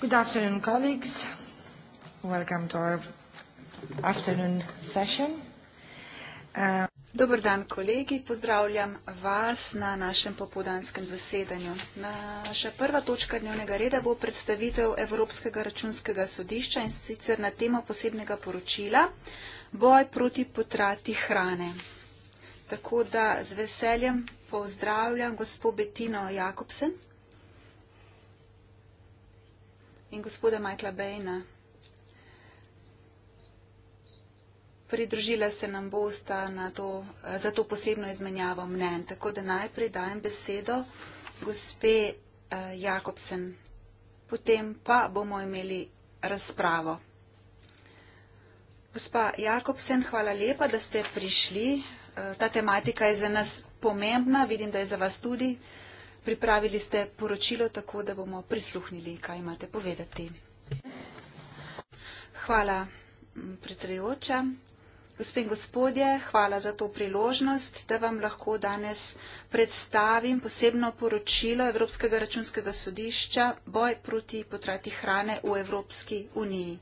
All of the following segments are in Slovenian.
Good afternoon, colleagues. Welcome to our afternoon session. Uh, Dober dan, kolegi. Pozdravljam vas na našem popoldanskem zasedanju. Naša prva točka dnevnega reda bo predstavitev Evropskega računskega sodišča, in sicer na temo posebnega poročila Boj proti potrati hrane. Tako da z veseljem pozdravljam gospo Bettino Jakobsen, in gospoda Michaela Bejna. Pridružila se nam bosta to, za to posebno izmenjavo mnen. Tako da najprej dajem besedo gospe uh, Jakobsen, potem pa bomo imeli razpravo. Gospa Jakobsen, hvala lepa, da ste prišli. Uh, ta tematika je za nas pomembna, vidim, da je za vas tudi. Uh, Pripravili ste poročilo tako, da bomo prisluhnili, kaj imate povedati. Hvala, mm, predsedujoča. Gospe in gospodje, hvala za to priložnost, da vam lahko danes predstavim posebno poročilo Evropskega računskega sodišča Boj proti potrati hrane v Evropski uniji.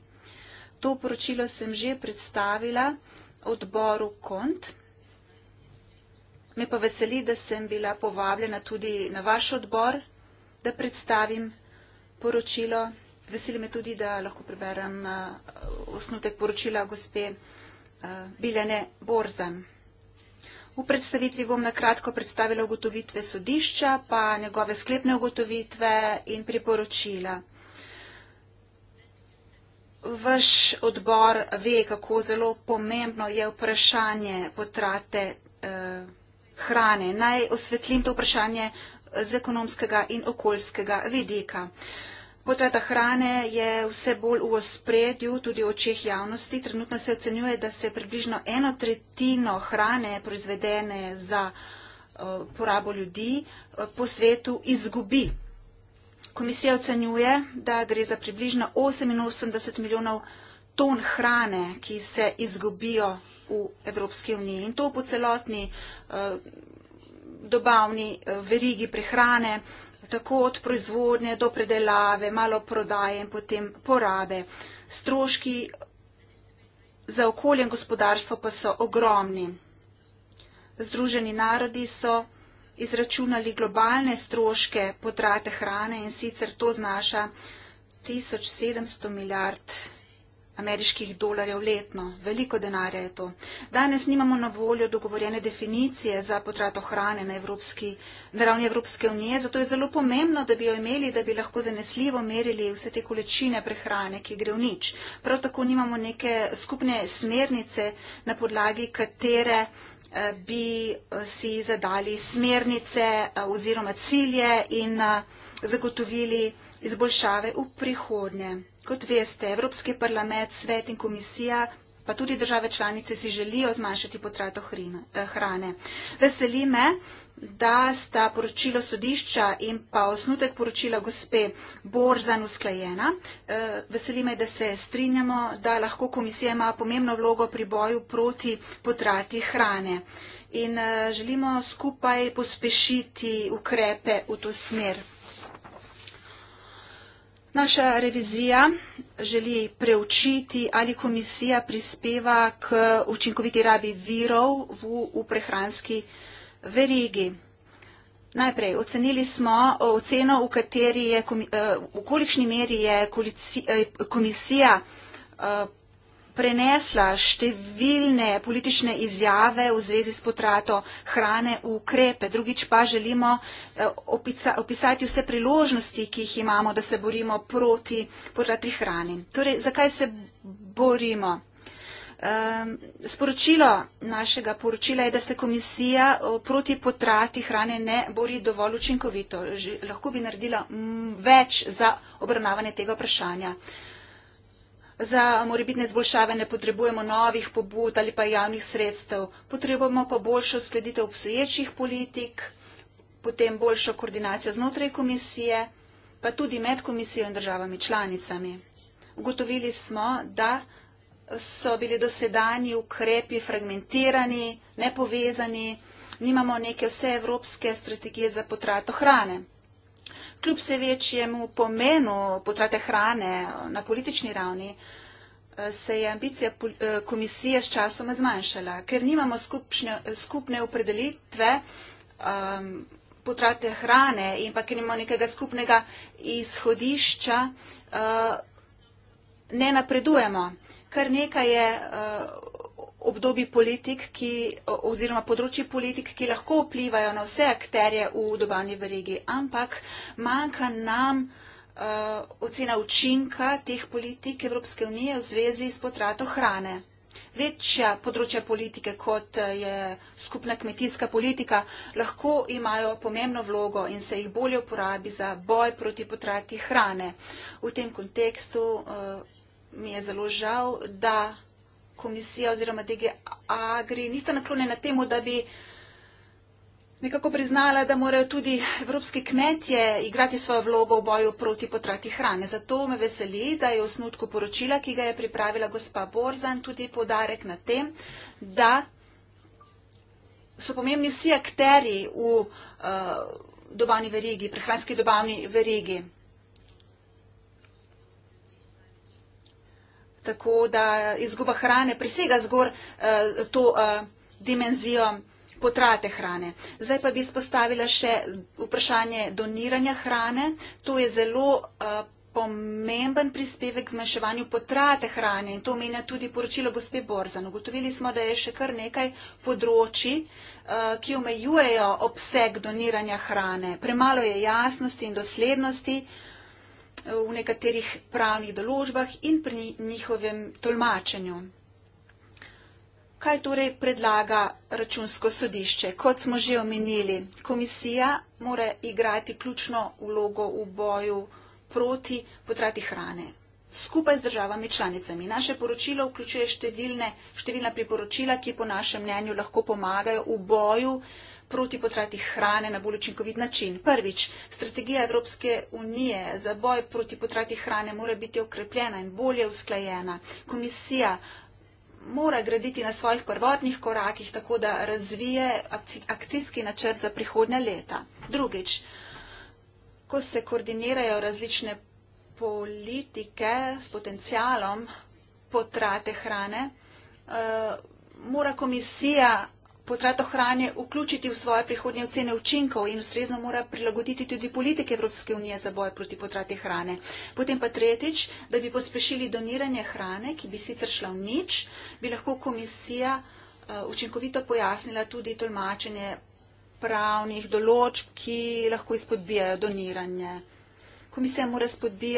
To poročilo sem že predstavila odboru KONT Me pa veseli, da sem bila povabljena tudi na vaš odbor, da predstavim poročilo. Veseli me tudi, da lahko preberem osnutek poročila gospe Biljane Borzan. V predstavitvi bom na kratko predstavila ugotovitve sodišča, pa njegove sklepne ugotovitve in priporočila. Vaš odbor ve, kako zelo pomembno je vprašanje potrate eh, hrane. Naj osvetlim to vprašanje z ekonomskega in okoljskega vidika. Potrata hrane je vse bolj v ospredju, tudi v očeh javnosti. Trenutno se ocenjuje, da se približno eno tretjino hrane, proizvedene za eh, porabo ljudi, eh, po svetu izgubi. Komisija ocenjuje, da gre za približno 88 milijonov ton hrane, ki se izgubijo v Evropski uniji in to po celotni eh, dobavni eh, verigi prehrane, tako od proizvodnje do predelave, malo prodaje in potem porabe. Stroški za okolje in gospodarstvo pa so ogromni. Združeni narodi so izračunali globalne stroške potrate hrane in sicer to znaša 1700 milijard ameriških dolarjev letno. Veliko denarja je to. Danes nimamo na voljo dogovorjene definicije za potrato hrane na, evropski, na ravni Evropske unije, zato je zelo pomembno, da bi jo imeli, da bi lahko zanesljivo merili vse te količine prehrane, ki gre v nič. Prav tako nimamo neke skupne smernice, na podlagi katere eh, bi eh, si zadali smernice eh, oziroma cilje in zagotovili izboljšave v prihodnje. Kot veste, Evropski parlament, svet in komisija pa tudi države članice si želijo zmanjšati potrato eh, hrane. Veseli me, da sta poročilo sodišča in pa osnutek poročila gospe Borzan usklajena. Eh, veseli me, da se strinjamo, da lahko komisija ima pomembno vlogo pri boju proti potrati hrane. In eh, želimo skupaj pospešiti ukrepe v to smer. Naša revizija želi preučiti, ali komisija prispeva k učinkoviti rabi virov v, v prehranski verigi. Najprej ocenili smo eh, oceno, v, eh, v kolikšni meri je eh, komisija prenesla številne politične izjave v zvezi s potrato hrane v ukrepe. Drugič pa želimo eh, opica, opisati vse priložnosti, ki jih imamo, da se borimo proti potrati hrani. Torej, zakaj se borimo? Ehm, sporočilo našega poročila je, da se komisija proti potrati hrane ne bori dovolj učinkovito. Lahko bi naredila več za obravnavanje tega vprašanja. Za morebitne izboljšave ne potrebujemo novih pobud ali pa javnih sredstev, potrebujemo pa boljšo skladitev obsoječih politik, potem boljšo koordinacijo znotraj komisije, pa tudi med komisijo in državami članicami. Ugotovili smo, da so bili dosedani ukrepi fragmentirani, nepovezani, nimamo neke vseevropske strategije za potrato hrane kljub vse večjemu pomenu potrate hrane eh, na politični ravni, eh, se je ambicija eh, komisije s časom zmanjšala, ker nimamo skupšne, skupne opredelitve um, potrate hrane in pa ker nimamo nekega skupnega izhodišča, uh, ne napredujemo. Kar nekaj je uh, obdobji politik, ki, oziroma področji politik, ki lahko vplivajo na vse akterje v dobavni verigi, ampak manjka nam uh, ocena učinka teh politik Evropske unije v zvezi s potrato hrane. Večja področja politike, kot eh, je skupna kmetijska politika, lahko imajo pomembno vlogo in se jih bolje uporabi za boj proti potrati hrane. V tem kontekstu uh, mi je zelo žal, da komisija oziroma DGAGRI niste naklonjeni temu, da bi nekako priznala, da morajo tudi evropski kmetje igrati svojo vlogo v boju proti potrati hrane. Zato me veseli, da je v snutku poročila, ki ga je pripravila gospa Borzan, tudi podarek na tem, da so pomembni vsi akteri v uh, dobavni verigi, prehranski dobavni verigi. tako da izguba hrane presega zgor eh, to eh, dimenzijo potrate hrane. Zdaj pa bi spostavila še vprašanje doniranja hrane. To je zelo eh, pomemben prispevek k zmanjševanju potrate hrane in to omenja tudi poročilo gospe Borzan. Ugotovili smo, da je še kar nekaj področji, ki omejujejo obseg doniranja hrane. Premalo je jasnosti in doslednosti, v nekaterih pravnih doložbah in pri njihovem tolmačenju. Kaj torej predlaga računsko sodišče? Kot smo že omenili, komisija mora igrati ključno vlogo v boju proti potrati hrane skupaj z državami članicami. Naše poročilo vključuje številne, številna priporočila, ki po našem mnenju lahko pomagajo v boju proti potrati hrane na bolj učinkovit način. Prvič, strategija Evropske unije za boj proti potrati hrane mora biti okrepljena in bolje usklajena. Komisija mora graditi na svojih prvotnih korakih, tako da razvije akcijski načrt za prihodnja leta. Drugič, ko se koordinirajo različne politike s potencialom potrate hrane, eh, mora komisija potrato hranje vključiti v svoje prihodnje ocene učinkov in ustrezno mora prilagoditi tudi politike Evropske unije za boj proti potrati hrane. Potem pa tretjič, da bi pospešili doniranje hrane, ki bi sicer šla v nič, bi lahko komisija eh, učinkovito pojasnila tudi tolmačenje pravnih določb, ki lahko izpodbijajo doniranje. Komisija mora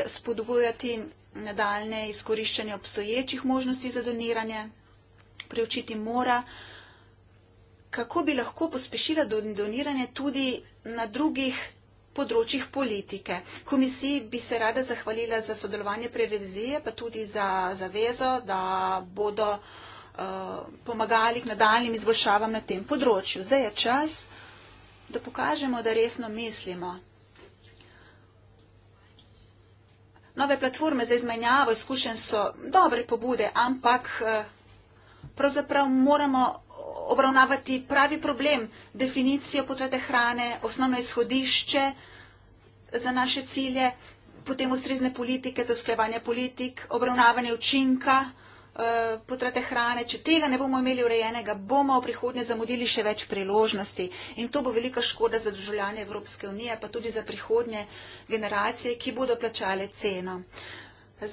spodbujati nadaljne izkoriščanje obstoječih možnosti za doniranje, preučiti mora, kako bi lahko pospešila doniranje tudi na drugih področjih politike. Komisiji bi se rada zahvalila za sodelovanje pri revizije, pa tudi za zavezo, da bodo uh, pomagali k nadaljnim izboljšavam na tem področju. Zdaj je čas, da pokažemo, da resno mislimo. Nove platforme za izmenjavo izkušenj so dobre pobude, ampak uh, pravzaprav moramo obravnavati pravi problem, definicijo potrebe hrane, osnovno izhodišče za naše cilje, potem ustrezne politike za usklajevanje politik, obravnavanje učinka eh, potrate hrane. Če tega ne bomo imeli urejenega, bomo v prihodnje zamudili še več priložnosti. In to bo velika škoda za državljane Evropske unije, pa tudi za prihodnje generacije, ki bodo plačale ceno.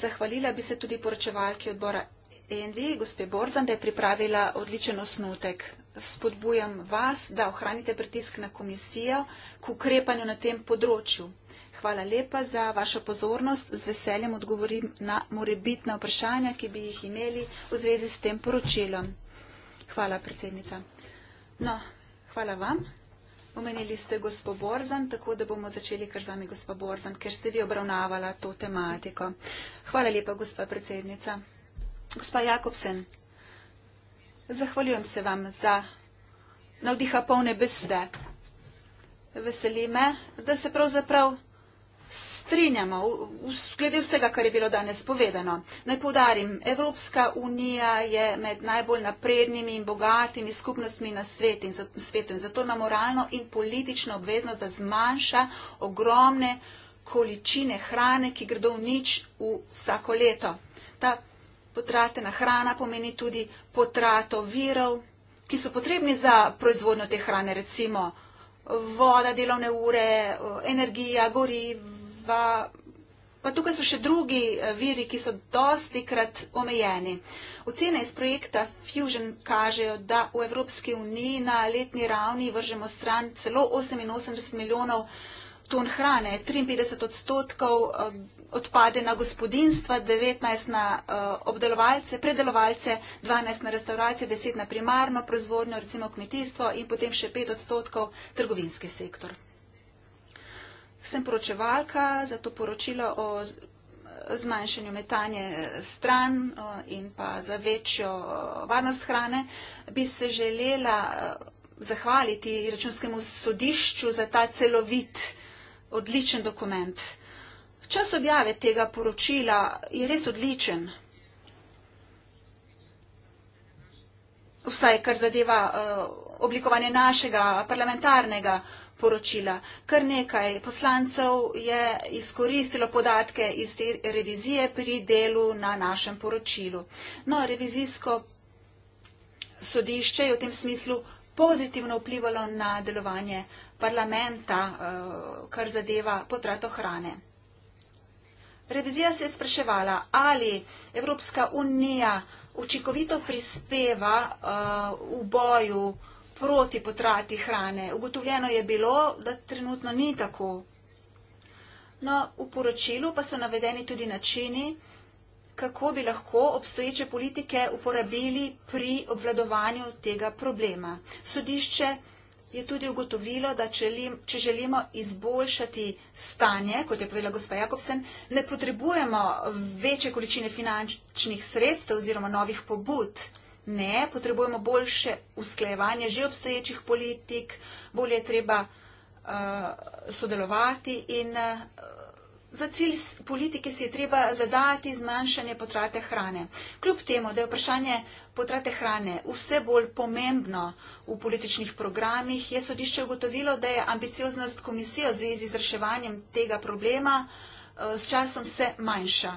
Zahvalila bi se tudi poročevalki odbora In vi, gospe Borzande, pripravila odličen osnutek. Spodbujam vas, da ohranite pritisk na komisijo k ukrepanju na tem področju. Hvala lepa za vašo pozornost. Z veseljem odgovorim na morebitna vprašanja, ki bi jih imeli v zvezi s tem poročilom. Hvala, predsednica. No, hvala vam. Omenili ste gospo Borzan, tako da bomo začeli kar zami gospa Borzan, ker ste vi obravnavala to tematiko. Hvala lepa, gospa predsednica. Gospa Jakobsen, zahvaljujem se vam za navdiha polne besede. Veseli me, da se pravzaprav strinjamo glede vsega, kar je bilo danes povedano. Naj povdarim, Evropska unija je med najbolj naprednimi in bogatimi skupnostmi na svetu in zato ima moralno in politično obveznost, da zmanjša ogromne količine hrane, ki gredo v nič vsako leto. Ta Potratena hrana pomeni tudi potrato virov, ki so potrebni za proizvodnjo te hrane, recimo voda, delovne ure, energija, goriva. Pa tukaj so še drugi eh, viri, ki so dosti krat omejeni. Ocene iz projekta Fusion kažejo, da v Evropski uniji na letni ravni vržemo stran celo 88 milijonov ton hrane, 53 odstotkov eh, odpade na gospodinstva, 19 na eh, obdelovalce, predelovalce, 12 na restauracije, 10 na primarno proizvodnjo, recimo kmetijstvo in potem še 5 odstotkov trgovinski sektor. Sem poročevalka za to poročilo o zmanjšanju metanje eh, stran in pa za večjo varnost hrane, bi se želela zahvaliti računskemu sodišču za ta celovit uh, odličen dokument. Čas objave tega poročila je res odličen. Vsaj, kar zadeva uh, oblikovanje našega parlamentarnega poročila. Kar nekaj poslancev je izkoristilo podatke iz te revizije pri delu na našem poročilu. No, revizijsko sodišče je v tem smislu pozitivno vplivalo na delovanje uh, parlamenta, eh, kar zadeva potrato hrane. Revizija se je spraševala, ali Evropska unija učinkovito prispeva eh, v boju proti potrati hrane. Ugotovljeno je bilo, da trenutno ni tako. No, v poročilu pa so navedeni tudi načini, kako bi lahko obstoječe politike uporabili pri obvladovanju tega problema. Sodišče je tudi ugotovilo, da če želimo izboljšati stanje, kot je povedala gospa Jakobsen, ne potrebujemo večje količine finančnih sredstev oziroma novih pobud. Ne, potrebujemo boljše usklejevanje že obstoječih politik, bolje je treba uh, sodelovati in uh, Za cilj politike si je treba zadati zmanjšanje potrate hrane. Kljub temu, da je vprašanje potrate hrane vse bolj pomembno v političnih programih, je sodišče ugotovilo, da je ambicioznost komisije v zvezi z reševanjem tega problema eh, s časom vse manjša.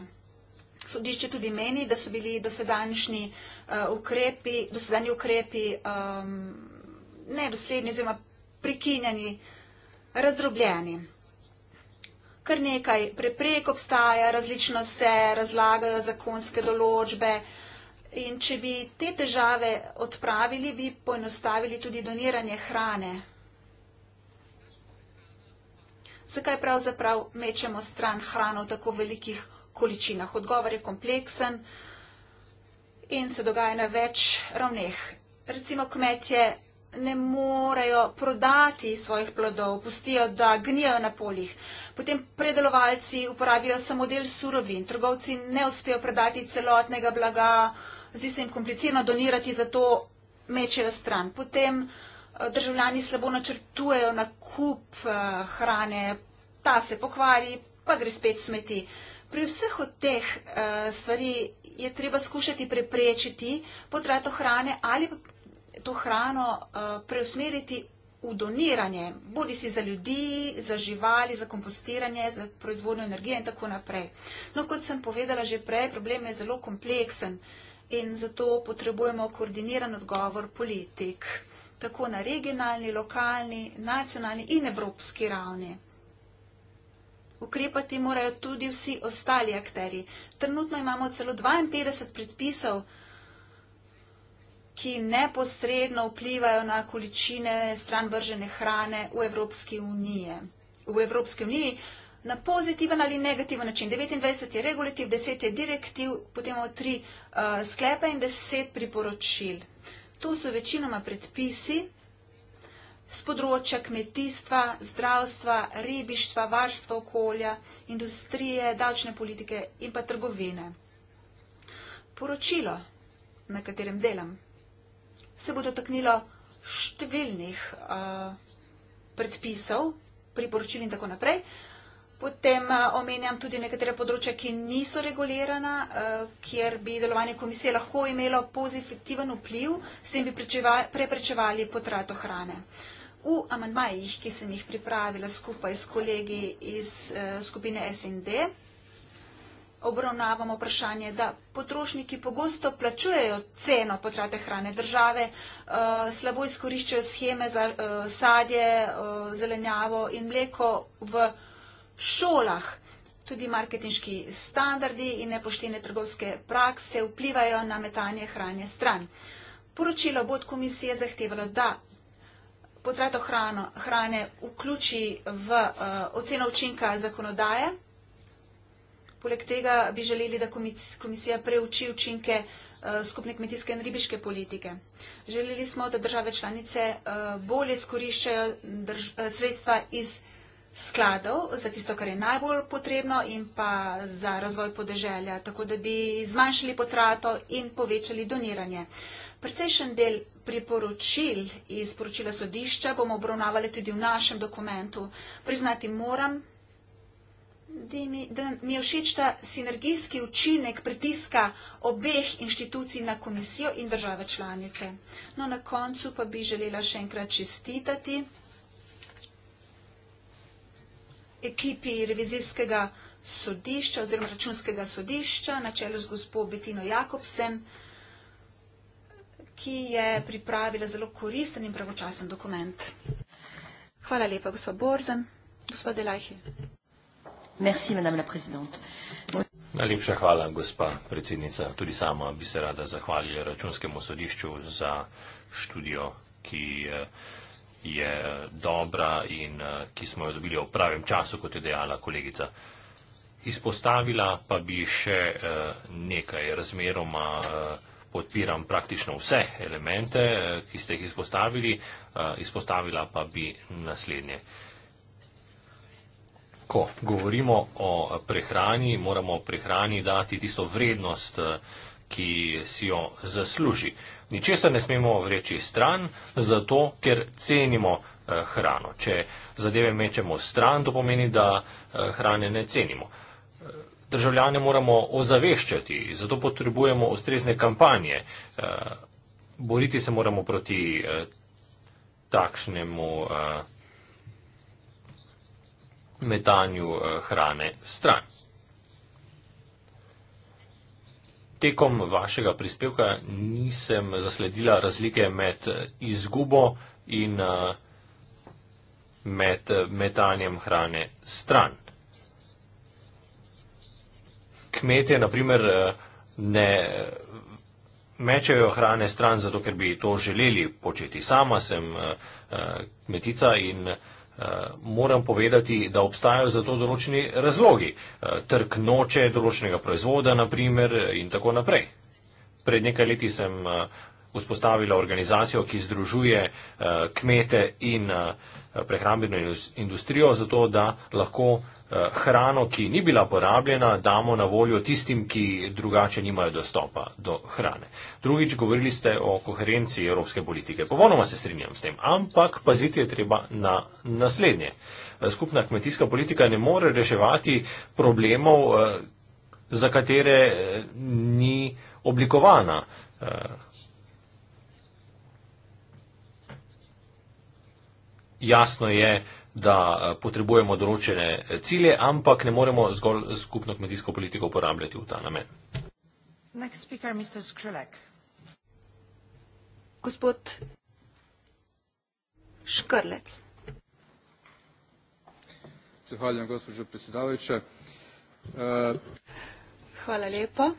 Sodišče tudi meni, da so bili dosedanji eh, ukrepi, dosedanji ukrepi um, nedosledni oziroma prikinjeni, razdrobljeni kar nekaj preprek obstaja, različno se razlagajo zakonske določbe. In če bi te težave odpravili, bi poenostavili tudi doniranje hrane. Zakaj pravzaprav mečemo stran hrano v tako velikih količinah? Odgovor je kompleksen in se dogaja na več ravneh. Recimo kmetje ne morejo prodati svojih plodov, pustijo, da gnijo na poljih. Potem predelovalci uporabijo samo del surovin, trgovci ne uspejo predati celotnega blaga, zdi se jim komplicirano donirati, zato mečejo stran. Potem eh, državljani slabo načrtujejo nakup eh, hrane, ta se pokvari, pa gre spet smeti. Pri vseh od teh eh, stvari je treba skušati preprečiti potrato hrane ali to hrano preusmeriti v doniranje, bodi si za ljudi, za živali, za kompostiranje, za proizvodnjo energije in tako naprej. No, kot sem povedala že prej, problem je zelo kompleksen in zato potrebujemo koordiniran odgovor politik, tako na regionalni, lokalni, nacionalni in evropski ravni. Ukrepati morajo tudi vsi ostali akteri. Trenutno imamo celo 52 predpisov, ki neposredno vplivajo na količine stran vržene hrane v Evropski uniji. V Evropski uniji na pozitiven ali negativen način. 29 je regulativ, 10 je direktiv, potem imamo 3 uh, eh, sklepe in 10 priporočil. To so večinoma predpisi z področja kmetijstva, zdravstva, ribištva, varstva okolja, industrije, davčne politike in pa trgovine. Poročilo, na katerem delam, se bo dotaknilo številnih eh, predpisov, priporočil in tako naprej. Potem eh, omenjam tudi nekatere področja, ki niso regulirana, eh, kjer bi delovanje komisije lahko imelo pozitiven vpliv, s tem bi preprečevali potrato hrane. V amandmajih, ki sem jih pripravila skupaj s kolegi iz skupine SND, obravnavamo vprašanje, da potrošniki pogosto plačujejo ceno potrate hrane države, eh, slabo izkoriščajo scheme za eh, sadje, eh, zelenjavo in mleko v šolah. Tudi marketinški standardi in nepoštene trgovske prakse vplivajo na metanje hranje stran. Poročilo bod komisije zahtevalo, da potrato hrano, hrane vključi v uh, oceno učinka zakonodaje, Poleg tega bi želeli, da komisija preuči učinke eh, skupne kmetijske in ribiške politike. Želeli smo, da države članice eh, bolje skoriščajo eh, sredstva iz skladov za tisto, kar je najbolj potrebno in pa za razvoj podeželja, tako da bi zmanjšali potrato in povečali doniranje. Precejšen del priporočil iz poročila sodišča bomo obravnavali tudi v našem dokumentu. Priznati moram, Da mi, da mi je všeč ta sinergijski učinek pritiska obeh inštitucij na komisijo in države članice. No, na koncu pa bi želela še enkrat čestitati ekipi revizijskega sodišča oziroma računskega sodišča na čelu z gospod Betino Jakobsen, ki je pripravila zelo koristen in pravočasen dokument. Hvala lepa, gospod Borzen, gospod Delajhi. Merci, madame la présidente. Najlepša hvala, gospa predsednica. Tudi sama bi se rada zahvalila računskemu sodišču za študijo, ki eh, je eh, dobra in eh, ki smo jo dobili v pravem času, kot je dejala kolegica. Izpostavila pa bi še nekaj. Razmeroma podpiram praktično vse elemente, ki ste jih izpostavili. Izpostavila pa bi naslednje ko govorimo o prehrani, moramo prehrani dati tisto vrednost, eh, ki si jo zasluži. Ničesar ne smemo vreči stran, zato ker cenimo eh, hrano. Če zadeve mečemo stran, to pomeni, da eh, hrane ne cenimo. Državljane moramo ozaveščati, zato potrebujemo ustrezne kampanje. Boriti se moramo proti takšnemu metanju eh, hrane stran. Tekom vašega prispevka nisem zasledila razlike med eh, izgubo in eh, med metanjem hrane stran. Kmetje, naprimer, ne mečejo hrane stran, zato ker bi to želeli početi. Sama sem kmetica in kmetica. Eh, moram povedati, da obstajajo za to določeni razlogi. Eh, trg noče določenega proizvoda, naprimer, in tako naprej. Pred nekaj leti sem eh, vzpostavila organizacijo, ki združuje kmete in prehrambeno industrijo, zato da lahko Eh, hrano, ki ni bila porabljena, damo na voljo tistim, ki drugače nimajo dostopa do hrane. Drugič, govorili ste o koherenciji evropske politike. Popolnoma se strinjam s tem, ampak paziti je treba na naslednje. Eh, skupna kmetijska politika ne more reševati problemov, eh, za katere ni oblikovana. Jasno je, da eh, potrebujemo določene eh, cilje, ampak ne moremo zgolj skupno kmetijsko politiko uporabljati v ta namen. Speaker, Gospod Škrlec. Zahvaljujem, gospođo predsjedavajuća. Uh... Hvala lijepo.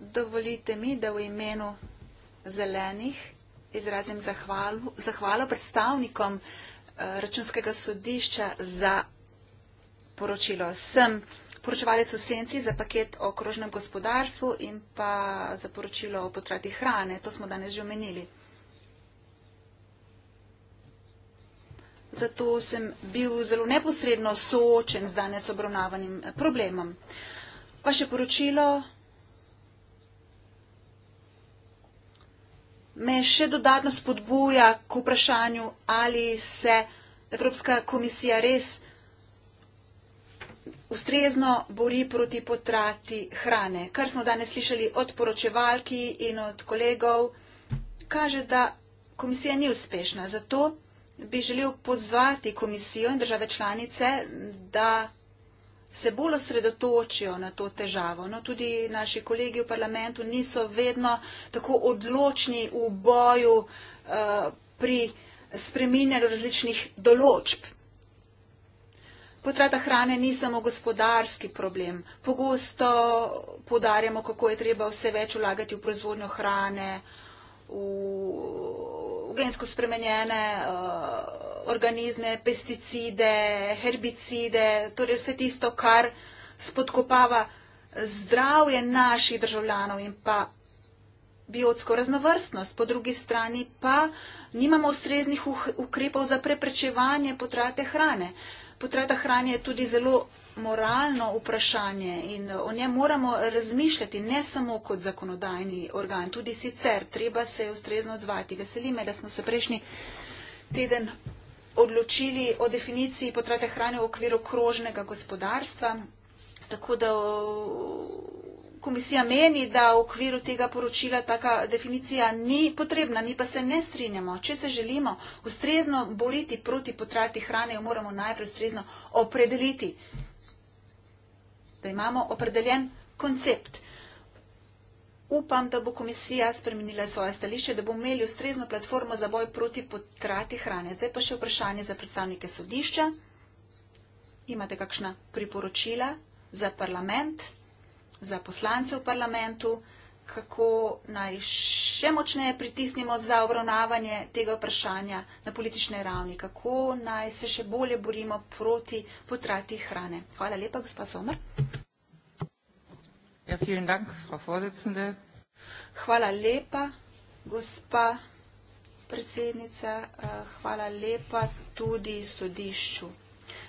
Dovolite mi, da v imenu zelenih izrazim zahvalo predstavnikom uh, računskega sodišča za poročilo. Sem poročevalec v senci za paket o krožnem gospodarstvu in pa za poročilo o potrati hrane. To smo danes že omenili. Zato sem bil zelo neposredno soočen z danes obravnavanim problemom. Pa še poročilo me še dodatno spodbuja k vprašanju, ali se Evropska komisija res ustrezno bori proti potrati hrane. Kar smo danes slišali od poročevalki in od kolegov, kaže, da komisija ni uspešna. Zato bi želel pozvati komisijo in države članice, da se bolj osredotočijo na to težavo. No, tudi naši kolegi v parlamentu niso vedno tako odločni v boju uh, pri spreminjanju različnih določb. Potrata hrane ni samo gospodarski problem. Pogosto podarjamo, kako je treba vse več vlagati v proizvodnjo hrane, v gensko spremenjene uh, organizme, pesticide, herbicide, torej vse tisto, kar spodkopava zdravje naših državljanov in pa biotsko raznovrstnost. Po drugi strani pa nimamo ustreznih uh-, ukrepov za preprečevanje potrate hrane. Potrata hrane je tudi zelo moralno vprašanje in o njem moramo razmišljati ne samo kot zakonodajni organ, tudi sicer treba se ustrezno odzvati. Veseli me, da smo se prejšnji teden odločili o definiciji potrate hrane v okviru krožnega gospodarstva, tako da komisija meni, da v okviru tega poročila taka definicija ni potrebna, mi pa se ne strinjamo. Če se želimo ustrezno boriti proti potrati hrane, jo moramo najprej ustrezno opredeliti da imamo opredeljen koncept. Upam, da bo komisija spremenila svoje stališče, da bo imeli ustrezno platformo za boj proti potrati hrane. Zdaj pa še vprašanje za predstavnike sodišča. Imate kakšna priporočila za parlament, za poslance v parlamentu? kako naj še močneje pritisnemo za obravnavanje tega vprašanja na politične ravni, kako naj se še bolje borimo proti potrati hrane. Hvala lepa, gospa Somr. Ja, dank, hvala lepa, gospa predsednica, eh, hvala lepa tudi sodišču.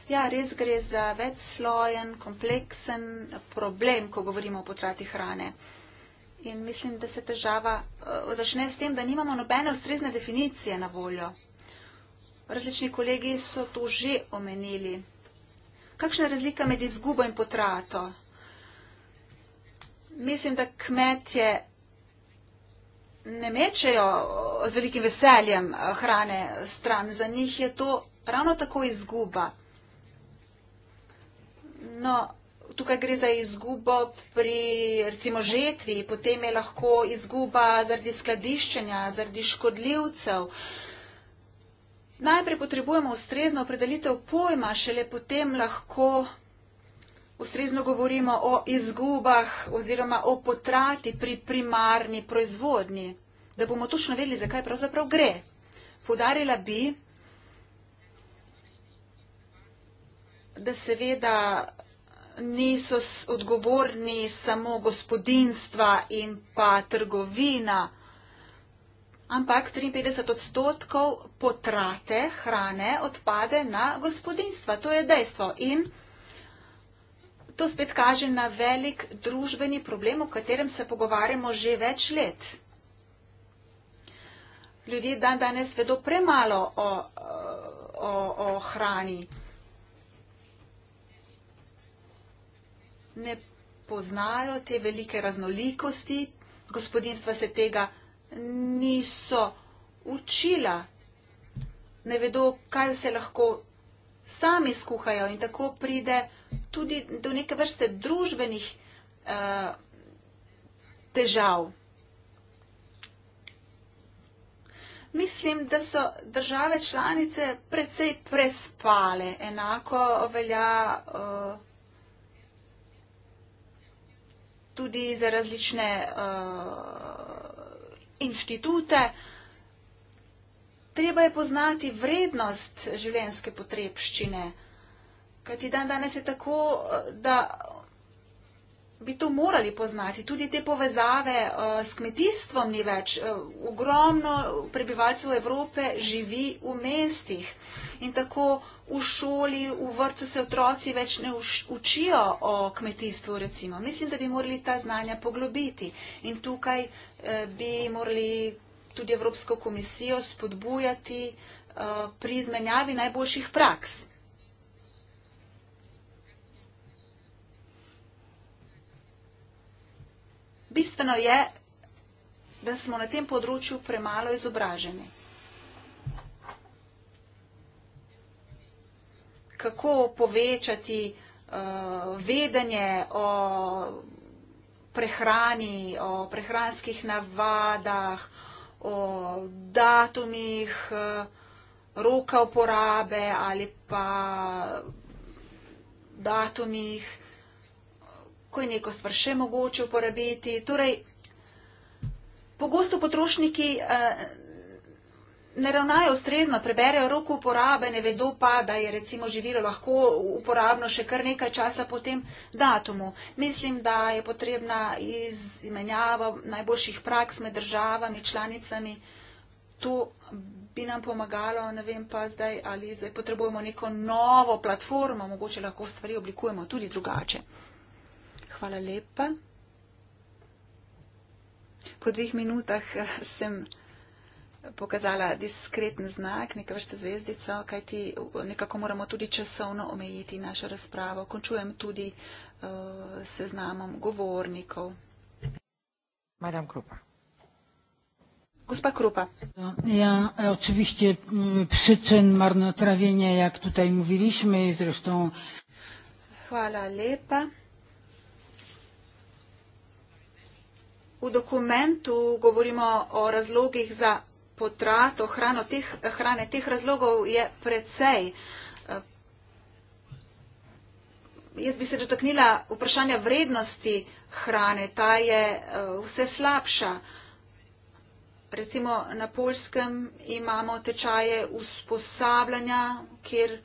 Ja, res gre za večslojen, kompleksen problem, ko govorimo o potrati hrane. In mislim, da se težava uh, začne s tem, da nimamo nobene ustrezne definicije na voljo. Različni kolegi so to že omenili. Kakšna je razlika med izgubo in potrato? Mislim, da kmetje ne mečejo eh, z velikim veseljem eh, hrane stran. Za njih je to ravno tako izguba. No, tukaj gre za izgubo pri recimo žetvi, potem je lahko izguba zaradi skladiščenja, zaradi škodljivcev. Najprej potrebujemo ustrezno opredelitev pojma, šele potem lahko ustrezno govorimo o izgubah oziroma o potrati pri primarni proizvodnji, da bomo točno vedeli, zakaj pravzaprav gre. Podarila bi, da seveda niso odgovorni samo gospodinstva in pa trgovina, ampak 53 odstotkov potrate hrane odpade na gospodinstva. To je dejstvo. In to spet kaže na velik družbeni problem, o katerem se pogovarjamo že več let. Ljudje dan danes vedo premalo o, o, o hrani. ne poznajo te velike raznolikosti, gospodinstva se tega niso učila, ne vedo, kaj se lahko sami skuhajo in tako pride tudi do neke vrste družbenih uh, težav. Mislim, da so države članice precej prespale. Enako velja. Uh, tudi za različne uh, inštitute. Treba je poznati vrednost življenske potrebščine, kajti dan danes je tako, eh, da bi to morali poznati. Tudi te povezave uh, s kmetijstvom ni več. Uh, ogromno prebivalcev Evrope živi v mestih in tako v šoli, v vrtu se otroci več ne učijo o kmetijstvu, recimo. Mislim, da bi morali ta znanja poglobiti in tukaj eh, bi morali tudi Evropsko komisijo spodbujati eh, pri izmenjavi najboljših praks. Bistveno je, da smo na tem področju premalo izobraženi. kako povečati uh, vedenje o prehrani, o prehranskih navadah, o datumih, eh, roka uporabe ali pa datumih, ko je neko stvar še mogoče uporabiti. Torej, pogosto potrošniki eh, ne ravnajo ustrezno, preberejo roko uporabe, ne vedo pa, da je recimo živilo lahko uporabno še kar nekaj časa po tem datumu. Mislim, da je potrebna izmenjava najboljših praks med državami, članicami. To bi nam pomagalo, ne vem pa zdaj, ali zdaj potrebujemo neko novo platformo, mogoče lahko stvari oblikujemo tudi drugače. Hvala lepa. Po dveh minutah eh, sem pokazala diskreten znak, neka vrsta zvezdico, kajti eh, nekako moramo tudi časovno omejiti našo razpravo. Končujem tudi uh, seznamom govornikov. Madam Krupa. Gospa Krupa. Ja, e, očivišče mm, pričin marnotravljenja, jak tukaj mluvili smo, izrešto. Hvala lepa. V dokumentu govorimo o razlogih za potrato hrano, teh, hrane, teh razlogov je precej. Eh, jaz bi se dotaknila vprašanja vrednosti hrane, ta je eh, vse slabša. Recimo na Polskem imamo tečaje usposabljanja, kjer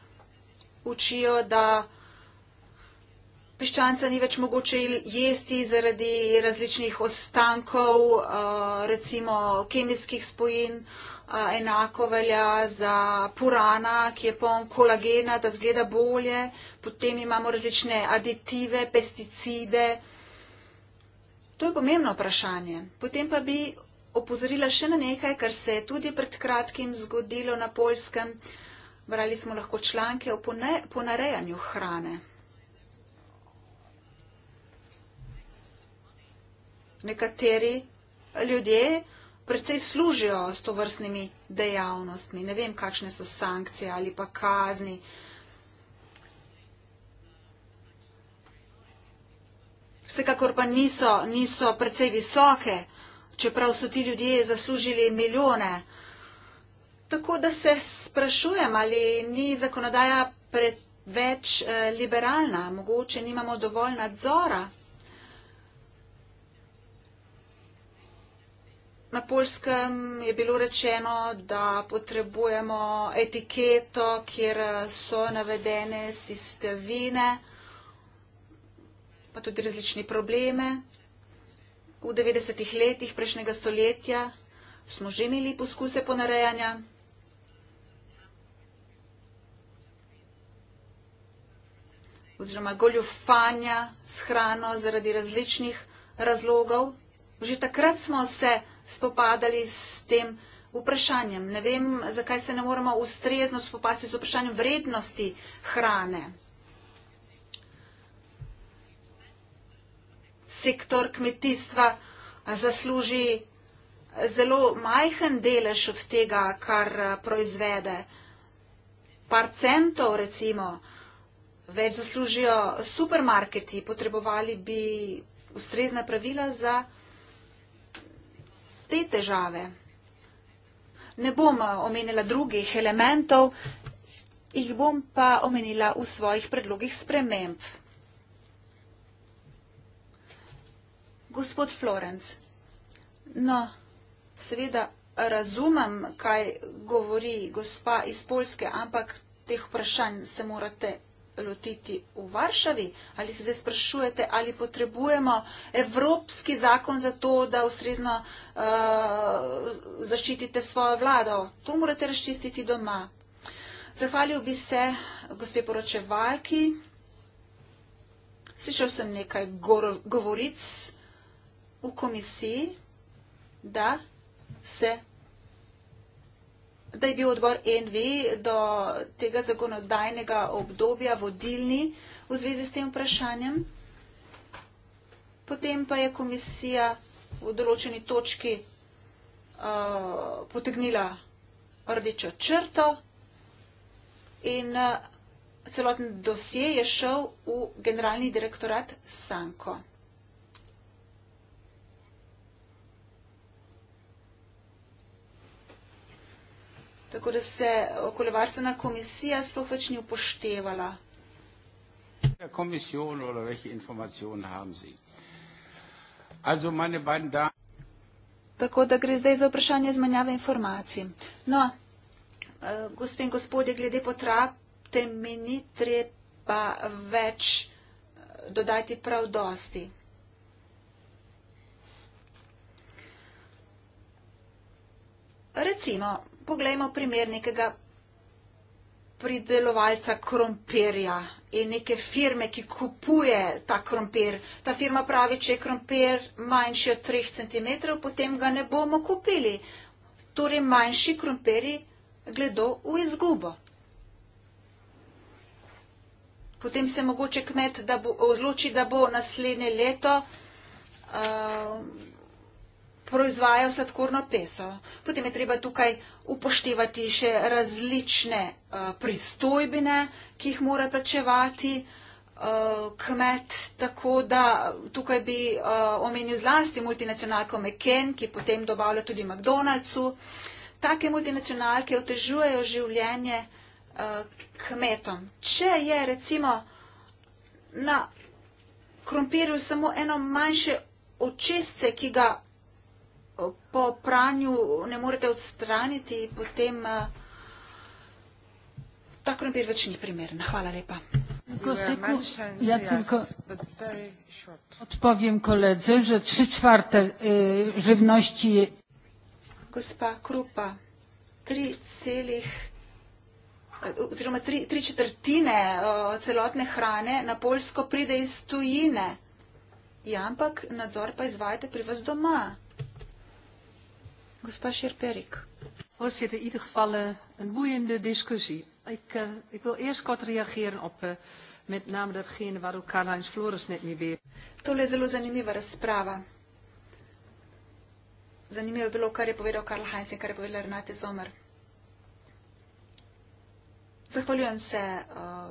učijo, da piščanca ni več mogoče jesti zaradi različnih ostankov, eh, recimo kemijskih spojin. Eh, enako velja za purana, ki je poln kolagena, da zgleda bolje. Potem imamo različne aditive, pesticide. To je pomembno vprašanje. Potem pa bi opozorila še na nekaj, kar se je tudi pred kratkim zgodilo na Poljskem. Brali smo lahko članke o ponarejanju hrane. nekateri ljudje predvsej služijo s to vrstnimi dejavnostmi. Ne vem, kakšne so sankcije ali pa kazni. Vsekakor pa niso, niso predvsej visoke, čeprav so ti ljudje zaslužili milijone. Tako da se sprašujem, ali ni zakonodaja preveč eh, liberalna, mogoče nimamo dovolj nadzora. na polskem je bilo rečeno, da potrebujemo etiketo, kjer so navedene sistevine, pa tudi različni probleme. V 90-ih letih prejšnjega stoletja smo že imeli poskuse ponarejanja. oziroma goljufanja s hrano zaradi različnih razlogov. Že takrat smo se spopadali s tem vprašanjem. Ne vem, zakaj se ne moramo ustrezno spopasti z vprašanjem vrednosti hrane. Sektor kmetijstva zasluži zelo majhen delež od tega, kar proizvede. Par centov, recimo, več zaslužijo supermarketi, potrebovali bi ustrezna pravila za te težave. Ne bom eh, omenila drugih elementov, jih bom pa omenila v svojih predlogih sprememb. Gospod Florence, no, seveda razumem, kaj govori gospa iz Polske, ampak teh vprašanj se morate lotiti v Varšavi? Ali se zdaj sprašujete, ali potrebujemo evropski zakon za to, da ustrezno uh, zaščitite svojo vlado? To morate razčistiti doma. Zahvalil bi se gospe poročevalki. Slišal sem nekaj govoric v komisiji, da se da je bil odbor NV do tega zakonodajnega obdobja vodilni v zvezi s tem vprašanjem. Potem pa je komisija v določeni točki uh, potegnila rdečo črto in uh, celoten dosje je šel v generalni direktorat Sanko. tako da se okoljevarstvena komisija sploh več ni upoštevala. Ja, tako da gre zdaj za vprašanje zmanjave informacij. No, eh, gospe in gospodje, glede potrate mi ni treba več eh, dodati prav dosti. Recimo, poglejmo primer nekega pridelovalca krompirja in neke firme, ki kupuje ta krompir. Ta firma pravi, če je krompir manjši od 3 cm, potem ga ne bomo kupili. Torej manjši krompiri gledo v izgubo. Potem se mogoče kmet da bo, odloči, da bo naslednje leto. Uh, proizvaja sladkorno peso. Potem je treba tukaj upoštevati še različne uh, pristojbine, ki jih mora plačevati uh, kmet, tako da tukaj bi uh, omenil zlasti multinacionalko McKen, ki potem dobavlja tudi McDonald'su. Take multinacionalke otežujejo življenje uh, kmetom. Če je recimo na krompirju samo eno manjše očistce, ki ga po pranju ne morete odstraniti, potem eh, ta krompir več ni primeren. Hvala lepa. Koseku, ja tylko odpowiem koledze, że trzy czwarte y, żywności. Gospa Krupa, 3 czwartine e, e, celotne hrane na Polsko przyjdzie z tujine. Ja, ampak nadzor pa izvajate pri vas doma. Gospa Scherperik. Voorzitter, in ieder geval uh, een boeiende discussie. Ik, uh, ik wil eerst kort reageren op uh, met name datgene waar ook Karl-Heinz Flores net mee weer. Tole zelo zanimiva razprava. Zanimivo je bilo, kar je povedal Karl Heinz in kar je povedala Renate Zomer. Zahvaljujem se uh,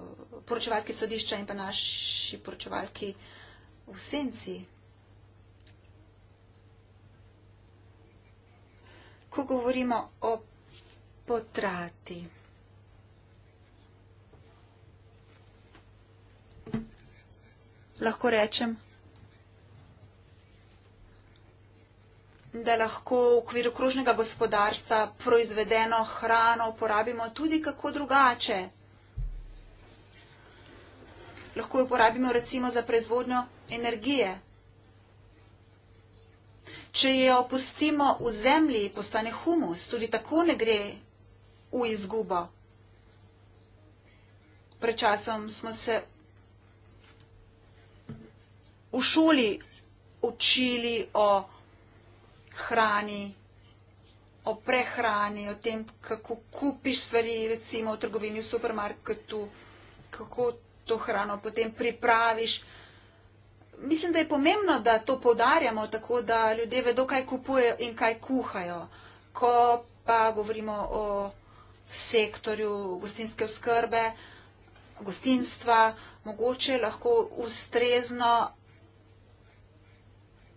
poročevalki sodišča in pa naši poročevalki v senci ko govorimo o potrati. Lahko rečem, da lahko v okviru kružnega gospodarstva proizvedeno hrano uporabimo tudi kako drugače. Lahko jo uporabimo recimo za proizvodnjo energije. Če jo pustimo v zemlji, postane humus, tudi tako ne gre v izgubo. Pred časom smo se v šoli učili o hrani, o prehrani, o tem, kako kupiš stvari, recimo v trgovini, v supermarketu, kako to hrano potem pripraviš mislim, da je pomembno, da to povdarjamo tako, da ljudje vedo, kaj kupujejo in kaj kuhajo. Ko pa govorimo o sektorju gostinske oskrbe, gostinstva, mogoče lahko ustrezno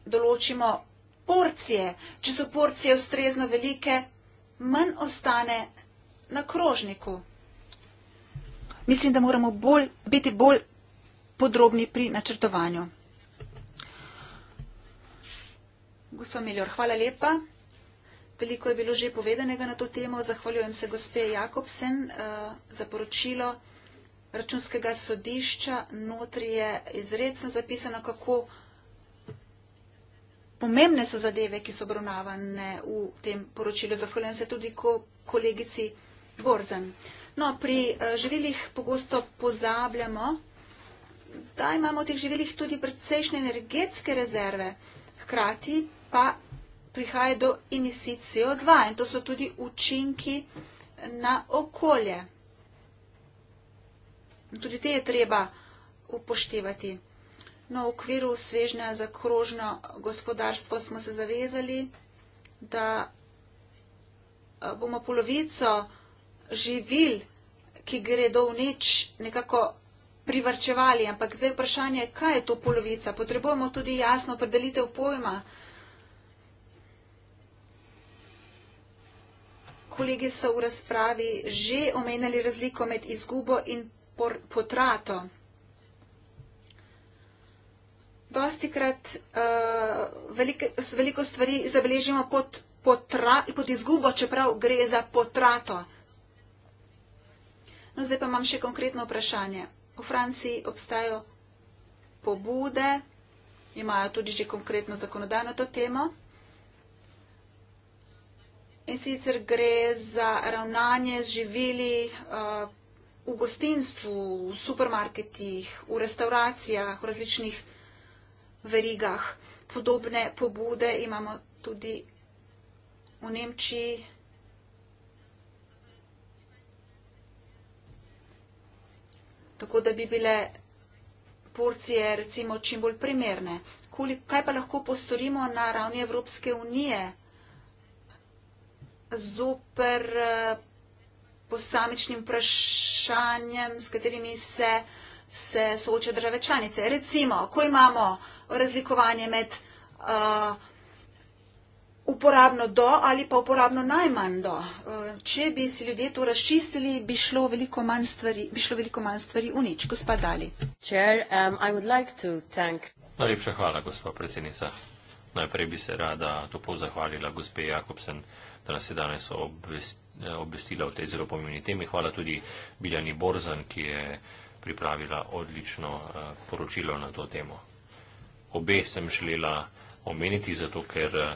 določimo porcije. Če so porcije ustrezno velike, manj ostane na krožniku. Mislim, da moramo bolj, biti bolj podrobni pri načrtovanju. Gospa Miljor, hvala lepa. Veliko je bilo že povedanega na to temo. Zahvaljujem se gospe Jakobsen uh, za poročilo računskega sodišča. Notri je izredno zapisano, kako pomembne so zadeve, ki so obravnavane v tem poročilu. Zahvaljujem se tudi ko kolegici Borzen. No, pri uh, živilih pogosto pozabljamo, da imamo v teh živilih tudi precejšnje energetske rezerve. Hkrati pa prihaja do emisij CO2 in to so tudi učinki na okolje. Tudi te je treba upoštevati. No, v okviru svežnja za krožno gospodarstvo smo se zavezali, da eh, bomo polovico živil, ki gre do vneč, nekako privrčevali. Ampak zdaj vprašanje, kaj je to polovica? Potrebujemo tudi jasno predelitev pojma. kolegi so v razpravi že omenjali razliko med izgubo in por, potrato. Dosti krat uh, eh, veliko, veliko stvari zabeležimo pod, potra, pod izgubo, čeprav gre za potrato. No, zdaj pa imam še konkretno vprašanje. V Franciji obstajajo pobude, imajo tudi že konkretno zakonodajno to temo. In sicer gre za ravnanje z živili eh, v gostinstvu, v supermarketih, v restauracijah, v različnih verigah. Podobne pobude imamo tudi v Nemčiji. Tako da bi bile porcije recimo čim bolj primerne. Kaj pa lahko postorimo na ravni Evropske unije? zoper uh, posamičnim vprašanjem, s katerimi se, se soočajo države članice. Recimo, ko imamo razlikovanje med uh, uporabno do ali pa uporabno najmanj do. Uh, če bi si ljudje to razčistili, bi šlo veliko manj stvari, bi šlo veliko manj stvari v nič. Gospa Dali. Chair, um, like thank... Najlepša hvala, gospa predsednica. Najprej bi se rada topo zahvalila gospe Jakobsen nas je danes obvestila o tej zelo pomembni temi. Hvala tudi Biljani Borzan, ki je pripravila odlično eh, poročilo na to temo. Obe sem želela omeniti, zato ker eh,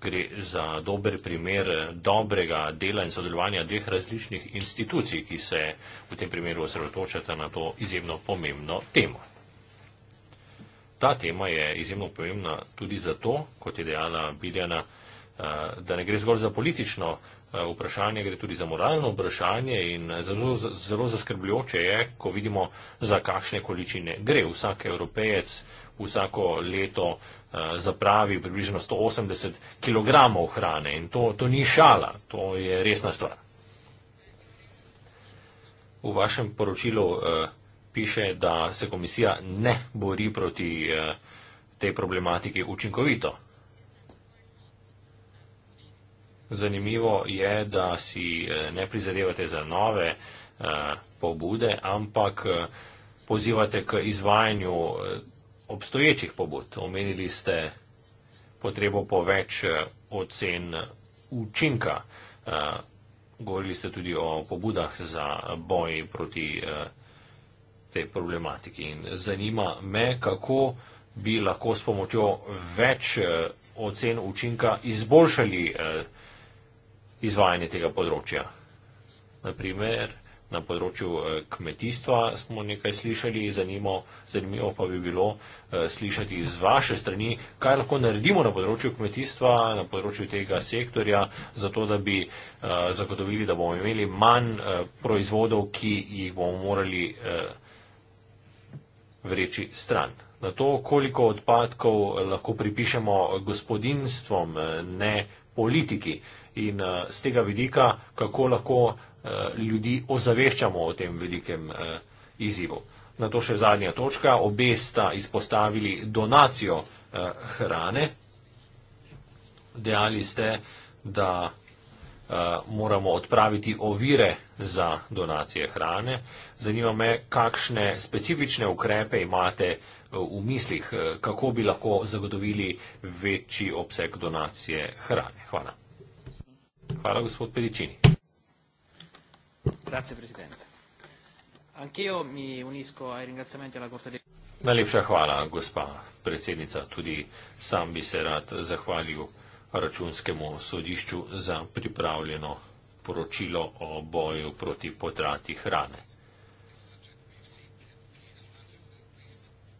gre za dober primer eh, dobrega dela in sodelovanja dveh različnih institucij, ki se v tem primeru osredotočata na to izjemno pomembno temo. Ta tema je izjemno pomembna tudi zato, kot je dejala Biljana, Eh, da ne gre zgolj za politično eh, vprašanje, gre tudi za moralno vprašanje in zelo, zelo zaskrbljoče je, ko vidimo, za kakšne količine gre. Vsak evropejec vsako leto eh, zapravi približno 180 kg hrane in to, to ni šala, to je resna stvar. V vašem poročilu piše, da se komisija ne bori proti tej problematiki učinkovito. Zanimivo je, da si eh, ne prizadevate za nove eh, pobude, ampak eh, pozivate k izvajanju obstoječih pobud. Omenili ste potrebo po več ocen učinka. Govorili ste tudi o pobudah za boj proti tej problematiki. In zanima me, kako bi lahko s pomočjo več ocen učinka izboljšali izvajanje tega področja. Naprimer, na področju eh, kmetijstva smo nekaj slišali, zanimo, zanimivo pa bi bilo eh, slišati z vaše strani, kaj lahko naredimo na področju kmetijstva, na področju tega sektorja, zato da bi eh, zagotovili, da bomo imeli manj proizvodov, ki jih bomo morali vreči stran. Na to, koliko odpadkov lahko pripišemo gospodinstvom, ne politiki in z eh, tega vidika, kako lahko eh, ljudi ozaveščamo o tem velikem eh, izzivu. Na to še zadnja točka. Obe sta izpostavili donacijo hrane. Dejali ste, da moramo odpraviti ovire za donacije hrane. Zanima me, kakšne specifične ukrepe imate v mislih, kako bi lahko zagotovili večji obseg donacije hrane. Hvala. Hvala, gospod Pericini. Grazie, presidente. Anch'io mi unisco ai ringraziamenti alla Corte dei Najlepša hvala, gospa predsednica. Tudi sam bi se rad zahvalil računskemu sodišču za pripravljeno poročilo o boju proti potrati hrane.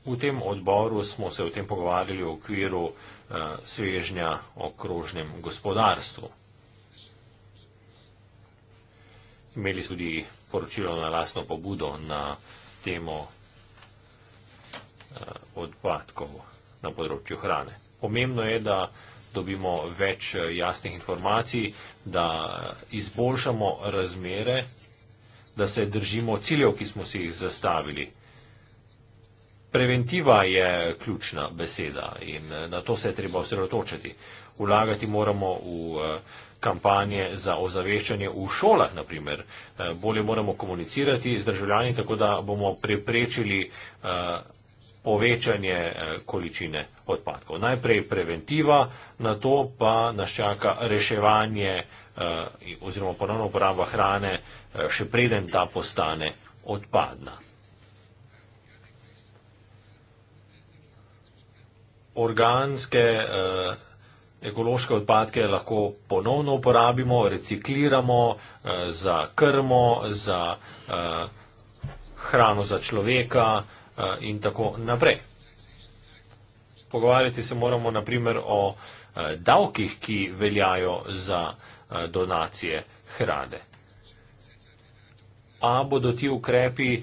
V tem odboru smo se o tem pogovarjali v okviru eh, svežnja o krožnem gospodarstvu. imeli tudi poročilo na lasno pobudo na temo eh, odpadkov na področju hrane. Pomembno je, da dobimo več eh, jasnih informacij, da eh, izboljšamo razmere, da se držimo ciljev, ki smo si jih zastavili. Preventiva je ključna beseda in na to se je treba osredotočiti. Vlagati moramo v uh, kampanje za ozaveščanje v šolah, naprimer. Eh, bolje moramo komunicirati z državljani, tako da bomo preprečili eh, povečanje eh, količine odpadkov. Najprej preventiva, na to pa nas čaka reševanje oziroma ponovno uporaba hrane, še preden ta postane odpadna. Organske eh, ekološke odpadke lahko ponovno uporabimo, recikliramo eh, za krmo, za eh, hrano za človeka eh, in tako naprej. Pogovarjati se moramo naprimer o davkih, ki veljajo za donacije hrade. A bodo ti ukrepi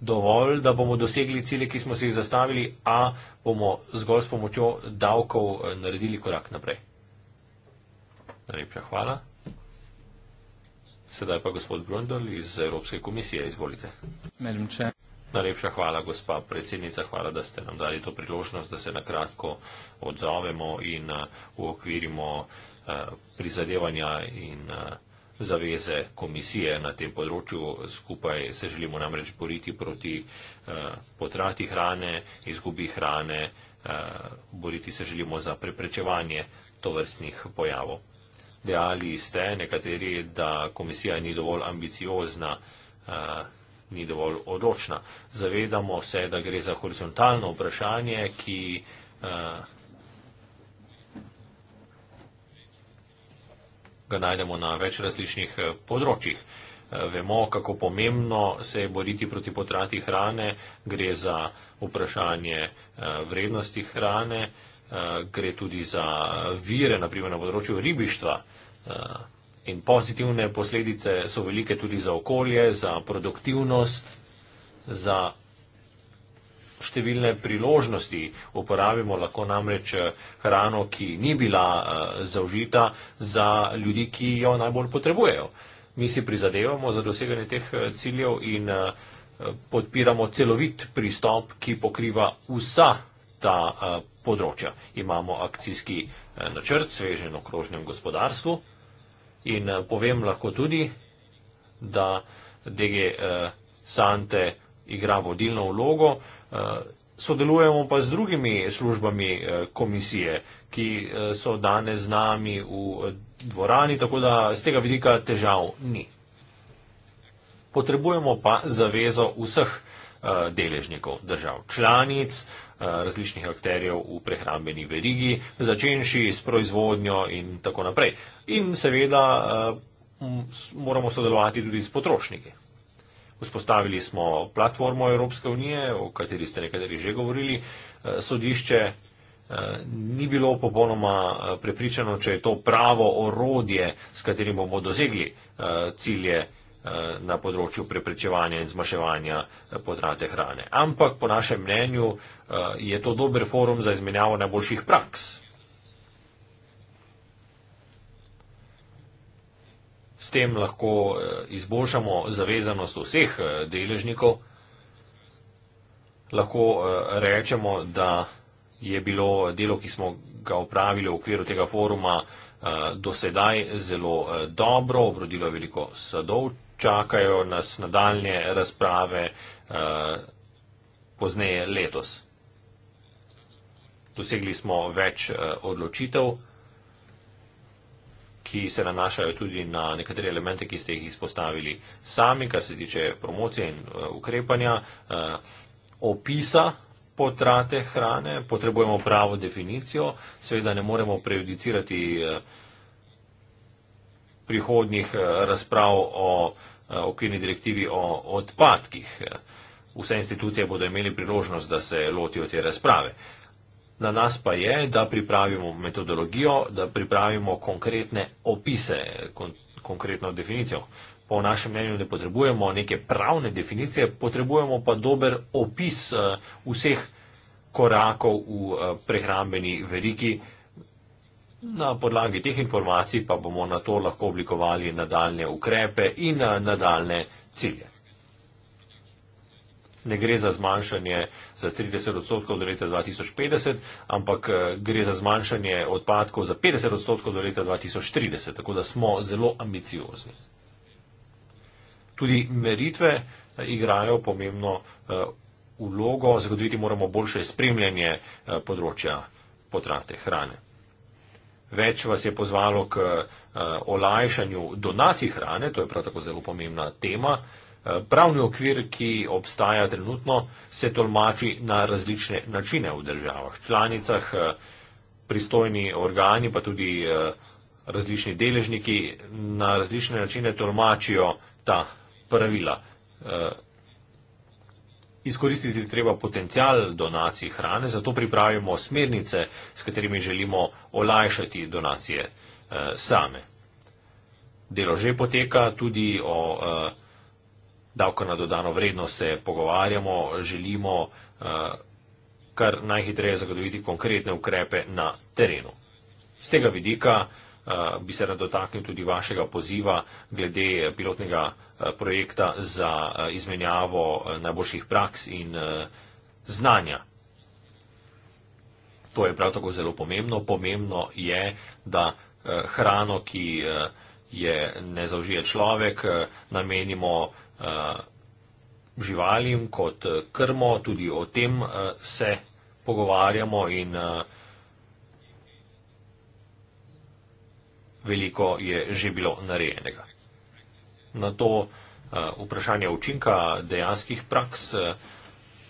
dovolj, da bomo dosegli cilje, ki smo si jih zastavili, a bomo zgolj s pomočjo davkov eh, naredili korak naprej. Najlepša hvala. Sedaj pa gospod Grundl iz Evropske komisije, izvolite. Najlepša hvala, gospa predsednica, hvala, da ste nam dali to priložnost, da se na kratko odzovemo in uh, uokvirimo uh, prizadevanja in uh, zaveze komisije na tem področju. Skupaj se želimo namreč boriti proti eh, potrati hrane, izgubi hrane, eh, boriti se želimo za preprečevanje tovrstnih pojavov. Dejali ste nekateri, da komisija ni dovolj ambiciozna, eh, ni dovolj odločna. Zavedamo se, da gre za horizontalno vprašanje, ki ga najdemo na več različnih eh, področjih. Eh, vemo, kako pomembno se je boriti proti potrati hrane, gre za vprašanje eh, vrednosti hrane, gre tudi za vire, naprimer na področju ribištva. In pozitivne posledice so velike tudi za okolje, za produktivnost, za številne priložnosti. Uporabimo lahko namreč eh, hrano, ki ni bila eh, zaužita za ljudi, ki jo najbolj potrebujejo. Mi si prizadevamo za doseganje teh eh, ciljev in podpiramo celovit pristop, ki pokriva vsa ta področja. Imamo akcijski načrt, svežen okrožnem gospodarstvu in povem lahko tudi, da DG Sante igra vodilno vlogo. Eh, sodelujemo pa z drugimi službami eh, komisije, ki eh, so danes z nami v dvorani, tako da z tega vidika težav ni. Potrebujemo pa zavezo vseh deležnikov držav članic, različnih akterjev v prehrambeni verigi, začenši s proizvodnjo in tako naprej. In seveda moramo sodelovati tudi s potrošniki. Vzpostavili smo platformo Evropske unije, o kateri ste nekateri že govorili. E, sodišče e, ni bilo popolnoma e, prepričano, če je to pravo orodje, s katerim bomo dosegli cilje na področju preprečevanja in zmaševanja potrate hrane. Ampak po našem mnenju je to dober forum za izmenjavo najboljših praks tem lahko eh, izboljšamo zavezanost vseh eh, deležnikov, lahko eh, rečemo, da je bilo delo, ki smo ga upravili v okviru tega foruma, dosedaj zelo dobro, obrodilo je veliko sadov, čakajo nas nadaljne razprave pozneje letos. Dosegli smo več odločitev ki se nanašajo tudi na nekatere elemente, ki ste jih izpostavili sami, kar se tiče promocije in eh, ukrepanja, eh, opisa potrate hrane, potrebujemo pravo definicijo, seveda ne moremo prejudicirati eh, prihodnih razprav o okvirni direktivi o odpadkih. Vse institucije bodo imeli priložnost, da se lotijo te razprave. Na nas pa je, da pripravimo metodologijo, da pripravimo konkretne opise, kon konkretno definicijo. Po našem mnenju ne potrebujemo neke pravne definicije, potrebujemo pa dober opis uh, vseh korakov v uh, prehrambeni veriki. Na podlagi teh informacij pa bomo na to lahko oblikovali nadaljne ukrepe in uh, eh, nadaljne cilje ne gre za zmanjšanje za 30 odstotkov do leta 2050, ampak eh, gre za zmanjšanje odpadkov za 50 odstotkov do leta 2030, tako da smo zelo ambiciozni. Tudi meritve eh, igrajo pomembno eh, vlogo, zagotoviti moramo boljše spremljanje področja potrate hrane. Več vas je pozvalo k olajšanju donacij hrane, to je prav tako zelo pomembna tema. Pravni okvir, ki obstaja trenutno, se tolmači na različne načine v državah, članicah, eh, pristojni organi, pa tudi eh, različni deležniki na različne načine tolmačijo ta pravila. Eh, izkoristiti treba potencial donacij hrane, zato pripravimo smernice, s katerimi želimo olajšati donacije same. Delo že poteka tudi o davka na dodano vrednost se pogovarjamo, želimo eh, kar najhitreje zagotoviti konkretne ukrepe na terenu. Z tega vidika eh, bi se rad dotaknil tudi vašega poziva glede pilotnega eh, projekta za izmenjavo najboljših praks in znanja. To je prav tako zelo pomembno. Pomembno je, da hrano, ki je ne zaužije človek, namenimo Eh, živalim kot eh, krmo, tudi o tem eh, se pogovarjamo in veliko je že bilo narejenega. Na to vprašanje učinka dejanskih praks,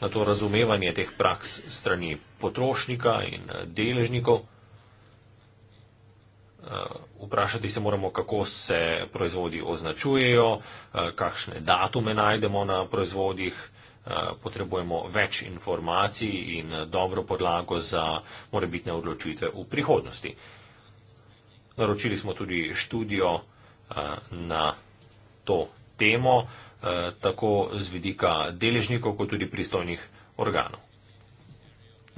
na to razumevanje teh praks strani potrošnika in deležnikov, Eh, vprašati se moramo, kako se proizvodi označujejo, eh, kakšne datume najdemo na proizvodih. Eh, potrebujemo več informacij in dobro podlago za morebitne odločitve v prihodnosti. Naročili smo tudi študijo na to temo, tako z vidika deležnikov, kot tudi pristojnih organov.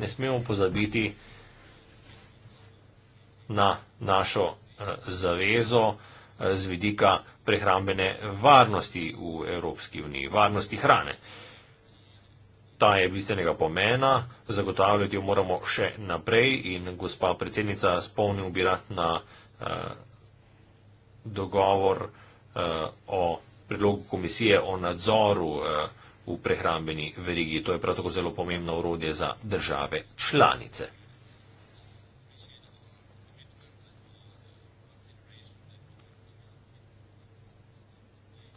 Ne smemo pozabiti, na našo eh, zavezo eh, z vidika prehrambene varnosti v Evropski uniji, varnosti hrane. Ta je bistvenega pomena, zagotavljati jo moramo še naprej in gospa predsednica spomnil bi rad na eh, dogovor eh, o predlogu komisije o nadzoru eh, v prehrambeni verigi. To je prav tako zelo pomembno urodje za države članice.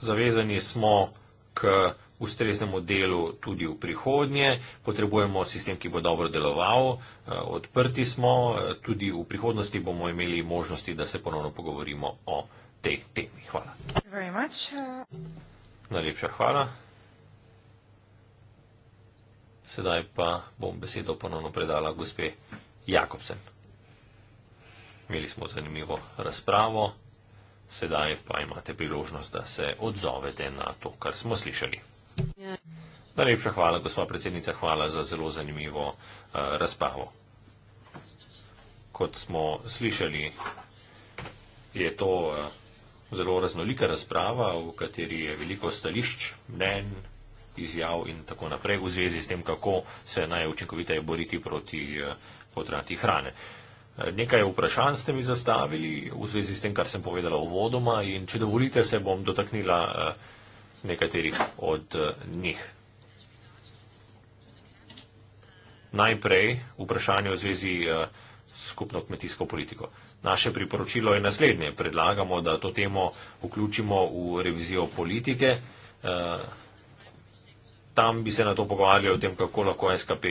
zavezani smo k ustreznemu delu tudi v prihodnje, potrebujemo sistem, ki bo dobro deloval, e, odprti smo, e, tudi v prihodnosti bomo imeli možnosti, da se ponovno pogovorimo o tej temi. Hvala. Najlepša hvala. Sedaj pa bom besedo ponovno predala gospe Jakobsen. Imeli smo zanimivo razpravo sedaj pa imate priložnost, da se odzovete na to, kar smo slišali. Najlepša hvala, gospa predsednica, hvala za zelo zanimivo uh, razpravo. Kot smo slišali, je to uh, zelo raznolika razprava, v kateri je veliko stališč, mnen, izjav in tako naprej v zvezi s tem, kako se najučinkoviteje boriti proti uh, potrati hrane. Uh, Nekaj vprašanj ste mi zastavili v zvezi s tem, kar sem povedala uvodoma in če dovolite, se bom dotaknila eh, nekaterih od eh, njih. Najprej vprašanje v zvezi eh, s skupno kmetijsko politiko. Naše priporočilo je naslednje. Predlagamo, da to temo vključimo v revizijo politike. Tam bi se na to pogovarjali o tem, kako lahko SKP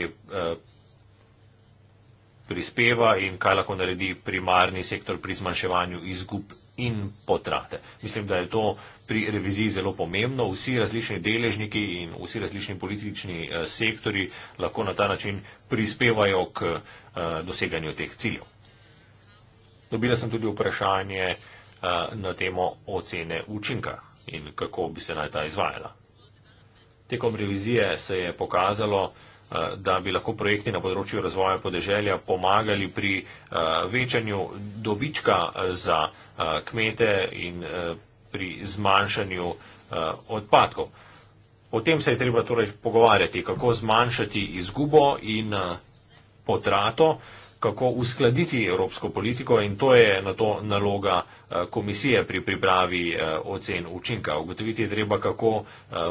prispeva in kaj lahko naredi primarni sektor pri zmanjševanju izgub in potrate. Mislim, da je to pri reviziji zelo pomembno. Vsi različni deležniki in vsi različni politični eh, sektori lahko na ta način prispevajo k eh, doseganju teh ciljev. Dobila sem tudi vprašanje eh, na temo ocene učinka in kako bi se naj ta izvajala. Tekom revizije se je pokazalo, Eh, da bi lahko projekti na področju razvoja podeželja pomagali pri eh, večanju dobička eh, za kmete in pri zmanjšanju odpadkov. O tem se je treba torej pogovarjati, kako zmanjšati izgubo in potrato, kako uskladiti evropsko politiko in to je na to naloga komisije pri pripravi ocen učinka. Ugotoviti je treba, kako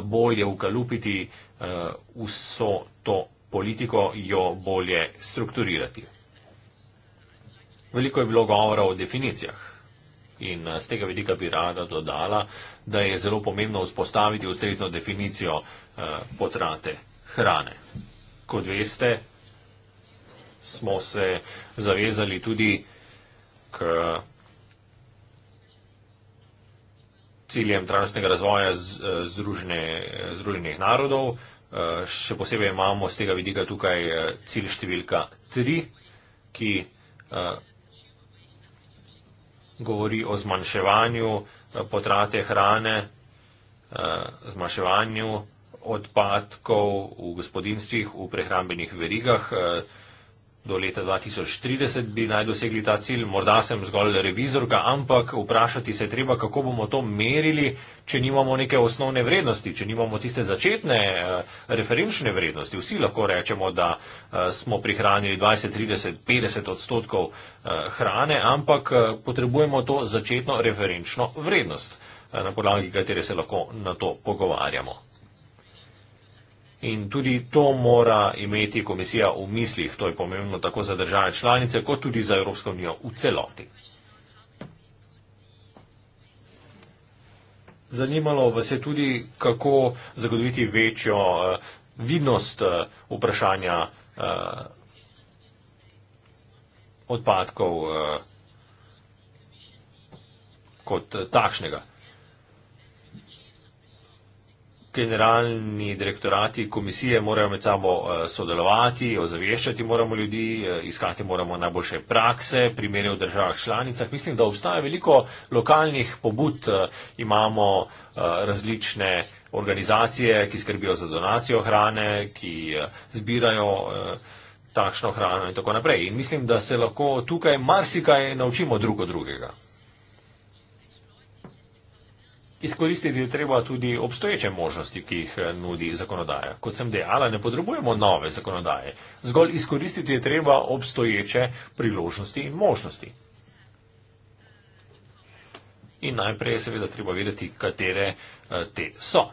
bolje ukalupiti vso to politiko, jo bolje strukturirati. Veliko je bilo govora o definicijah in z eh, tega vidika bi rada dodala, da je zelo pomembno vzpostaviti ustrezno definicijo eh, potrate hrane. Kot veste, smo se zavezali tudi k ciljem trajnostnega razvoja eh, Združenih narodov, Eh, še posebej imamo z tega vidika tukaj eh, cilj številka 3, ki eh, govori o zmanjševanju potrate hrane, zmanjševanju odpadkov v gospodinstvih, v prehrambenih verigah. Do leta 2030 bi naj dosegli ta cilj, morda sem zgolj revizorka, ampak vprašati se treba, kako bomo to merili, če nimamo neke osnovne vrednosti, če nimamo tiste začetne eh, referenčne vrednosti. Vsi lahko rečemo, da eh, smo prihranili 20, 30, 50 odstotkov eh, hrane, ampak potrebujemo to začetno referenčno vrednost, na podlagi katere se lahko na to pogovarjamo. In tudi to mora imeti komisija v mislih. To je pomembno tako za države članice, kot tudi za Evropsko unijo v celoti. Zanimalo vas je tudi, kako zagotoviti večjo uh, vidnost uh, vprašanja uh, odpadkov uh, kot uh, takšnega generalni direktorati komisije morajo med sabo eh, sodelovati, ozaveščati moramo ljudi, eh, iskati moramo najboljše prakse, primere v državah članicah. Mislim, da obstaja veliko lokalnih pobud, eh, imamo različne organizacije, ki skrbijo za donacijo hrane, ki zbirajo takšno hrano in tako naprej. In mislim, da se lahko tukaj marsikaj naučimo drugo drugega. Izkoristiti je treba tudi obstoječe možnosti, ki jih eh, nudi zakonodaja. Kot sem dejala, ne potrebujemo nove zakonodaje. Zgolj izkoristiti je treba obstoječe priložnosti in možnosti. In najprej je seveda treba vedeti, katere eh, te so.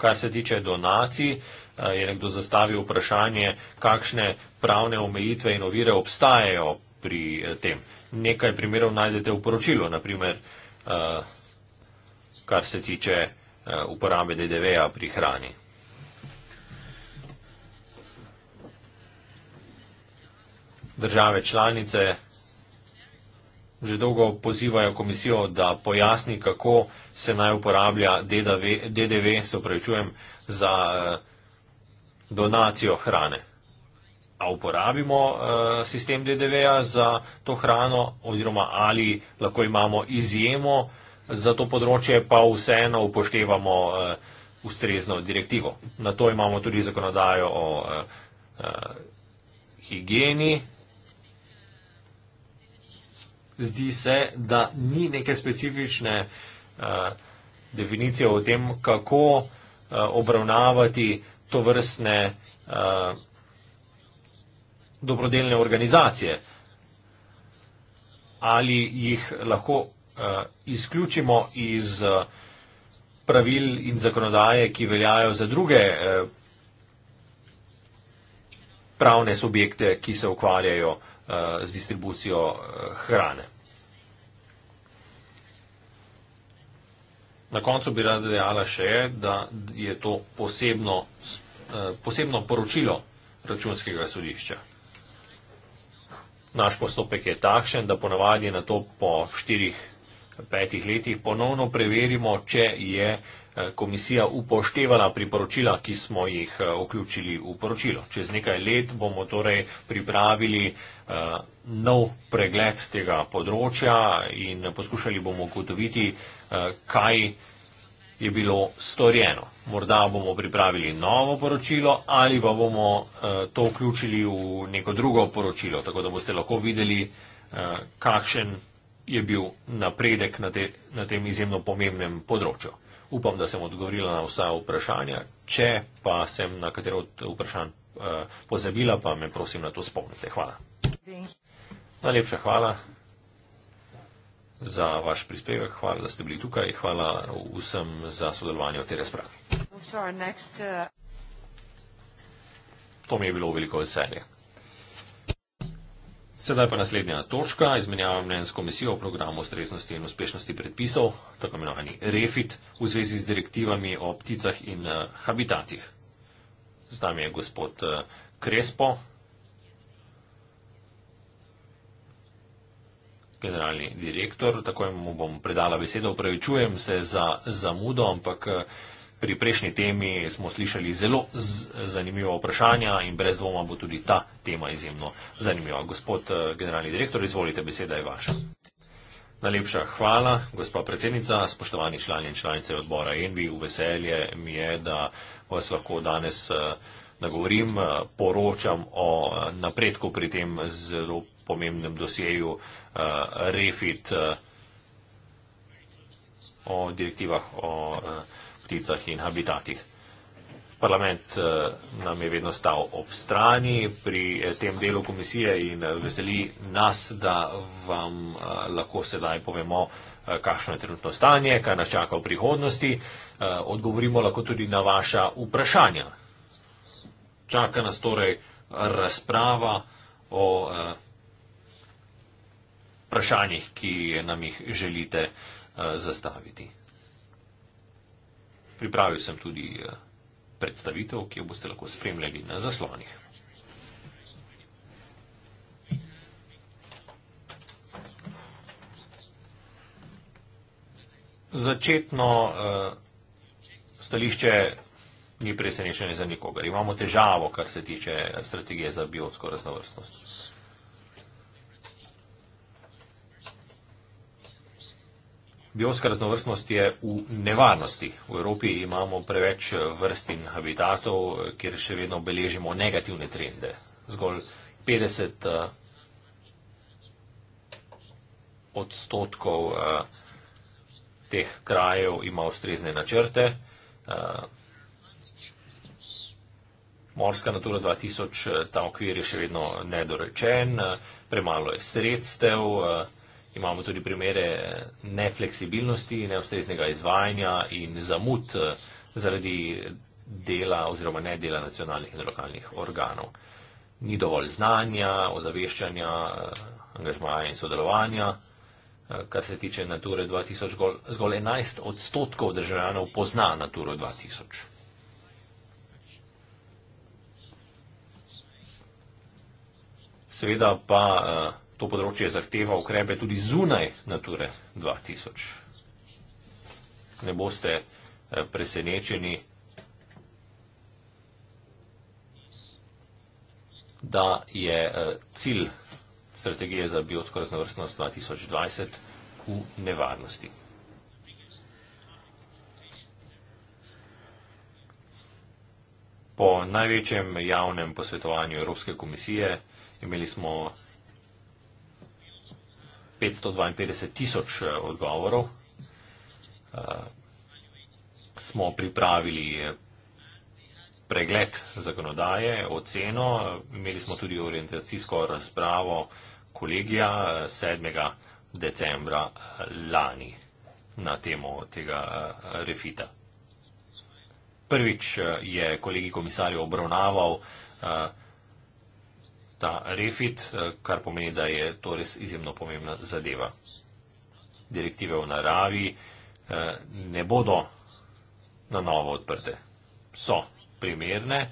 Kar se tiče donacij, eh, je nekdo zastavil vprašanje, kakšne pravne omejitve in ovire obstajajo pri tem. Nekaj primerov najdete v poročilu, naprimer. Eh, kar se tiče eh, uporabe DDV-ja pri hrani. Države članice že dolgo pozivajo komisijo, da pojasni, kako se naj uporablja DDV, DDV se upravičujem, za eh, donacijo hrane. A uporabimo uh, sistem DDV-ja za to hrano, oziroma ali lahko imamo izjemo za to področje, pa vseeno upoštevamo uh, ustrezno direktivo. Na to imamo tudi zakonodajo o uh, uh, higieni. Zdi se, da ni neke specifične uh, definicije o tem, kako uh, obravnavati to vrstne. Uh, dobrodelne organizacije. Ali jih lahko uh, izključimo iz uh, pravil in zakonodaje, ki veljajo za druge uh, pravne subjekte, ki se ukvarjajo uh, z distribucijo uh, hrane. Na koncu bi rada dejala še, da je to posebno, posebno poročilo računskega sodišča. Naš postopek je takšen, da ponavadi na to po štirih, petih letih ponovno preverimo, če je eh, komisija upoštevala priporočila, ki smo jih eh, vključili v poročilo. Čez nekaj let bomo torej pripravili eh, nov pregled tega področja in poskušali bomo ugotoviti, kaj je bilo storjeno. Morda bomo pripravili novo poročilo ali pa bomo eh, to vključili v neko drugo poročilo, tako da boste lahko videli, eh, kakšen je bil napredek na, te, na tem izjemno pomembnem področju. Upam, da sem odgovorila na vsa vprašanja. Če pa sem na katero od vprašanj eh, pozabila, pa me prosim na to spomnite. Hvala. Najlepša hvala za vaš prispevek, hvala, da ste bili tukaj, hvala vsem za sodelovanje v tej razpravi. To mi je bilo veliko veselje. Sedaj pa naslednja točka, izmenjava mnen s komisijo o programu ustreznosti in uspešnosti predpisov, tako imenovani REFIT, v zvezi z direktivami o pticah in eh, habitatih. Z nami je gospod eh, Krespo, generalni direktor, takoj mu bom predala besedo. Upravičujem se za zamudo, ampak eh, pri prejšnji temi smo slišali zelo zanimiva vprašanja in brez dvoma bo tudi ta tema izjemno zanimiva. Gospod eh, generalni direktor, izvolite, beseda je vaša. Najlepša hvala, gospa predsednica, spoštovani člani in članice odbora Envi, v veselje mi je, da vas lahko danes eh, nagovorim, poročam o napredku pri tem zelo pomembnem dosjeju uh, Refit uh, o direktivah o uh, pticah in habitatih. Parlament uh, nam je vedno stal ob strani pri tem delu komisije in veseli nas, da vam uh, lahko sedaj povemo, uh, kakšno je trenutno stanje, kaj nas čaka v prihodnosti. Uh, odgovorimo lahko tudi na vaša vprašanja. Čaka nas torej razprava o uh, vprašanjih, ki nam jih želite eh, zastaviti. Pripravil sem tudi eh, predstavitev, ki jo boste lahko spremljali na zaslonih. Začetno uh, stališče ni presenečenje za nikogar. Imamo težavo, kar se tiče strategije za biotsko raznovrstnost. Uh, Biotska raznovrstnost je v nevarnosti. V Evropi imamo preveč vrst in habitatov, kjer še vedno beležimo negativne trende. Zgolj 50 eh, odstotkov eh, teh krajev ima ustrezne načrte. Eh, morska natura 2000, ta okvir je še vedno nedorečen, premalo je sredstev. Imamo tudi primere nefleksibilnosti, neustreznega izvajanja in zamud eh, zaradi dela oziroma nedela nacionalnih in lokalnih organov. Ni dovolj znanja, ozaveščanja, eh, angažmaja in sodelovanja. Eh, kar se tiče Nature 2000, zgolj 11 odstotkov državljanov pozna Nature 2000. Seveda pa to področje zahteva ukrepe tudi zunaj nature 2000. Ne boste eh, presenečeni, da je eh, cilj strategije za biotsko raznovrstnost 2020 v nevarnosti. Po največjem javnem posvetovanju Evropske komisije imeli smo 552 tisoč eh, odgovorov. Eh, smo pripravili pregled zakonodaje, oceno, imeli smo tudi orientacijsko razpravo kolegija 7. Eh, decembra lani na temo tega refita. Prvič je kolegi komisarjo obravnaval ta refit, eh, kar pomeni, da je to res izjemno pomembna zadeva. Direktive v naravi eh, ne bodo na novo odprte. So primerne,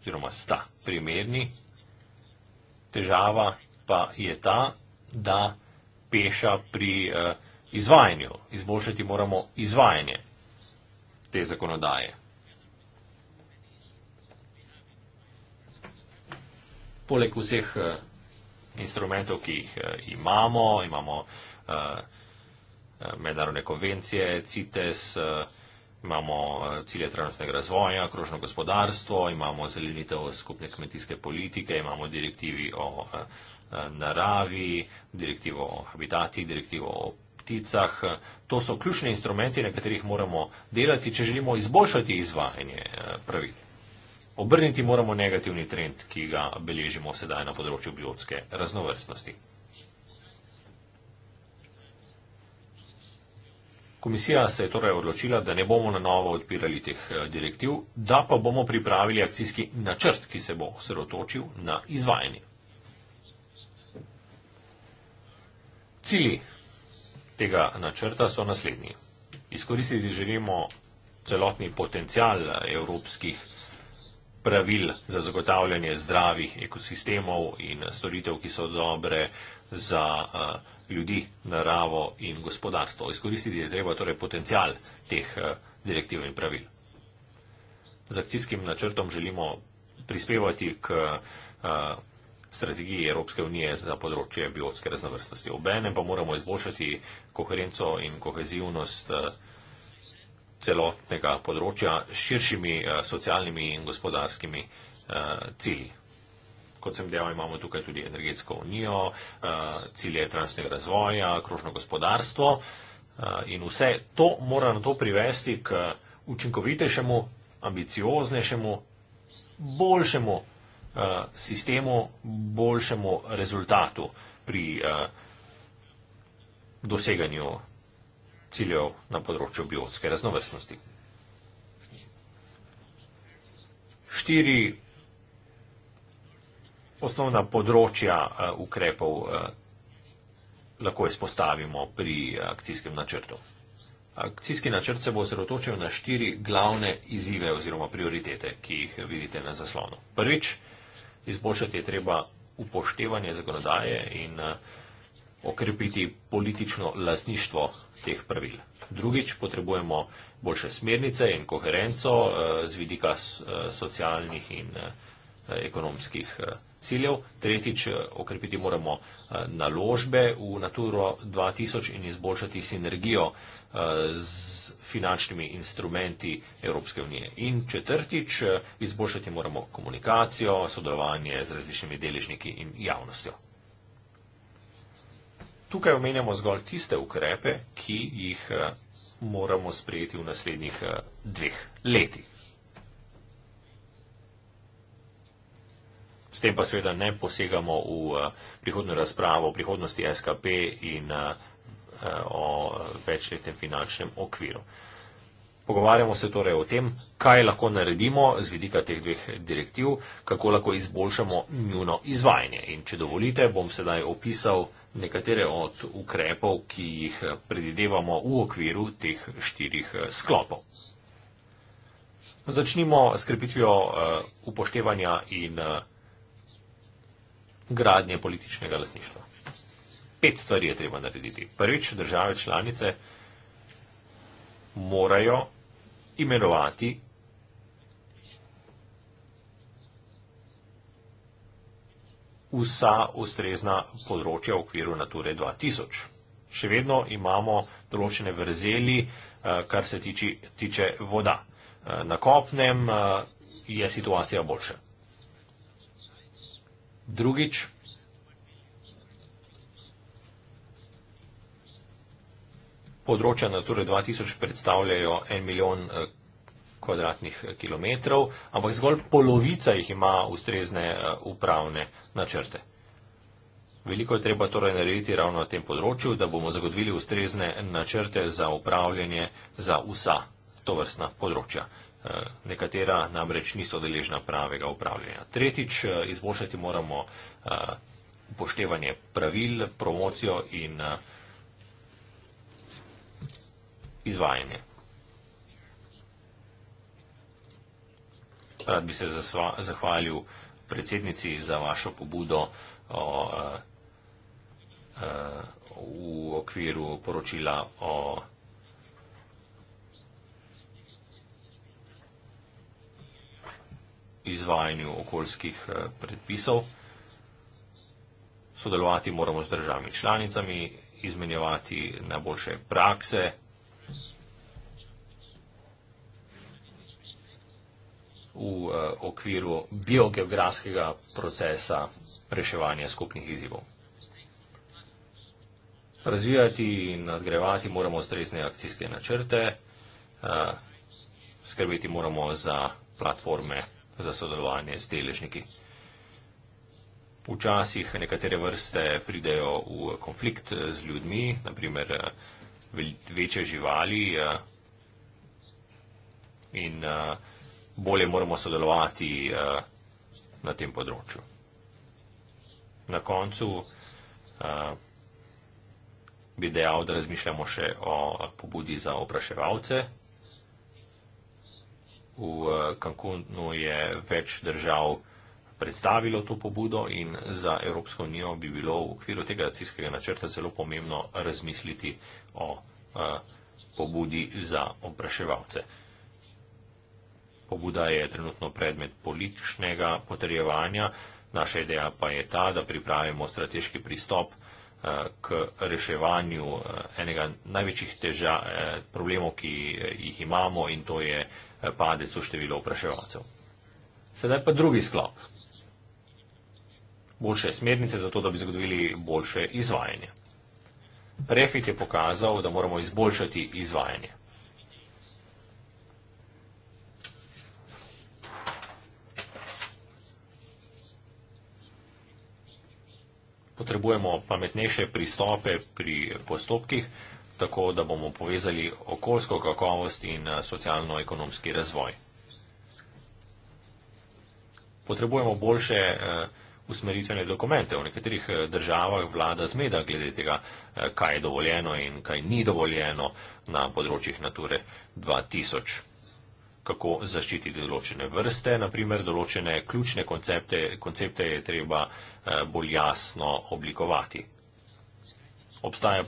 oziroma sta primerni, težava pa je ta, da peša pri eh, izvajanju. Izboljšati moramo izvajanje te zakonodaje. poleg vseh eh, instrumentov, ki jih eh, imamo, imamo eh, mednarodne konvencije, CITES, imamo cilje trenutnega razvoja, krožno gospodarstvo, imamo zelenitev skupne kmetijske politike, imamo direktivi o naravi, direktivo o habitatih, direktivo o pticah. To so ključni instrumenti, na katerih moramo delati, če želimo izboljšati izvajanje pravil. Obrniti moramo negativni trend, ki ga beležimo sedaj na področju biotske raznovrstnosti. Komisija se je torej odločila, da ne bomo na novo odpirali teh eh, direktiv, da pa bomo pripravili akcijski načrt, ki se bo osredotočil na izvajanje. Cili tega načrta so naslednji. Izkoristiti želimo celotni potencial eh, evropskih načrtov pravil za zagotavljanje zdravih ekosistemov in storitev, ki so dobre za eh, ljudi, naravo in gospodarstvo. Izkoristiti je treba torej potencial teh eh, direktiv in pravil. Z akcijskim načrtom želimo prispevati k eh, strategiji Evropske unije za področje biotske raznovrstnosti. Obenem pa moramo izboljšati koherenco in kohezivnost celotnega področja s širšimi eh, socialnimi in gospodarskimi eh, cilji. Kot sem dejal, imamo tukaj tudi energetsko unijo, eh, cilje trajnostnega razvoja, krožno gospodarstvo in vse to mora na to privesti k učinkovitejšemu, ambicioznejšemu, boljšemu sistemu, boljšemu rezultatu pri doseganju ciljev na področju biotske raznovrstnosti. Štiri osnovna področja eh, ukrepov eh, lahko izpostavimo pri akcijskem načrtu. Akcijski načrt se bo osredotočil na štiri glavne izzive oziroma prioritete, ki jih vidite na zaslonu. Prvič, izboljšati je treba upoštevanje zakonodaje in eh, okrepiti politično lasništvo teh pravil. Drugič, potrebujemo boljše smernice in koherenco eh, z vidika eh, socialnih in eh, ekonomskih ciljev. Tretjič, okrepiti moramo naložbe v Naturo 2000 in izboljšati sinergijo z finančnimi instrumenti Evropske unije. In četrtič, izboljšati moramo komunikacijo, sodelovanje z različnimi deležniki in javnostjo. Tukaj omenjamo zgolj tiste ukrepe, ki jih eh, moramo sprejeti v naslednjih eh, dveh letih. S tem pa seveda ne posegamo v eh, prihodno razpravo o prihodnosti SKP in o večletnem finančnem okviru. Pogovarjamo se torej o tem, kaj lahko naredimo z vidika teh dveh direktiv, kako lahko izboljšamo njuno izvajanje. In če dovolite, bom sedaj opisal nekatere od ukrepov, ki jih predvidevamo v okviru teh štirih eh, sklopov. Začnimo s krepitvijo eh, upoštevanja in eh, gradnje političnega lasništva. Pet stvari je treba narediti. Prvič, države članice morajo imenovati vsa ustrezna področja v okviru Nature 2000. Še vedno imamo določene vrzeli, eh, kar se tiče, tiče voda. Eh, na kopnem eh, je situacija boljša. Drugič. Področja Nature 2000 predstavljajo en milijon kvadratnih eh, kilometrov, ampak zgolj polovica jih ima ustrezne eh, upravne načrte. Veliko je treba torej narediti ravno na tem področju, da bomo zagotovili ustrezne načrte za upravljanje za vsa to vrstna področja. Eh, nekatera namreč niso deležna pravega upravljanja. Tretjič, izboljšati moramo upoštevanje pravil, promocijo in izvajanje. rad bi se zasva, zahvalil predsednici za vašo pobudo o, o, eh, eh, v okviru poročila o izvajanju okoljskih eh, predpisov. Sodelovati moramo z državami članicami, izmenjevati najboljše prakse. v eh, okviru biogeografskega procesa reševanja skupnih izzivov. Razvijati in nadgrevati moramo stresne akcijske načrte, eh, skrbeti moramo za platforme za sodelovanje s deležniki. Včasih nekatere vrste pridejo v konflikt z ljudmi, naprimer eh, večje živali in vsega, bolje moramo sodelovati eh, na tem področju. Na koncu eh, bi dejal, da razmišljamo še o pobudi za opraševalce. V eh, Cancunu je več držav predstavilo to pobudo in za Evropsko unijo bi bilo v okviru tega akcijskega načrta zelo pomembno razmisliti o pobudi za opraševalce pobuda je trenutno predmet političnega potrjevanja, naša ideja pa je ta, da pripravimo strateški pristop eh, k reševanju eh, enega največjih teža, eh, problemov, ki jih imamo in to je padec v število vpraševalcev. Sedaj pa drugi sklop. Boljše smernice za to, da bi zagotovili boljše izvajanje. Prefit je pokazal, da moramo izboljšati izvajanje. potrebujemo pametnejše pristope pri postopkih, tako da bomo povezali okoljsko kakovost in eh, socialno-ekonomski razvoj. Potrebujemo boljše eh, usmeritvene dokumente. V nekaterih eh, državah vlada zmeda glede tega, kaj je dovoljeno in kaj ni dovoljeno na področjih Nature 2000 kako zaščititi določene vrste, naprimer določene ključne koncepte, koncepte je treba eh, bolj jasno oblikovati. Obstaja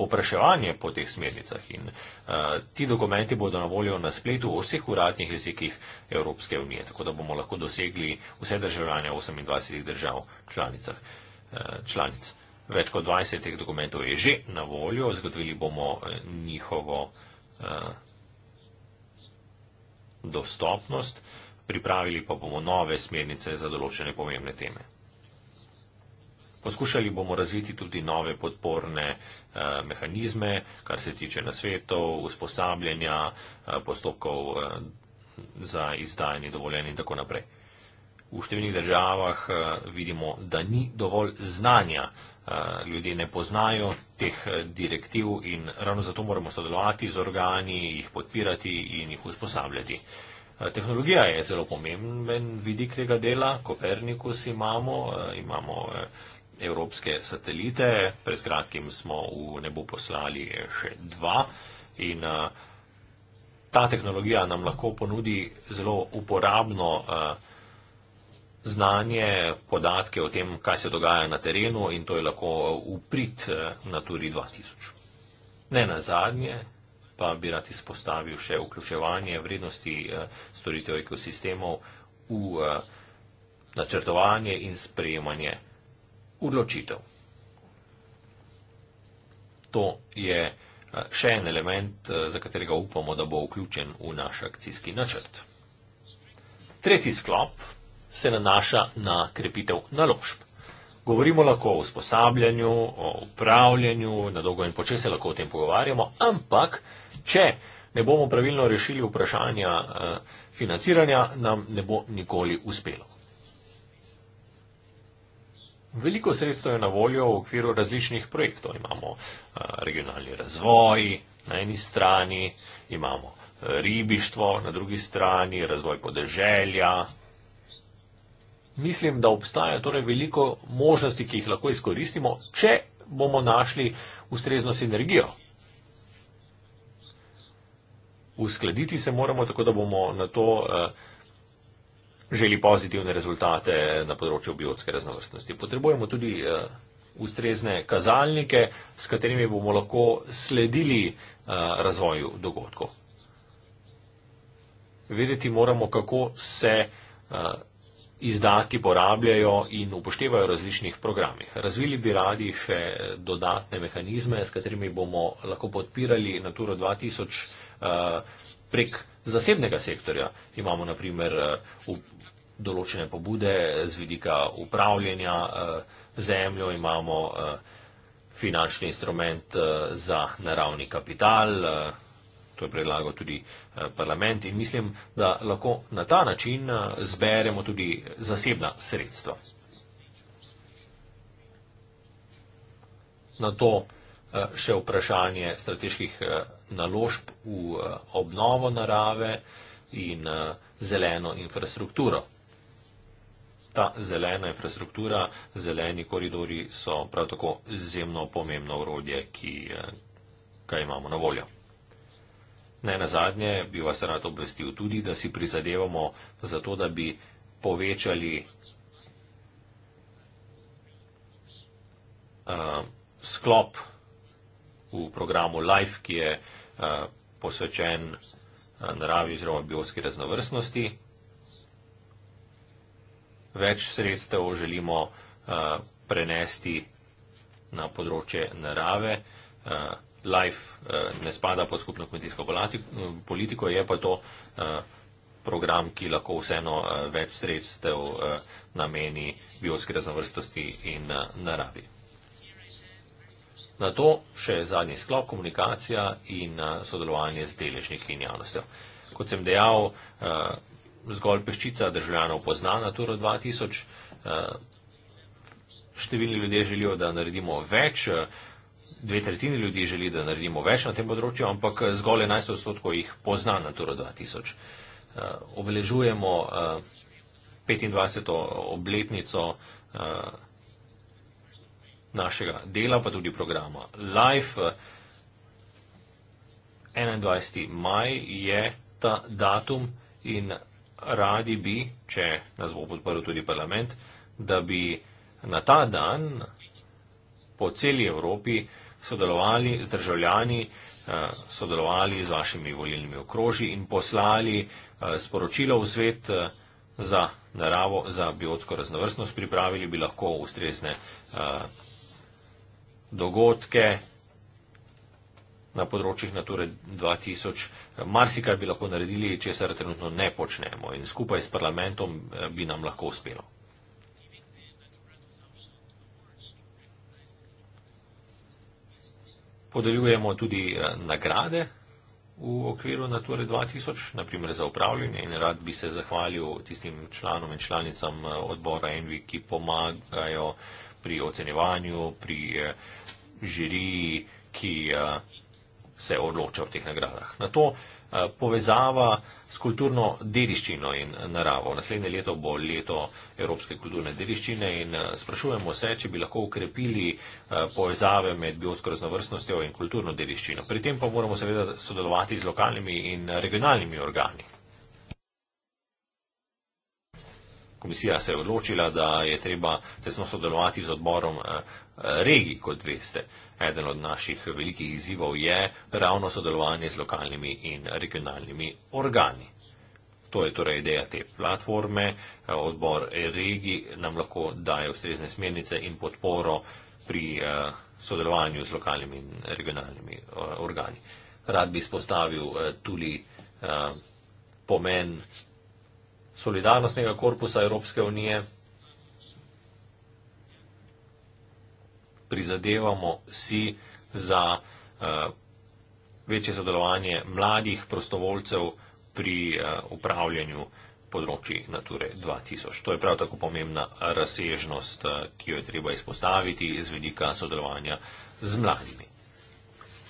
popraševanje po teh smernicah in eh, ti dokumenti bodo na voljo na spletu v vseh uradnih jezikih Evropske unije, tako da bomo lahko dosegli vse državljanje 28 držav članicah, eh, članic. Več kot 20 teh dokumentov je že na voljo, zgodovili bomo njihovo dostopnost, pripravili pa bomo nove smernice za določene pomembne teme. Poskušali bomo razviti tudi nove podporne eh, mehanizme, kar se tiče nasvetov, usposabljanja, eh, postopkov eh, za izdajanje dovoljenja in tako naprej v številnih državah eh, vidimo, da ni dovolj znanja. Eh, ljudje ne poznajo teh eh, direktiv in ravno zato moramo sodelovati z organi, jih podpirati in jih usposabljati. Tehnologija je zelo pomemben vidik tega dela. Kopernikus imamo, imamo evropske satelite, pred kratkim smo v nebo poslali še dva in ta tehnologija nam lahko ponudi zelo uporabno znanje, podatke o tem, kaj se dogaja na terenu in to je lahko uprit eh, Naturi 2000. Ne na zadnje, pa bi rad izpostavil še vključevanje vrednosti eh, storitev ekosistemov v eh, načrtovanje in sprejemanje odločitev. To je še en element, za katerega upamo, da bo vključen v naš akcijski načrt. Tretji sklop se nanaša na krepitev naložb. Govorimo lahko o usposabljanju, o upravljanju, na dolgo in počeš se lahko o tem pogovarjamo, ampak če ne bomo pravilno rešili vprašanja eh, financiranja, nam ne bo nikoli uspelo. Veliko sredstev je na voljo v okviru različnih projektov. Imamo eh, regionalni razvoj na eni strani, imamo eh, ribištvo na drugi strani, razvoj podeželja, mislim, da obstajajo torej veliko možnosti, ki jih lahko izkoristimo, če bomo našli ustrezno sinergijo. Uskladiti se moramo tako, da bomo na to eh, želi pozitivne rezultate na področju biotske raznovrstnosti. Potrebujemo tudi eh, ustrezne kazalnike, s katerimi bomo lahko sledili eh, razvoju dogodkov. Vedeti moramo, kako se izdatki porabljajo in upoštevajo v različnih programih. Razvili bi radi še dodatne mehanizme, s katerimi bomo lahko podpirali Natura 2000 eh, prek zasebnega sektorja. Imamo naprimer eh, določene pobude z vidika upravljanja eh, zemljo, imamo finančni instrument za naravni kapital, to je predlagal tudi eh, parlament in mislim, da lahko na ta način eh, zberemo tudi zasebna sredstva. Na to eh, še vprašanje strateških naložb v obnovo narave in zeleno infrastrukturo. Ta zelena infrastruktura, zeleni koridori so prav tako izjemno pomembno urodje, ki ga imamo na voljo. Ne na zadnje bi vas rad obvestil tudi, da si prizadevamo za to, da bi povečali uh, sklop v programu LIFE, ki je uh, posvečen uh, naravi oziroma biotski raznovrstnosti. Več sredstev želimo uh, prenesti na področje narave. Uh, LIFE eh, ne spada pod skupno kmetijsko politiko, je pa to eh, program, ki lahko vseeno eh, več sredstev nameni biotski raznovrstosti in naravi. Na to še zadnji sklop komunikacija in sodelovanje z deležniki in javnostjo. Kot sem dejal, zgolj peščica državljanov pozna Naturo 2000. Številni ljudje želijo, da naredimo več dve tretjini ljudi želi, da naredimo več na tem področju, ampak eh, zgolj 11 odstotkov jih pozna Natura 2000. Eh, obeležujemo 25. Eh, obletnico našega dela, pa tudi programa Life. 21. maj je ta datum in radi bi, če nas bo podporil tudi parlament, da bi na ta dan po celi Evropi sodelovali z državljani, eh, sodelovali z vašimi volilnimi okroži in poslali eh, sporočilo v svet eh, za naravo, za biotsko raznovrstnost. Pripravili bi lahko ustrezne dogodke na področjih Nature 2000. Marsikaj bi lahko naredili, česar trenutno ne počnemo in skupaj s parlamentom bi nam lahko uspelo. Podeljujemo tudi eh, nagrade v okviru Nature 2000, naprimer za upravljanje in rad bi se zahvalil tistim članom in članicam eh, odbora Envi, ki pomagajo pri ocenjevanju, pri eh, žiriji, ki se odloča v teh nagradah. Na to Eh, povezava s kulturno dediščino in naravo. Naslednje leto bo leto Evropske kulturne dediščine in eh, sprašujemo se, če bi lahko ukrepili eh, povezave med biotsko raznovrstnostjo in kulturno dediščino. Pri tem pa moramo seveda sodelovati z lokalnimi in regionalnimi organi. Komisija se je odločila, da je treba tesno sodelovati z odborom regij, kot veste. Eden od naših velikih izzivov je ravno sodelovanje z lokalnimi in regionalnimi organi. To je torej ideja te platforme. Odbor regij nam lahko daje ustrezne smernice in podporo pri eh, sodelovanju z lokalnimi in regionalnimi eh, organi. Rad bi spostavil eh, tudi pomen solidarnostnega korpusa Evropske unije. prizadevamo si za uh, večje sodelovanje mladih prostovoljcev pri uh, upravljanju področji Nature 2000. To je prav tako pomembna razsežnost, uh, ki jo je treba izpostaviti z vedika sodelovanja z mladimi.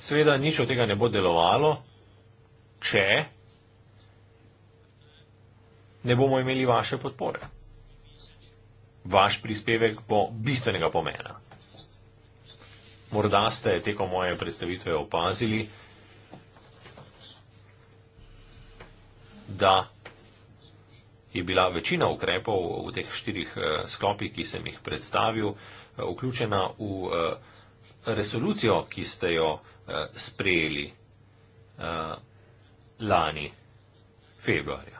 Sveda nič od tega ne bo delovalo, če ne bomo imeli vaše podpore. Vaš prispevek bo bistvenega pomena. Morda ste tekom moje predstavitve opazili, da je bila večina ukrepov v teh štirih eh, sklopih, ki sem jih predstavil, eh, vključena v eh, resolucijo, ki ste jo sprejeli lani februarja.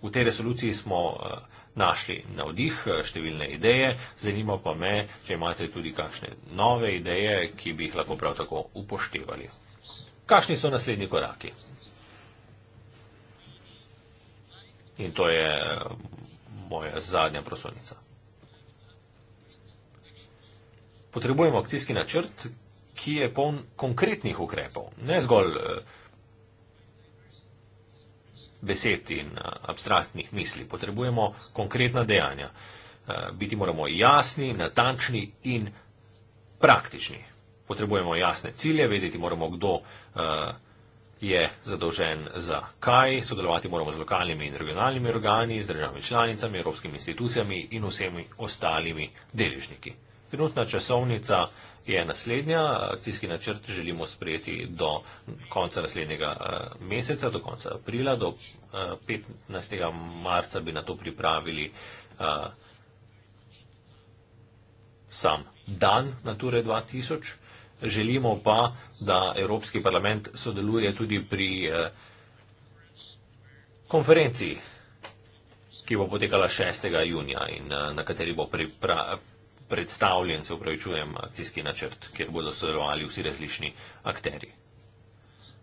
V tej resoluciji smo našli navdih, eh, številne ideje. Zanima pa me, če imate tudi kakšne nove ideje, ki bi jih lahko prav tako upoštevali. Kakšni so naslednji koraki? In to je eh, moja zadnja prosovnica. Potrebujemo akcijski načrt, ki je poln konkretnih ukrepov, ne zgolj eh, besed in eh, abstraktnih misli. Potrebujemo konkretna dejanja. Eh, biti moramo jasni, natančni in praktični. Potrebujemo jasne cilje, vedeti moramo, kdo eh, je zadolžen za kaj, sodelovati moramo z lokalnimi in regionalnimi organi, z državami članicami, evropskimi institucijami in vsemi ostalimi deležniki. Trenutna časovnica je naslednja. Akcijski načrt želimo sprejeti do konca naslednjega eh, meseca, do konca aprila. Do 15. Eh, marca bi na to pripravili eh, sam dan Nature 2000. Želimo pa, da Evropski parlament sodeluje tudi pri konferenciji, ki bo potekala 6. junija in na kateri bo pripravljena predstavljen, se upravičujem, akcijski načrt, kjer bodo sodelovali vsi različni akteri.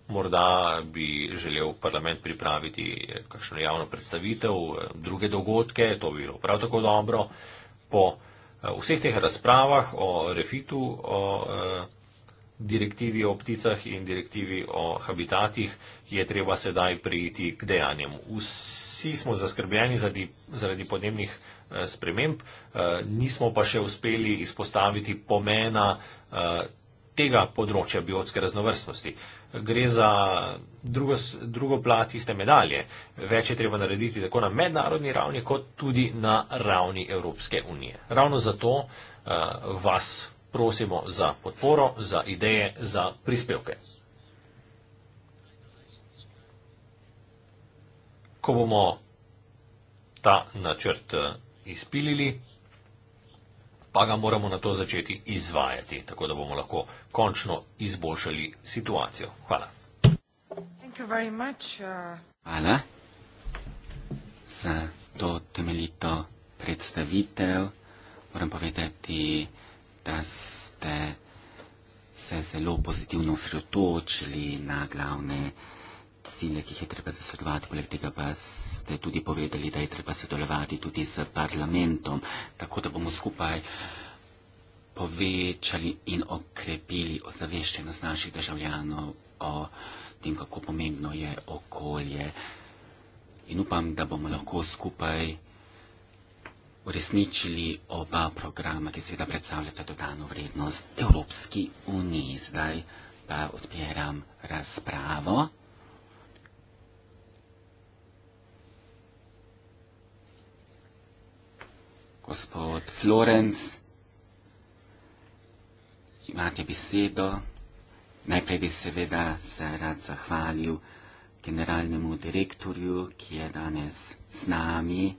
Morda bi želel parlament pripraviti kakšno javno predstavitev, druge dogodke, to bi bilo prav tako dobro. Po eh, vseh teh razpravah o refitu, o eh, direktivi o pticah in direktivi o habitatih je treba sedaj prijeti k dejanjem. Vsi smo zaskrbljeni zaradi, zaradi podnebnih Eh, sprememb, eh, nismo pa še uspeli izpostaviti pomena eh, tega področja biotske raznovrstnosti. Gre za drugo, drugo plat iste medalje. Več je treba narediti tako na mednarodni ravni, kot tudi na ravni Evropske unije. Ravno zato uh, vas prosimo za podporo, za ideje, za prispevke. Ko bomo ta načrt uh, izpilili, pa ga moramo na to začeti izvajati, tako da bomo lahko končno izboljšali situacijo. Hvala. Uh, Hvala za to temeljito predstavitev. Moram povedati, da ste se zelo pozitivno osredotočili na glavne cilje, ki jih je treba zasledovati. Poleg tega pa ste tudi povedali, da je treba sodelovati tudi z parlamentom, tako da bomo skupaj povečali in okrepili ozaveščenost naših državljanov o tem, kako pomembno je okolje. In upam, da bomo lahko skupaj uresničili oba programa, ki seveda predstavljata dodano vrednost Evropski uniji. Zdaj pa odpiram razpravo. Gospod Florenc, imate besedo. Najprej bi seveda se rad zahvalil generalnemu direktorju, ki je danes z nami.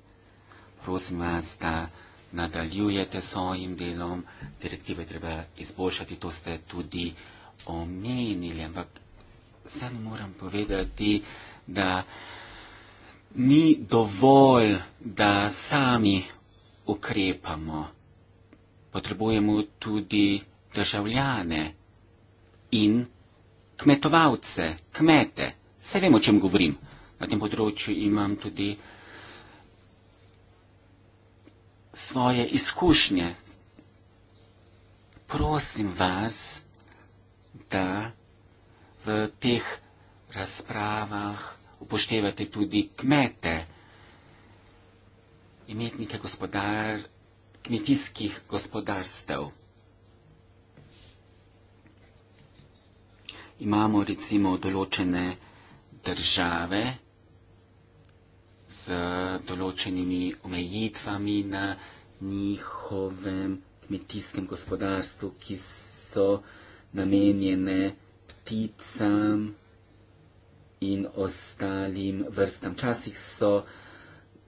Prosim vas, da nadaljujete svojim delom. Direktive treba izboljšati, to ste tudi omenili, ampak sem moram povedati, da ni dovolj, da sami ukrepamo, potrebujemo tudi državljane in kmetovalce, kmete. Vse vemo, o čem govorim. Na tem področju imam tudi svoje izkušnje. Prosim vas, da v teh razpravah upoštevate tudi kmete imetnike gospodar, kmetijskih gospodarstev. Imamo recimo določene države z določenimi omejitvami na njihovem kmetijskem gospodarstvu, ki so namenjene pticam in ostalim vrstam. Včasih so vrstam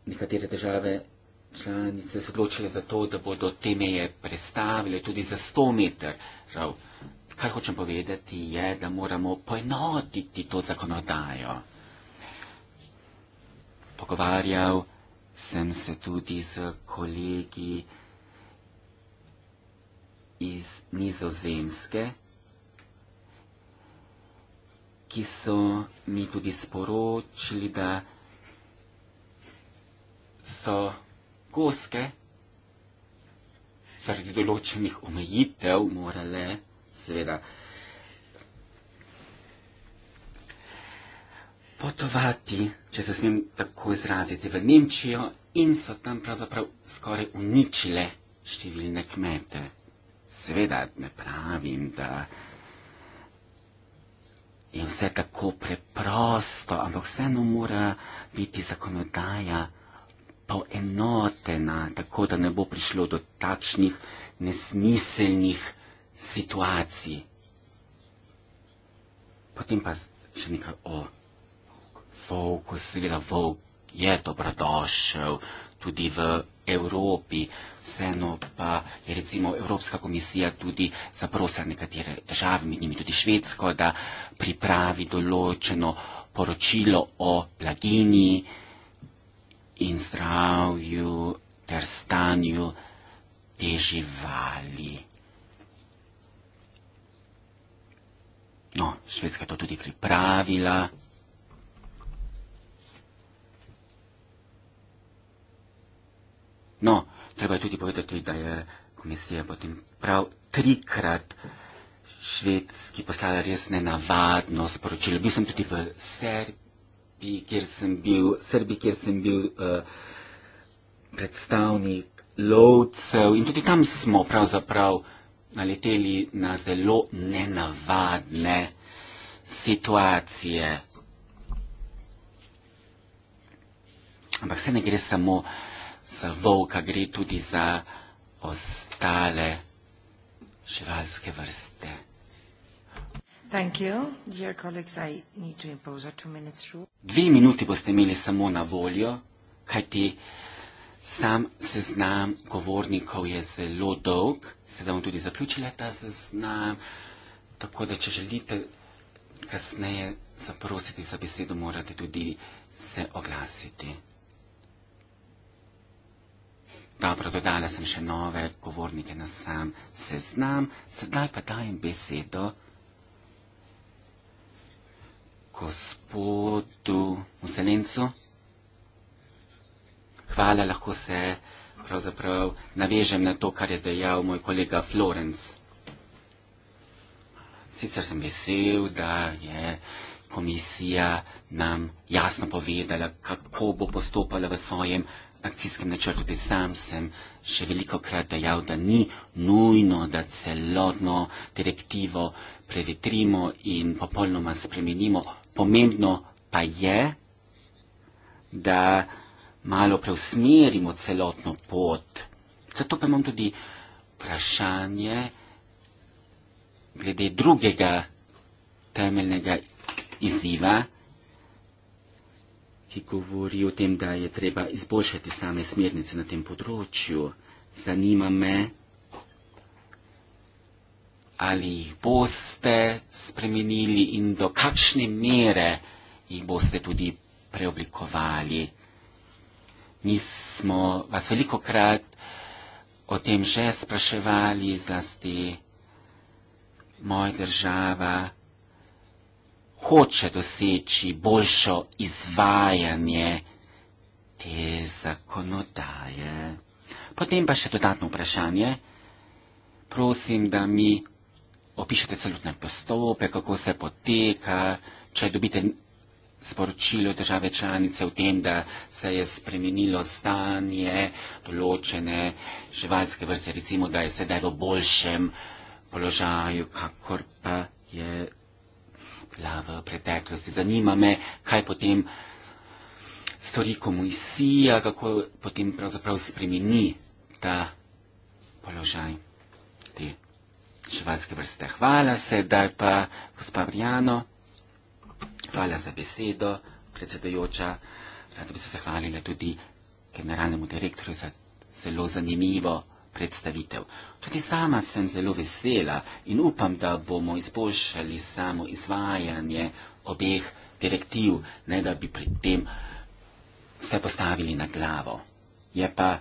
nekatere države članice se odločile za to, da bodo te meje prestavile tudi za 100 meter. Žal. Kar hočem povedati je, da moramo poenotiti to zakonodajo. Pogovarjal sem se tudi z kolegi iz Nizozemske, ki so mi tudi sporočili, da so goske zaradi določenih omejitev morale seveda potovati, če se smem tako izraziti, v Nemčijo in so tam pravzaprav skoraj uničile številne kmete. Seveda ne pravim, da je vse tako preprosto, ampak vseeno mora biti zakonodaja poenotena, tako da ne bo prišlo do takšnih nesmiselnih situacij. Potem pa še nekaj o Vogu, seveda Vog je dobrodošel tudi v Evropi, vseeno pa je recimo Evropska komisija tudi zaprosila nekatere države, med njimi tudi Švedsko, da pripravi določeno poročilo o blaginji, in zdravju ter stanju te živali. No, Švedska je to tudi pripravila. No, treba je tudi povedati, da je komisija potem prav trikrat švedski poslala res nenavadno sporočilo. Bil sem tudi v Serbiji bi, kjer sem bil, Srbi, kjer sem bil uh, predstavnik lovcev in tudi tam smo pravzaprav naleteli na zelo nenavadne situacije. Ampak se ne gre samo za volka, gre tudi za ostale živalske vrste. Thank you. Dear colleagues, I need to impose a two minutes rule. Dve minuti boste imeli samo na voljo, kajti sam seznam govornikov je zelo dolg. Sedaj bom tudi zaključila ta seznam, tako da če želite kasneje zaprositi za besedo, morate tudi se oglasiti. Dobro, dodala sem še nove govornike na sam seznam. Sedaj pa dajem besedo. Gospodu Muselencu. Hvala, lahko se pravzaprav navežem na to, kar je dejal moj kolega Florence. Sicer sem vesel, da je komisija nam jasno povedala, kako bo postopala v svojem akcijskem načrtu. Tudi sam sem še veliko krat dejal, da ni nujno, da celotno direktivo prevetrimo in popolnoma spremenimo Pomembno pa je, da malo preusmerimo celotno pot. Zato pa imam tudi vprašanje glede drugega temeljnega izziva, ki govori o tem, da je treba izboljšati same smernice na tem področju. Zanima me, ali jih boste spremenili in do kakšne mere jih boste tudi preoblikovali. Mi smo vas veliko krat o tem že spraševali, zlasti moja država hoče doseči boljšo izvajanje te zakonodaje. Potem pa še dodatno vprašanje. Prosim, da mi opišete celotne postope, kako se poteka, če dobite sporočilo države članice v tem, da se je spremenilo stanje določene živalske vrste, recimo, da je sedaj v boljšem položaju, kakor pa je bila v preteklosti. Zanima me, kaj potem stori komisija, kako potem pravzaprav spremeni ta položaj živalske vrste. Hvala sedaj pa, gospa Briano. Hvala za besedo, predsedojoča. Rada bi se zahvalila tudi generalnemu direktorju za zelo zanimivo predstavitev. Tudi sama sem zelo vesela in upam, da bomo izboljšali samo izvajanje obeh direktiv, ne da bi pri tem vse postavili na glavo. Je pa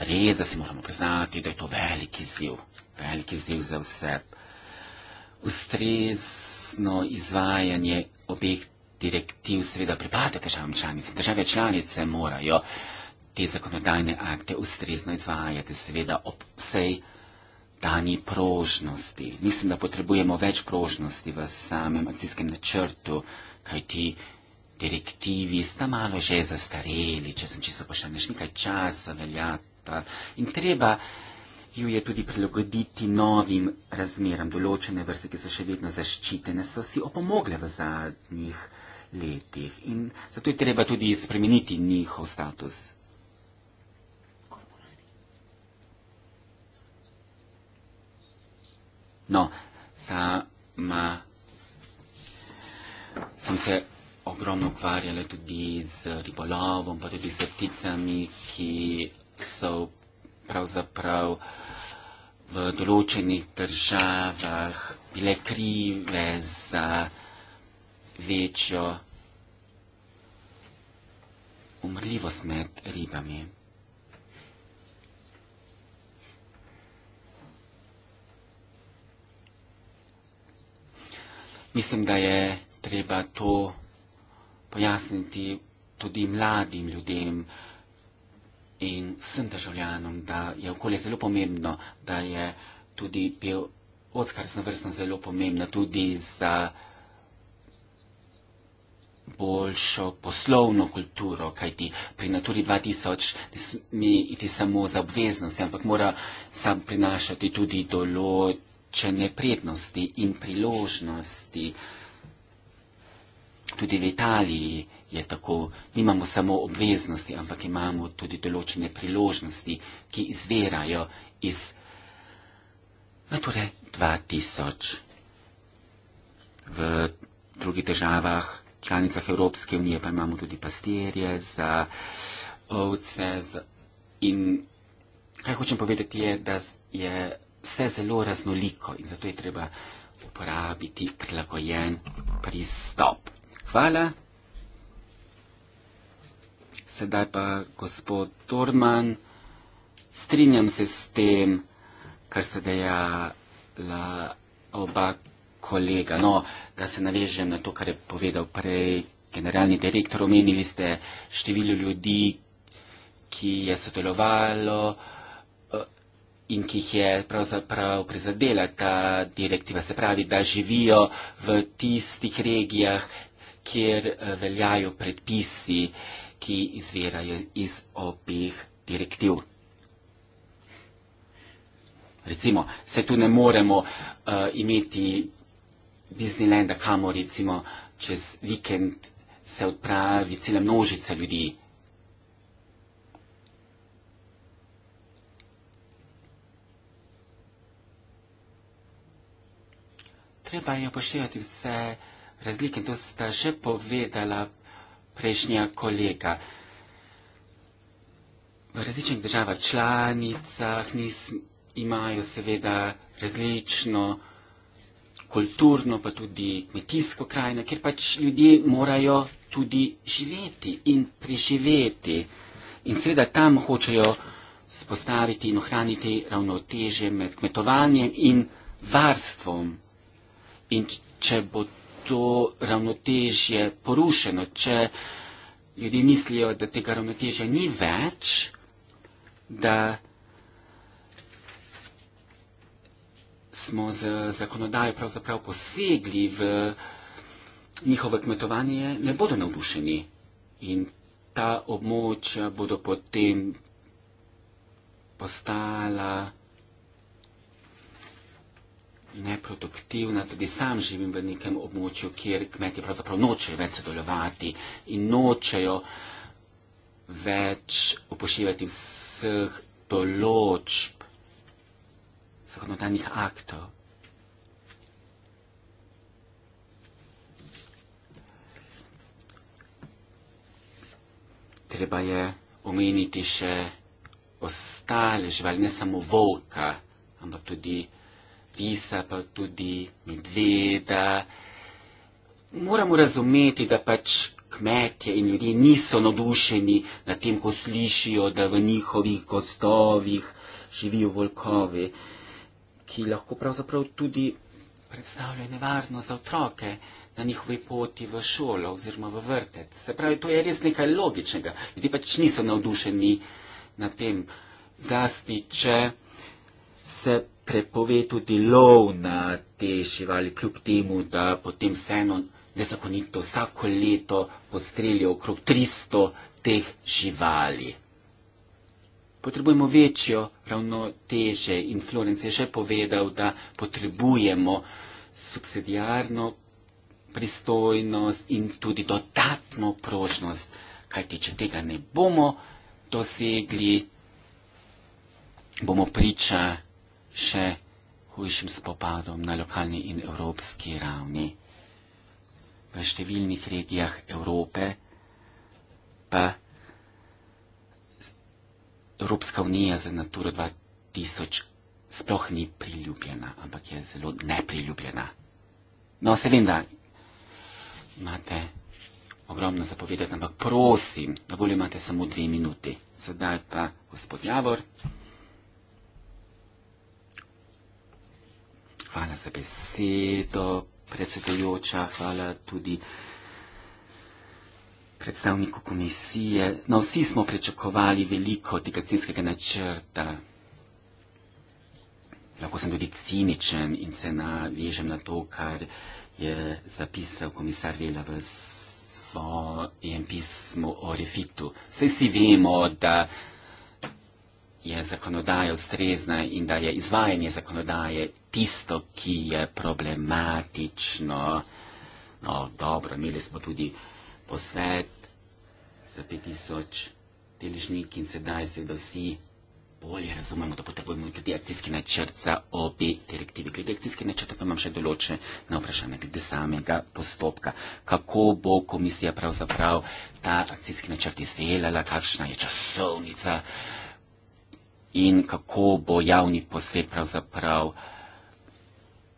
res, da si moramo priznati, da je to velik izziv veliki izziv za vse. Ustrezno izvajanje obeh direktiv seveda pripada državam članicam. Države članice morajo te zakonodajne akte ustrezno izvajati, seveda ob vsej dani prožnosti. Mislim, da potrebujemo več prožnosti v samem akcijskem načrtu, kaj ti direktivi sta malo že zastareli, če sem čisto pošteno, nekaj časa velja. In treba ju je tudi prilagoditi novim razmeram. Določene vrste, ki so še vedno zaščitene, so si opomogle v zadnjih letih in zato je treba tudi spremeniti njihov status. No, sama sem se ogromno ukvarjala tudi z ribolovom, pa tudi z pticami, ki so pravzaprav v določenih državah bile krive za večjo umrljivost med ribami. Mislim, da je treba to pojasniti tudi mladim ljudem, in vsem državljanom, da je okolje zelo pomembno, da je tudi bil odskarsna vrstna zelo pomembna tudi za boljšo poslovno kulturo, kajti pri Naturi 2000 ne sme iti samo za obveznosti, ampak mora sam prinašati tudi določene prednosti in priložnosti. Tudi v Italiji je tako, nimamo samo obveznosti, ampak imamo tudi določene priložnosti, ki izvirajo iz Nature 2000. V drugih državah, članicah Evropske unije, pa imamo tudi pastirje za ovce. Za in kaj hočem povedati je, da je vse zelo raznoliko in zato je treba uporabiti prilagojen pristop. Hvala. Sedaj pa, gospod Torman, strinjam se s tem, kar ste dejala oba kolega. No, da se navežem na to, kar je povedal prej generalni direktor, omenili ste število ljudi, ki je sodelovalo eh, in ki jih je pravzaprav prizadela ta direktiva. Se pravi, da živijo v tistih regijah, kjer eh, veljajo predpisi ki izvirajo iz obih direktiv. Recimo, se tu ne moremo uh, imeti Disneylanda, kamo recimo čez vikend se odpravi cela množica ljudi. Treba je upoštevati vse razlike, to sta že povedala prejšnja kolega. V različnih državah članicah nis, imajo seveda različno kulturno, pa tudi kmetijsko krajino, ker pač ljudje morajo tudi živeti in preživeti. In seveda tam hočejo spostaviti in ohraniti ravnoteže med kmetovanjem in varstvom. In če bo to ravnotežje porušeno, če ljudje mislijo, da tega ravnotežja ni več, da smo z zakonodajo pravzaprav posegli v njihovo kmetovanje, ne bodo navdušeni in ta območja bodo potem postala neproduktivna, tudi sam živim v nekem območju, kjer kmetje pravzaprav nočejo več sodelovati in nočejo več upoštevati vseh določb zakonodajnih aktov. Treba je omeniti še ostale živali, ne samo volka, ampak tudi visa, pa tudi medveda. Moramo razumeti, da pač kmetje in ljudje niso navdušeni nad tem, ko slišijo, da v njihovih gozdovih živijo volkovi, ki lahko pravzaprav tudi predstavljajo nevarno za otroke na njihovi poti v šolo oziroma v vrtec. Se pravi, to je res nekaj logičnega. Ljudje pač niso navdušeni nad tem. Zlasti, če se prepove tudi lov na te živali, kljub temu, da potem vseeno nezakonito vsako leto postrelijo okrog 300 teh živali. Potrebujemo večjo ravnoteže in Florence je že povedal, da potrebujemo subsidijarno pristojnost in tudi dodatno prožnost, kajti če tega ne bomo dosegli, bomo priča še hujšim spopadom na lokalni in evropski ravni. V številnih regijah Evrope pa Evropska unija za Natura 2000 sploh ni priljubljena, ampak je zelo nepriljubljena. No, se vem, da imate ogromno zapovedati, ampak prosim, na voljo imate samo dve minuti. Sedaj pa gospod Javor. Hvala za besedo, predsedujoča, hvala tudi predstavniku komisije. No, vsi smo pričakovali veliko digacijskega načrta. Lahko sem tudi ciničen in se navežem na to, kar je zapisal komisar Vela v svojem pismu o refitu. Vse si vemo, da je zakonodaja ustrezna in da je izvajanje zakonodaje tisto, ki je problematično. No, dobro, imeli smo tudi posvet za 5000 deležnik in sedaj se da vsi bolje razumemo, da potrebujemo tudi akcijski načrt za obi direktivi. Glede akcijske načrta pa imam še določene na vprašanje glede samega postopka. Kako bo komisija pravzaprav ta akcijski načrt izdelala, kakšna je časovnica? Uh, in kako bo javni posvet pravzaprav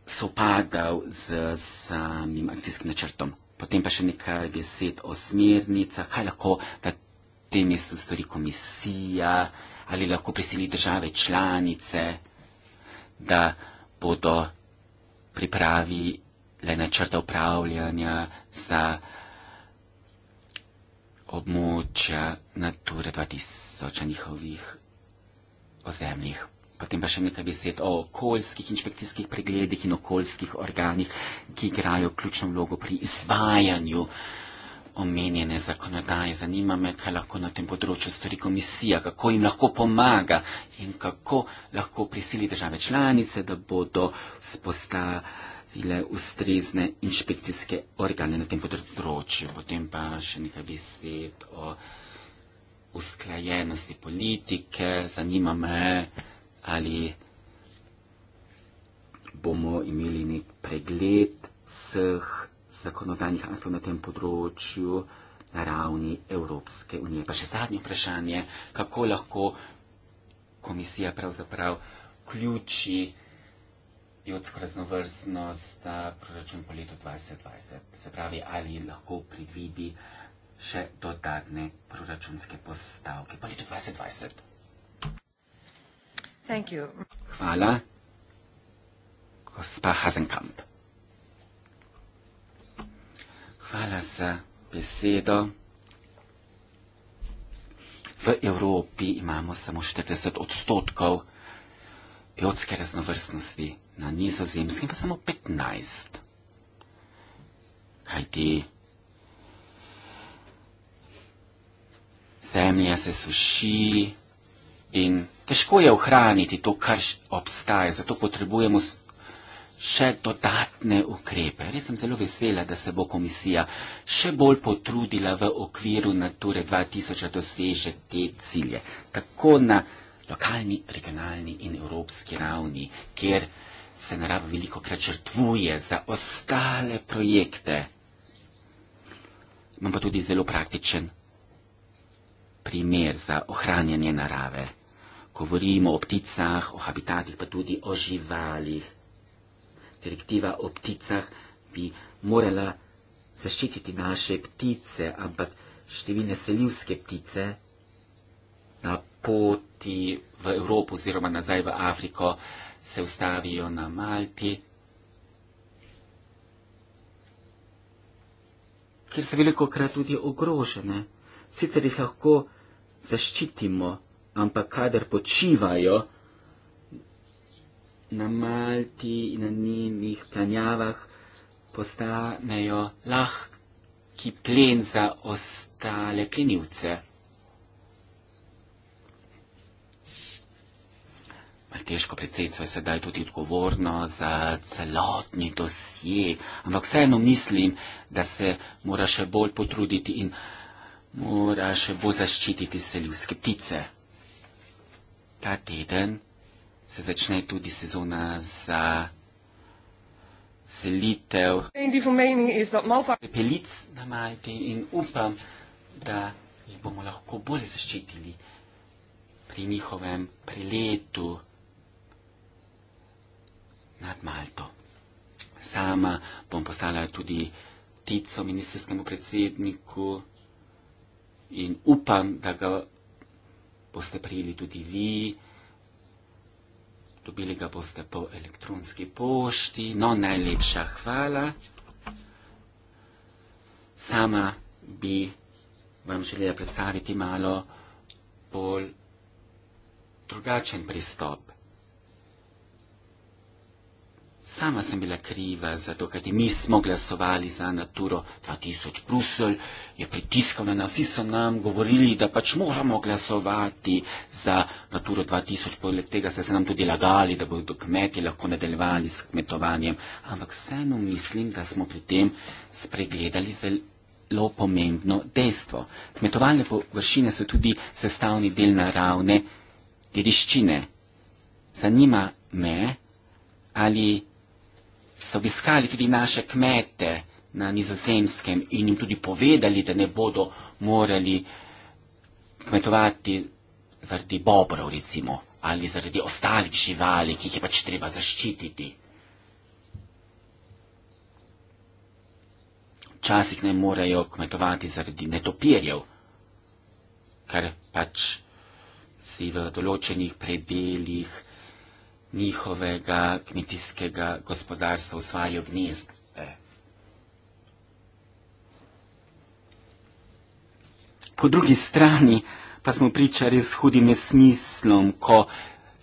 sopadal z samim akcijskim načrtom. Potem pa še nekaj besed o smernicah, kaj lahko na tem mestu stori komisija, ali lahko prisili države članice, da bodo pripravile načrte upravljanja za območja Nature 2000, njihovih o zemljih. Potem pa še nekaj besed o okoljskih inšpekcijskih pregledih in okoljskih organih, ki igrajo ključno vlogo pri izvajanju omenjene zakonodaje. Zanima me, kaj lahko na tem področju stori komisija, kako jim lahko pomaga in kako lahko prisili države članice, da bodo spostavile ustrezne inšpekcijske organe na tem področju. Potem pa še nekaj besed o usklajenosti politike, zanima me, ali bomo imeli nek pregled vseh zakonodajnih aktov na tem področju na ravni Evropske unije. Pa še zadnje vprašanje, kako lahko komisija pravzaprav ključi biotsko raznovrstnost za proračun po letu 2020. Se pravi, ali lahko predvidi, še dodatne proračunske postavke po letu 2020. Thank you. Hvala, gospa Hazenkamp. Hvala za besedo. V Evropi imamo samo 40 odstotkov biotske raznovrstnosti, na nizozemskem pa samo 15. Kajti zemlja se suši in težko je ohraniti to, kar obstaja. Zato potrebujemo še dodatne ukrepe. Res sem zelo vesela, da se bo komisija še bolj potrudila v okviru Nature 2000, da doseže te cilje. Tako na lokalni, regionalni in evropski ravni, kjer se narava veliko krat žrtvuje za ostale projekte. Imam pa tudi zelo praktičen primer za ohranjanje narave. Govorimo o pticah, o habitatih, pa tudi o živalih. Direktiva o pticah bi morala zaščititi naše ptice, ampak številne seljivske ptice na poti v Evropo oziroma nazaj v Afriko se ustavijo na Malti, kjer so veliko krat tudi ogrožene sicer jih lahko zaščitimo, ampak kadar počivajo na Malti in na njenih planjavah, postanejo lahki plen za ostale plenilce. Malteško predsedstvo je sedaj tudi odgovorno za celotni dosje, ampak vseeno mislim, da se mora še bolj potruditi in Moraš bo zaščititi seljuske ptice. Ta teden se začne tudi sezona za selitev pelic na Malti in upam, da jih bomo lahko bolje zaščitili pri njihovem preletu nad Malto. Sama bom poslala tudi ptico ministrskemu predsedniku in upam, da ga boste prijeli tudi vi. Dobili ga boste po elektronski pošti. No, najlepša hvala. Sama bi vam želela predstaviti malo bolj drugačen pristop. Sama sem bila kriva, zato kajti mi smo glasovali za Naturo 2000. Brusel je pritiskal na nas, vsi so nam govorili, da pač moramo glasovati za Naturo 2000. Poleg tega so se nam tudi lagali, da bodo kmetje lahko nadaljevali s kmetovanjem. Ampak vseeno mislim, da smo pri tem spregledali zelo pomembno dejstvo. Kmetovalne površine so tudi sestavni del naravne diriščine. Zanima me, ali so obiskali tudi naše kmete na nizozemskem in jim tudi povedali, da ne bodo morali kmetovati zaradi bobrov recimo ali zaradi ostalih živali, ki jih je pač treba zaščititi. Včasih ne morajo kmetovati zaradi netopirjev, kar pač si v določenih predeljih njihovega kmetijskega gospodarstva ustvarijo gnezd. Po drugi strani pa smo priča res hudim nesmislom, ko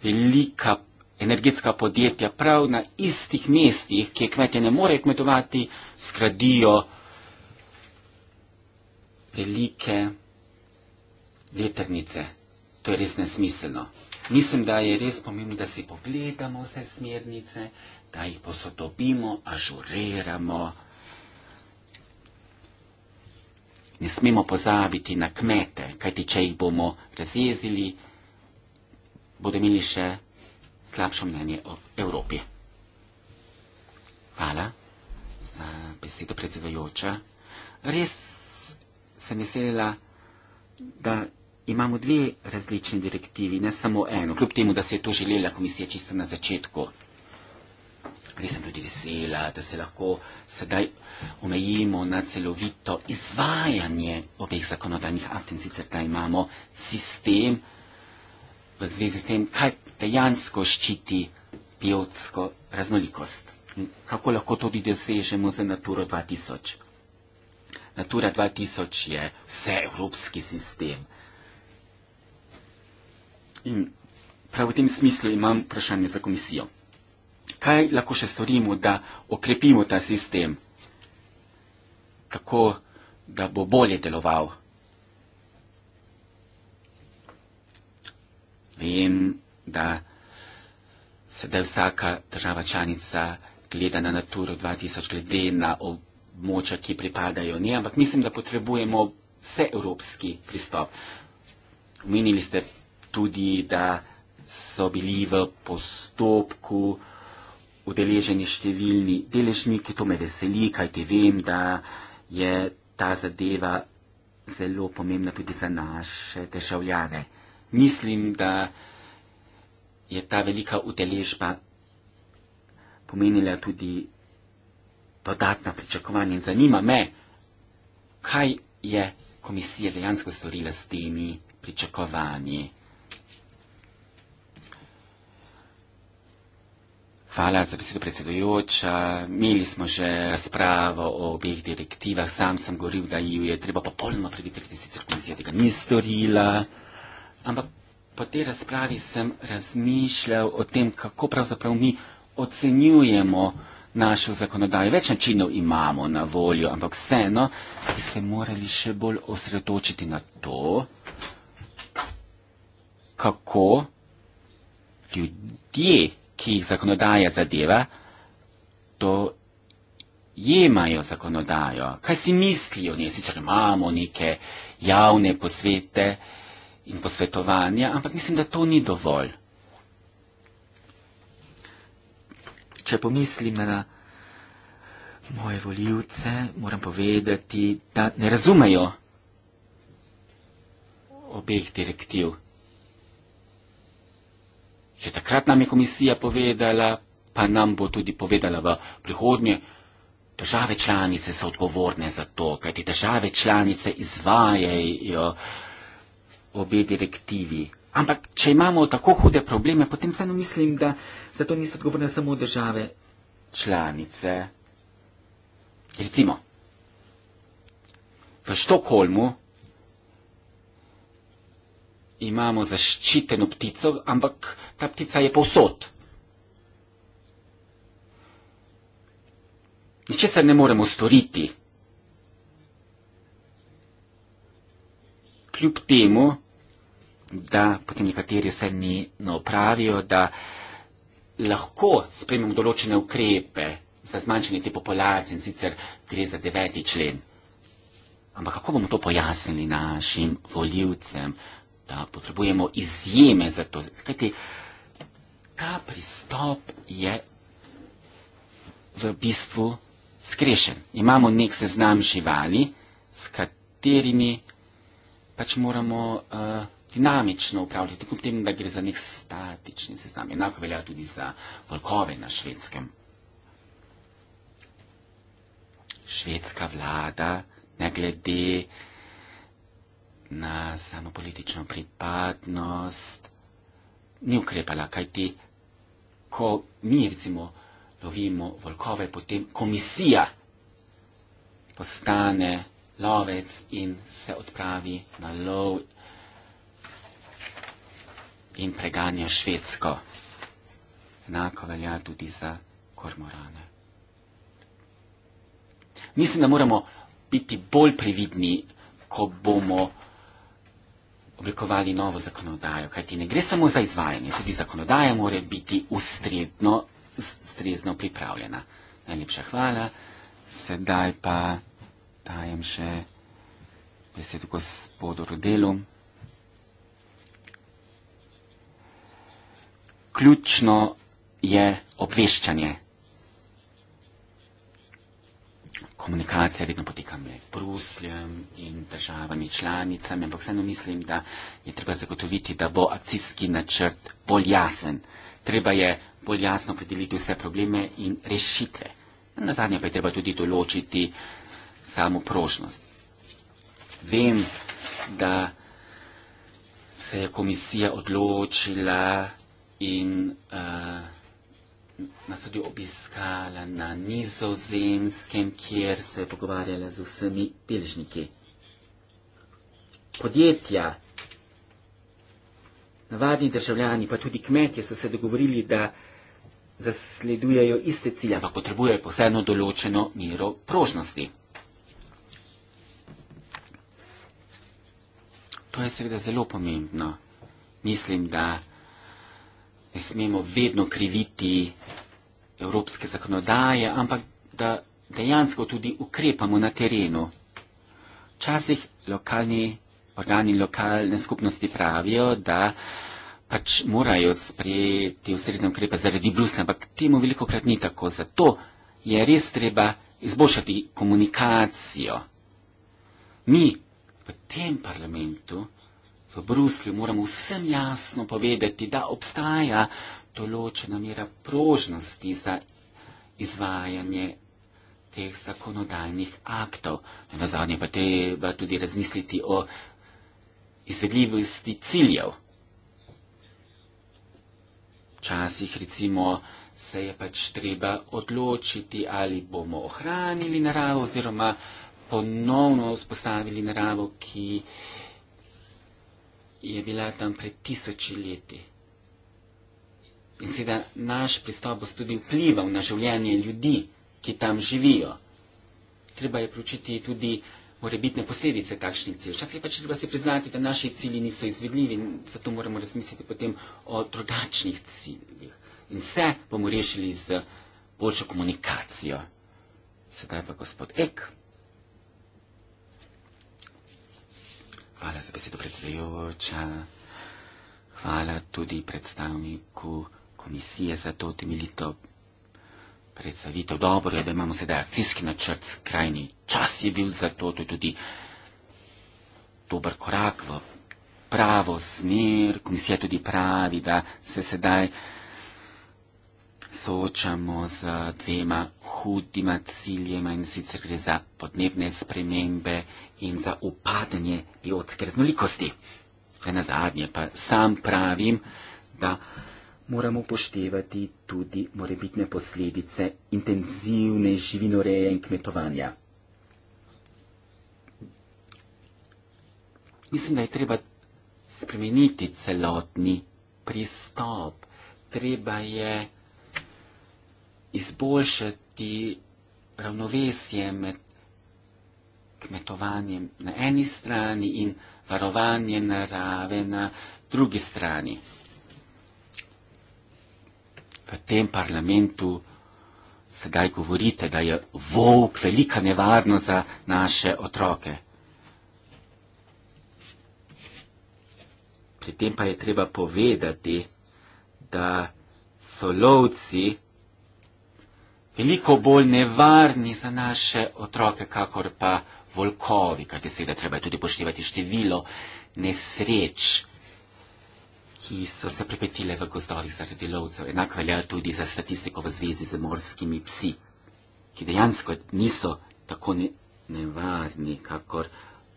velika energetska podjetja prav na istih mestih, kje kmetje ne morejo kmetovati, skradijo velike vetrnice. To je res nesmiselno. Mislim, da je res pomembno, da si pogledamo vse smernice, da jih posodobimo, ažuriramo. Ne smemo pozabiti na kmete, kajti če jih bomo razjezili, bodo imeli še slabše mnenje o Evropi. Hvala za besedo predsedujoča. Res sem mislila, da imamo dve različni direktivi, ne samo eno, kljub temu, da se je to želela komisija čisto na začetku. Res sem tudi vesela, da se lahko sedaj omejimo na celovito izvajanje obeh zakonodajnih aktov in sicer, da imamo sistem v zvezi s tem, kaj dejansko ščiti biotsko raznolikost. Kako lahko tudi dosežemo za Naturo 2000? Natura 2000 je vseevropski sistem. In prav v tem smislu imam vprašanje za komisijo. Kaj lahko še storimo, da okrepimo ta sistem, kako da bo bolje deloval? Vem, da sedaj vsaka država članica gleda na Naturo 2000, glede na območja, ki pripadajo njej, ampak mislim, da potrebujemo vse evropski pristop. Omenili ste tudi, da so bili v postopku udeleženi številni deležniki. To me veseli, kajti vem, da je ta zadeva zelo pomembna tudi za naše državljane. Mislim, da je ta velika udeležba pomenila tudi dodatna pričakovanja in zanima me, kaj je komisija dejansko storila s temi pričakovanji. Hvala za besedo, predsedujoča. Imeli smo že razpravo o obeh direktivah. Sam sem govoril, da ju je treba popolnoma prebiti, sicer komisija tega ni storila. Ampak po tej razpravi sem razmišljal o tem, kako pravzaprav mi ocenjujemo našo zakonodajo. Več načinov imamo na voljo, ampak vseeno bi se morali še bolj osredotočiti na to, kako ljudje ki jih zakonodaja zadeva, to jemajo zakonodajo, kaj si mislijo, ne sicer imamo neke javne posvete in posvetovanja, ampak mislim, da to ni dovolj. Če pomislim na moje voljivce, moram povedati, da ne razumejo obeh direktiv. Že takrat nam je komisija povedala, pa nam bo tudi povedala v prihodnje, države članice so odgovorne za to, kajti države članice izvajajo obe direktivi. Ampak, če imamo tako hude probleme, potem se mislim, da za to niso odgovorne samo države članice. Recimo, v Štokholmu imamo zaščiteno ptico, ampak ta ptica je povsod. Ničesar ne moremo storiti. Kljub temu, da potem nekateri se ni naopravijo, da lahko spremimo določene ukrepe za zmanjšanje te populacije in sicer gre za deveti člen. Ampak kako bomo to pojasnili našim voljivcem? da potrebujemo izjeme za to. Kajti, ta pristop je v bistvu skrešen. Imamo nek seznam živali, s katerimi pač moramo uh, dinamično upravljati, kljub temu, da gre za nek statični seznam. Enako velja tudi za volkove na švedskem. Švedska vlada, ne glede na samo politično pripadnost, ni ukrepala, kajti ko mi recimo lovimo volkove, potem komisija postane lovec in se odpravi na lov in preganja švedsko. Enako velja tudi za kormorane. Mislim, da moramo biti bolj previdni, ko bomo oblikovali novo zakonodajo, kajti ne gre samo za izvajanje, tudi zakonodaja mora biti ustredno, ustrezno pripravljena. Najlepša hvala. Sedaj pa dajem še besedo gospodu Rodelu. Ključno je obveščanje. komunikacija vedno poteka med Brusljem in državami članicami, ampak vseeno mislim, da je treba zagotoviti, da bo akcijski načrt bolj jasen. Treba je bolj jasno predeliti vse probleme in rešitve. Na zadnje pa je treba tudi določiti samo prožnost. Vem, da se je komisija odločila in uh, nas tudi obiskala na nizozemskem, kjer se je pogovarjala z vsemi deležniki. Podjetja, navadni državljani, pa tudi kmetje so se dogovorili, da zasledujejo iste cilje, ampak potrebujejo posebno določeno miro prožnosti. To je seveda zelo pomembno. Mislim, da ne smemo vedno kriviti evropske zakonodaje, ampak da dejansko tudi ukrepamo na terenu. Včasih lokalni organi lokalne skupnosti pravijo, da pač morajo sprejeti ustrezne ukrepe zaradi Bruslja, ampak temu veliko krat ni tako. Zato je res treba izboljšati komunikacijo. Mi v tem parlamentu, v Bruslju, moramo vsem jasno povedati, da obstaja določena mera prožnosti za izvajanje teh zakonodajnih aktov. Na zadnje pa treba tudi razmisliti o izvedljivosti ciljev. Včasih recimo se je pač treba odločiti, ali bomo ohranili naravo oziroma ponovno vzpostavili naravo, ki je bila tam pred tisoči leti. In seveda naš pristop bo tudi vplival na življenje ljudi, ki tam živijo. Treba je pročiti tudi morebitne posledice takšnih cilj. Včasih je pač treba si priznati, da naši cilji niso izvedljivi in zato moramo razmisliti potem o drugačnih ciljih. In vse bomo rešili z boljšo komunikacijo. Sedaj pa gospod Ek. Hvala za besedo predsedujoča. Hvala tudi predstavniku komisije za to temeljito predstavitev. Dobro je, da imamo sedaj akcijski načrt skrajni. Čas je bil za to, to je tudi dober korak v pravo smer. Komisija tudi pravi, da se sedaj soočamo z dvema hudima ciljema in sicer gre za podnebne spremembe in za upadanje biotske raznolikosti. Zdaj na zadnje pa sam pravim, da moramo upoštevati tudi morebitne posledice intenzivne živinoreje in kmetovanja. Mislim, da je treba spremeniti celotni pristop. Treba je izboljšati ravnovesje med kmetovanjem na eni strani in varovanjem narave na drugi strani v tem parlamentu sedaj govorite, da je volk velika nevarnost za naše otroke. Pri tem pa je treba povedati, da so lovci veliko bolj nevarni za naše otroke, kakor pa volkovi, kajti seveda treba je tudi poštevati število nesreč, ki so se pripetile v gozdovih zaradi lovcev. Enako velja tudi za statistiko v zvezi z morskimi psi, ki dejansko niso tako ne, nevarni, kakor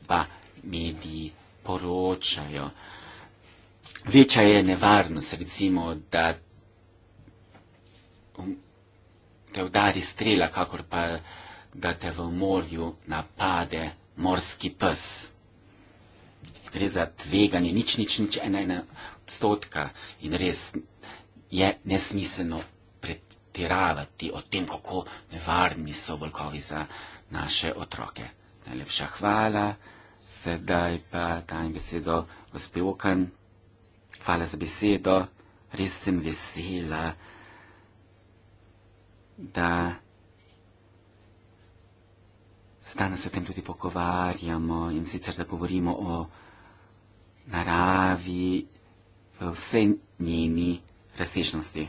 pa mediji poročajo. Večja je nevarnost, recimo, da te udari strela, kakor pa da te v morju napade morski pes. Gre za tveganje, nič, nič, nič, ena, ena odstotka in res je nesmiselno pretiravati o tem, kako nevarni so volkovi za naše otroke. Najlepša hvala, sedaj pa dajem besedo gospevokan. Hvala za besedo, res sem vesela, da se danes o tem tudi pogovarjamo in sicer da govorimo o naravi Eh, vse njeni razsežnosti.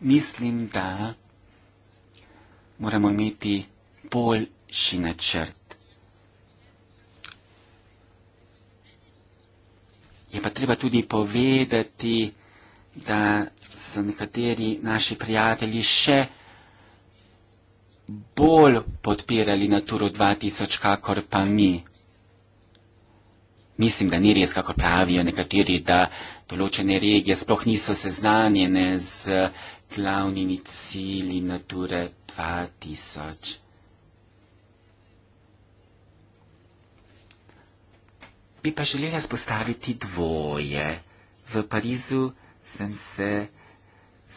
Mislim, da moramo imeti boljši načrt. Je pa treba tudi povedati, da so nekateri naši prijatelji še bolj podpirali Naturo 2000, kakor pa mi. Mislim, da ni res, kako pravijo nekateri, da določene regije sploh niso seznanjene z glavnimi cili Nature 2000. Bi pa želela spostaviti dvoje. V Parizu sem se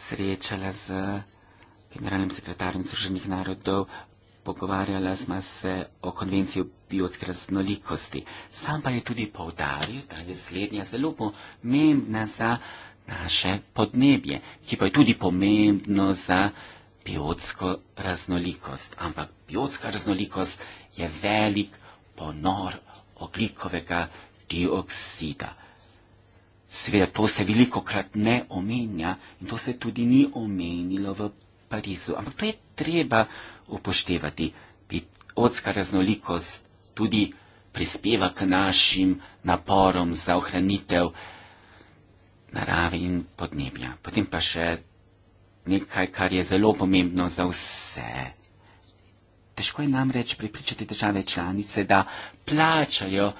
srečala z generalnim sekretarjem Združenih narodov pogovarjala sva se o konvenciji o biotski raznolikosti. Sam pa je tudi povdaril, da je slednja zelo pomembna za naše podnebje, ki pa je tudi pomembno za biotsko raznolikost. Ampak biotska raznolikost je velik ponor oglikovega dioksida. Seveda to se veliko krat ne omenja in to se tudi ni omenilo v Parizu. Ampak to je treba upoštevati. Biotska raznolikost tudi prispeva k našim naporom za ohranitev narave in podnebja. Potem pa še nekaj, kar je zelo pomembno za vse. Težko je namreč pripričati države članice, da plačajo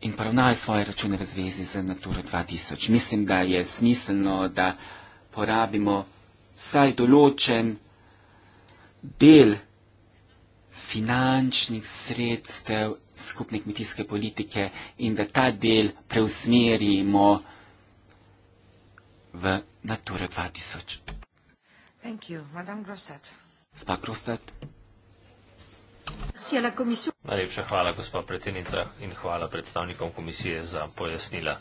in poravnajo svoje račune v zvezi z Natura 2000. Mislim, da je smiselno, da porabimo saj določen del finančnih sredstev skupne kmetijske politike in da ta del preusmerimo v Natura 2000. Thank you, Madame Grossat. Spa Grossat. Najlepša hvala, gospa predsednica, in hvala predstavnikom komisije za pojasnila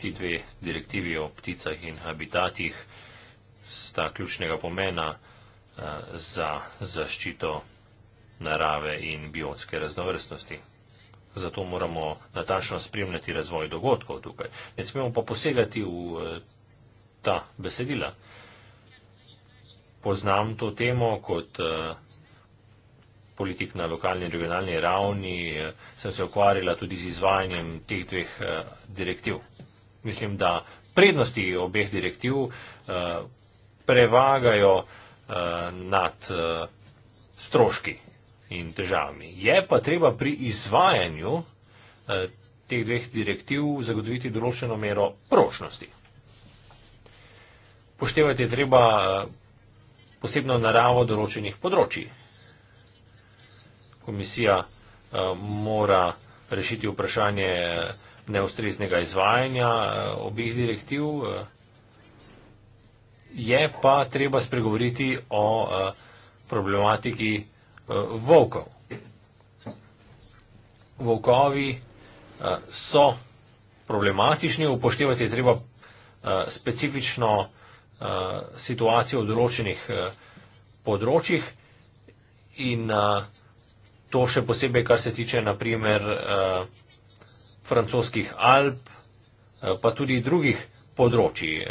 ti dve direktivi o pticah in habitatih sta ključnega pomena eh, za zaščito narave in biotske raznovrstnosti. Zato moramo natančno spremljati razvoj dogodkov tukaj. Ne smemo pa posegati v eh, ta besedila. Poznam to temo kot eh, politik na lokalni in regionalni ravni, sem se ukvarjala tudi z izvajanjem teh dveh direktiv. Mislim, da prednosti obeh direktiv prevagajo eh, nad eh, stroški in težavami. Je pa treba pri izvajanju eh, teh dveh direktiv zagotoviti določeno mero prošnosti. Poštevati je treba posebno naravo določenih področji. Komisija mora rešiti vprašanje neustreznega izvajanja obih direktiv je pa treba spregovoriti o eh, problematiki eh, volkov. Volkovi eh, so problematični, upoštevati je treba specifično situacijo v določenih področjih in to še posebej, kar se tiče naprimer francoskih Alp, pa tudi drugih področjih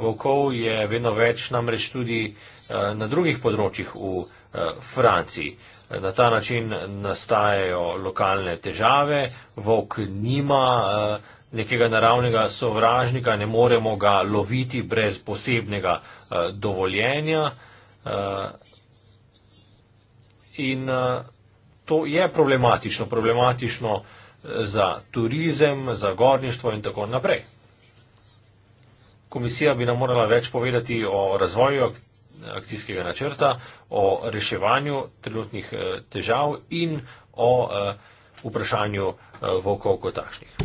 volkov je vedno več namreč tudi eh, na drugih področjih v eh, Franciji. Na ta način nastajajo lokalne težave, volk nima eh, nekega naravnega sovražnika, ne moremo ga loviti brez posebnega dovoljenja. In to je problematično, problematično za turizem, za gorništvo in tako naprej. Komisija bi nam morala več povedati o razvoju akcijskega načrta, o reševanju trenutnih eh, težav in o eh, vprašanju eh, volkov kot takšnih.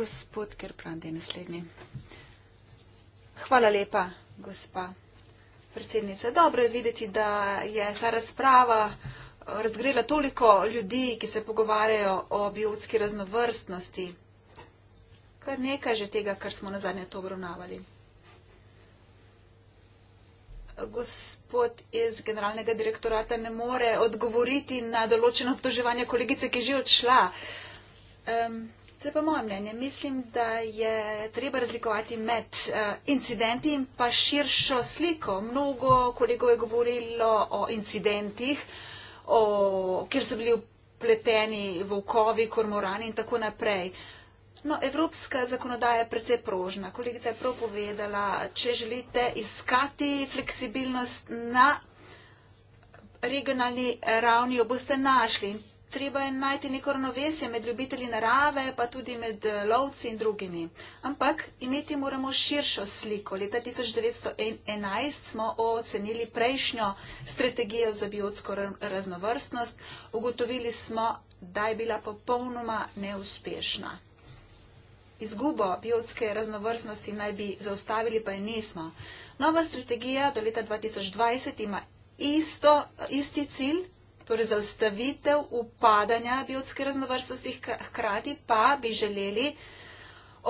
Gospod Gerbrandi, naslednji. Hvala lepa, gospa predsednica. Dobro je videti, da je ta razprava razgrela toliko ljudi, ki se pogovarjajo o biotski raznovrstnosti kar nekaj že tega, kar smo na zadnje to obravnavali. Gospod iz generalnega direktorata ne more odgovoriti na določeno obtoževanje kolegice, ki je že odšla. Um, Se pa moje mnenje, mislim, da je treba razlikovati med eh, incidenti in pa širšo sliko. Mnogo kolegov je govorilo o incidentih, o, kjer so bili upleteni volkovi, kormorani in tako naprej. Uh, No, evropska zakonodaja je precej prožna. Kolegica je prav povedala, če želite iskati fleksibilnost na regionalni ravni, jo boste našli. Treba je najti neko ravnovesje med ljubitelji narave, pa tudi med eh, lovci in drugimi. Ampak imeti moramo širšo sliko. Leta 1911 smo ocenili prejšnjo strategijo za biotsko raznovrstnost. Ugotovili smo, da je bila popolnoma neuspešna. Izgubo biotske raznovrstnosti naj bi zaustavili, pa je nismo. Nova strategija do leta 2020 ima isto, isti cilj, torej zaustavitev upadanja biotske raznovrstnosti, hkrati pa bi želeli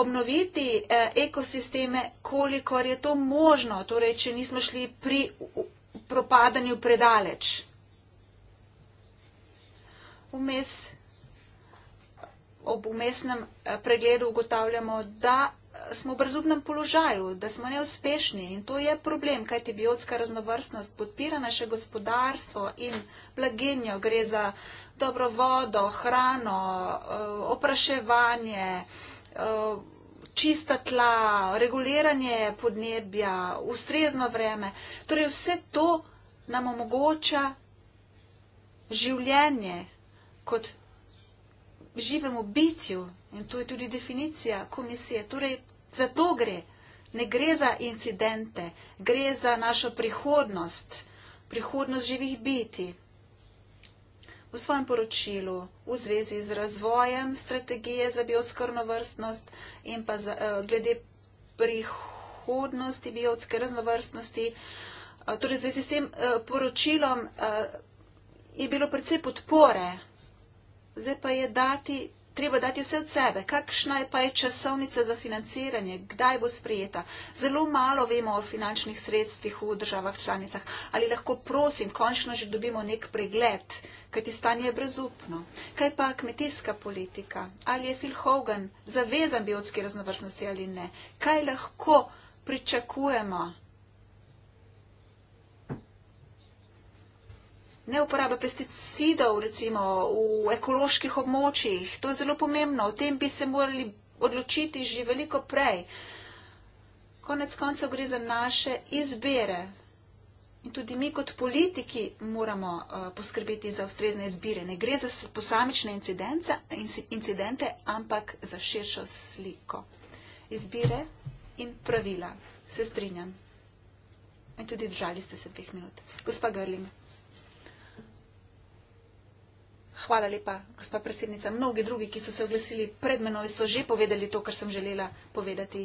obnoviti e, ekosisteme, kolikor je to možno, torej če nismo šli pri propadanju predaleč. Vmes ob umestnem eh, pregledu ugotavljamo, da eh, smo v brezubnem položaju, da smo neuspešni in to je problem, kajti biotska raznovrstnost podpira naše gospodarstvo in blaginjo, gre za dobro vodo, hrano, eh, opraševanje, čista tla, reguliranje podnebja, ustrezno vreme. Torej vse to nam omogoča življenje kot živemo bitju in to je tudi definicija komisije. Torej, za to gre. Ne gre za incidente, gre za našo prihodnost, prihodnost živih biti. V svojem poročilu v zvezi z razvojem strategije za biotsko vrstnost in pa za, eh, glede prihodnosti biotske raznovrstnosti, eh, torej v zvezi s tem eh, poročilom je bilo predvsej podpore zdaj pa je dati, treba dati vse od sebe. Kakšna je pa je časovnica za financiranje? Kdaj bo sprijeta? Zelo malo vemo o finančnih sredstvih v državah članicah. Ali lahko prosim, končno že dobimo nek pregled, kaj ti stanje je brezupno. Kaj pa kmetijska politika? Ali je Phil Hogan zavezan biotski raznovrstnosti ali ne? Kaj lahko pričakujemo neuporaba pesticidov, recimo v ekoloških območjih. To je zelo pomembno. O tem bi se morali odločiti že veliko prej. Konec koncev gre za naše izbire. In tudi mi kot politiki moramo eh, poskrbeti za ustrezne izbire. Ne gre za posamične incidence, incidente, ampak za širšo sliko. Izbire in pravila. Se strinjam. In tudi držali ste se teh minut. Gospa Grlin. Hvala lepa, gospa predsednica. Mnogi drugi, ki so se oglasili pred menoj, so že povedali to, kar sem želela povedati.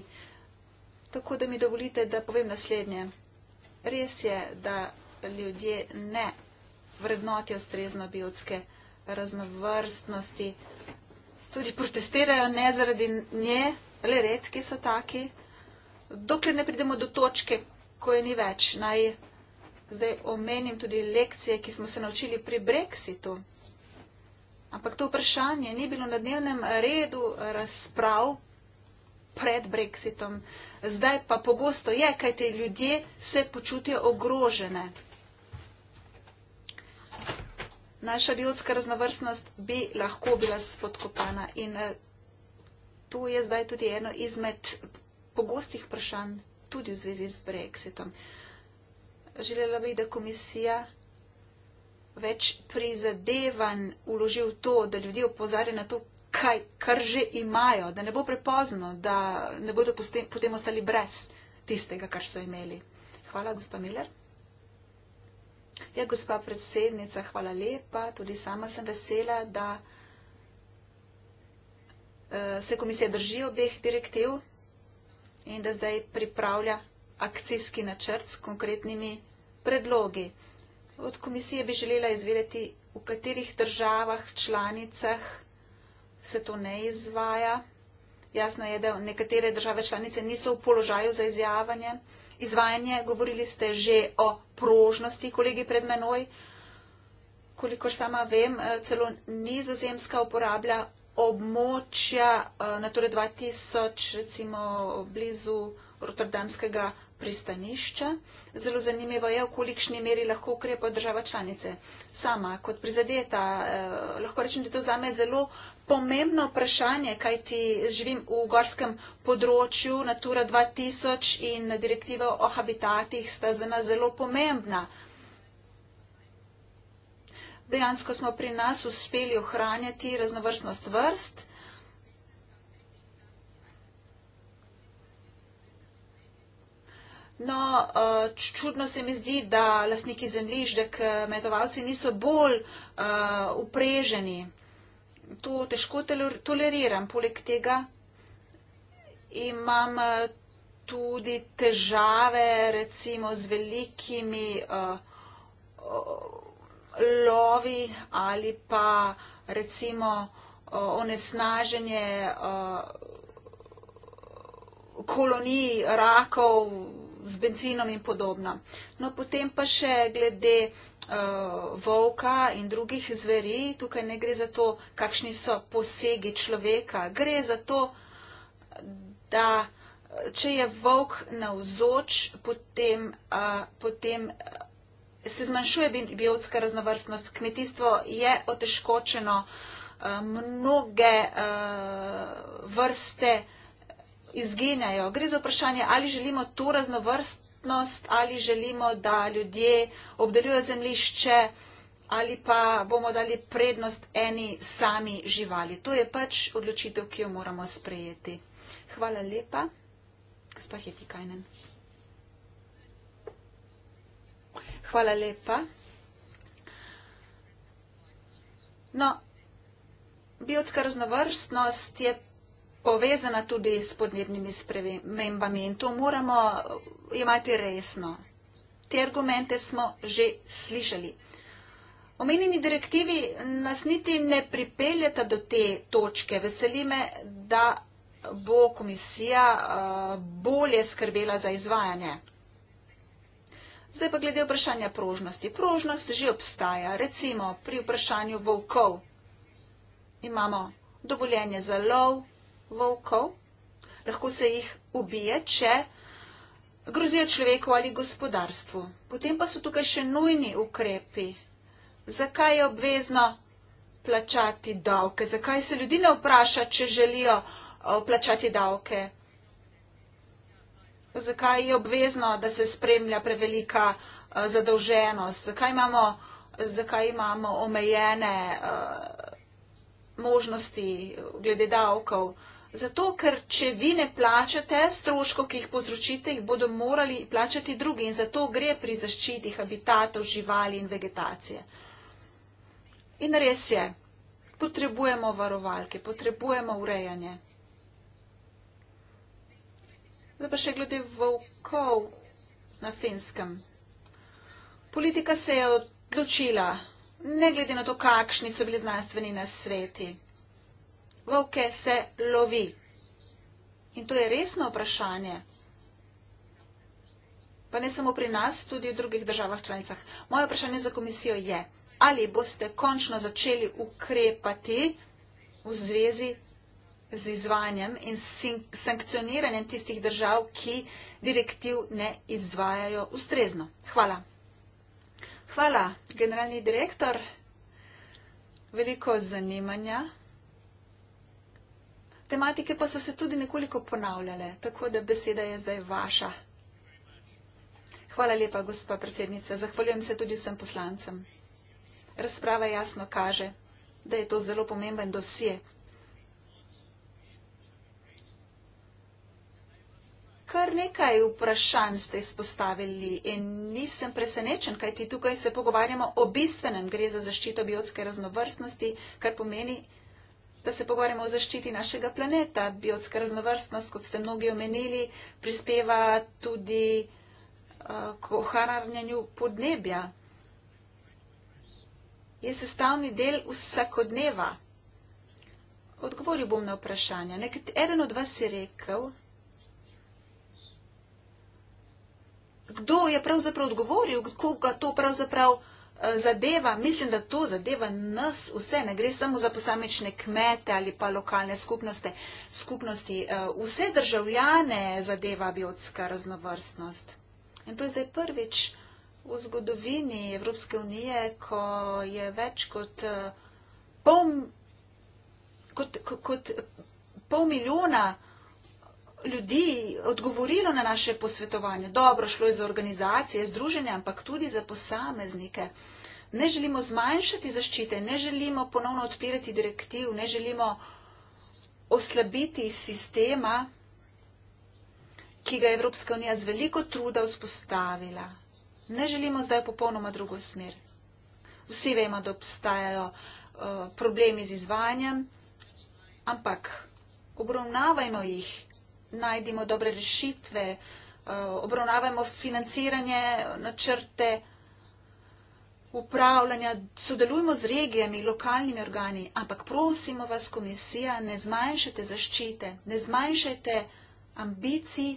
Tako da mi dovolite, da povem naslednje. Res je, da ljudje ne vrednotijo strezno biotske raznovrstnosti. Tudi protestirajo ne zaradi nje, le redki so taki. Dokler ne pridemo do točke, ko je ni več, naj zdaj omenim tudi lekcije, ki smo se naučili pri Brexitu. Ampak to vprašanje ni bilo na dnevnem redu razprav pred Brexitom. Zdaj pa pogosto je, kaj te ljudje se počutijo ogrožene. Naša biotska raznovrstnost bi lahko bila spodkopana in eh, to je zdaj tudi eno izmed pogostih vprašanj tudi v zvezi z Brexitom. Želela bi, da komisija več prizadevanj uložil v to, da ljudi opozarja na to, kaj, kar že imajo, da ne bo prepozno, da ne bodo potem ostali brez tistega, kar so imeli. Hvala, gospa Miller. Ja, gospa predsednica, hvala lepa. Tudi sama sem vesela, da eh, se komisija drži obeh direktiv in da zdaj pripravlja akcijski načrt s konkretnimi predlogi. Od komisije bi želela izvedeti, v katerih državah, članicah se to ne izvaja. Jasno je, da nekatere države članice niso v položaju za izjavanje. Izvajanje, govorili ste že o prožnosti, kolegi pred menoj. Kolikor sama vem, eh, celo nizozemska uporablja območja eh, Natura 2000, recimo blizu Rotterdamskega pristanišča. Zelo zanimivo je, v kolikšni meri lahko ukrepa država članice. Sama kot prizadeta, eh, lahko rečem, da je to za me zelo pomembno vprašanje, kaj ti živim v gorskem področju Natura 2000 in direktiva o habitatih sta za nas zelo pomembna. Dejansko smo pri nas uspeli ohranjati raznovrstnost vrst. No, eh, čudno se mi zdi, da lastniki zemljišč, da kmetovalci niso bolj eh, upreženi. To težko toleriram. Poleg tega imam eh, tudi težave recimo z velikimi lovi ali pa recimo onesnaženje kolonij rakov z benzinom in podobno. No, potem pa še glede uh, volka in drugih zveri, tukaj ne gre za to, kakšni so posegi človeka. Gre za to, da eh, če je volk navzoč, potem, uh, potem se zmanjšuje biotska raznovrstnost. Kmetijstvo je otežkočeno, uh, mnoge uh, vrste izginjajo. Gre za vprašanje, ali želimo to raznovrstnost, ali želimo, da ljudje obdelujejo zemlišče ali pa bomo dali prednost eni sami živali. To je pač odločitev, ki jo moramo sprejeti. Hvala lepa. Gospa Hetikajnen. Hvala lepa. No, biotska raznovrstnost je povezana tudi s podnebnimi spremembami in to moramo imati resno. Te argumente smo že slišali. Omenjeni direktivi nas niti ne pripeljata do te točke. Veseli me, da bo komisija eh, bolje skrbela za izvajanje. Zdaj pa glede vprašanja prožnosti. Prožnost že obstaja. Recimo pri vprašanju volkov imamo dovoljenje za lov, volkov, lahko se jih ubije, če grozijo človeku ali gospodarstvu. Potem pa so tukaj še nujni ukrepi. Zakaj je obvezno plačati davke? Zakaj se ljudi ne vpraša, če želijo plačati davke? Zakaj je obvezno, da se spremlja prevelika zadolženost? Zakaj imamo, zakaj imamo omejene možnosti glede davkov? Zato, ker če vi ne plačate stroškov, ki jih povzročite, jih bodo morali plačati drugi in zato gre pri zaščiti habitatov, živali in vegetacije. In res je, potrebujemo varovalke, potrebujemo urejanje. Zdaj pa še glede volkov na finskem. Politika se je odločila, ne glede na to, kakšni so bili znanstveni nasveti volke se lovi. In to je resno vprašanje. Pa ne samo pri nas, tudi v drugih državah članicah. Moje vprašanje za komisijo je, ali boste končno začeli ukrepati v zvezi z izvanjem in sankcioniranjem tistih držav, ki direktiv ne izvajajo ustrezno. Hvala. Hvala, generalni direktor. Veliko zanimanja. Tematike pa so se tudi nekoliko ponavljale, tako da beseda je zdaj vaša. Hvala lepa, gospa predsednica. Zahvaljujem se tudi vsem poslancem. Razprava jasno kaže, da je to zelo pomemben dosje. Kar nekaj vprašanj ste izpostavili in nisem presenečen, kajti tukaj se pogovarjamo o bistvenem. Gre za zaščito biotske raznovrstnosti, kar pomeni, Da se pogovarjamo o zaščiti našega planeta, biotska raznovrstnost, kot ste mnogi omenili, prispeva tudi eh, k ohranjanju podnebja. Je sestavni del vsakodneva. Odgovoril bom na vprašanje. Eden od vas je rekel, kdo je pravzaprav odgovoril, koga to pravzaprav odgovoril. Eh, zadeva, mislim, da to zadeva nas vse, ne gre samo za posamečne kmete ali pa lokalne skupnosti, skupnosti eh, vse državljane zadeva biotska raznovrstnost. In to je zdaj prvič v zgodovini Evropske unije, ko je več kot eh, pol, kot, kot, kot pol milijona ljudi odgovorilo na naše posvetovanje. Dobro, šlo je za organizacije, združenje, ampak tudi za posameznike. Ne želimo zmanjšati zaščite, ne želimo ponovno odpirati direktiv, ne želimo oslabiti sistema, ki ga je Evropska unija z veliko truda vzpostavila. Ne želimo zdaj popolnoma drugo smer. Vsi vemo, da obstajajo uh, problemi z izvanjem, ampak obravnavajmo jih najdimo dobre rešitve, eh, obravnavamo financiranje, načrte upravljanja, sodelujmo z regijami, lokalnimi organi, ampak prosimo vas, komisija, ne zmanjšajte zaščite, ne zmanjšajte ambicij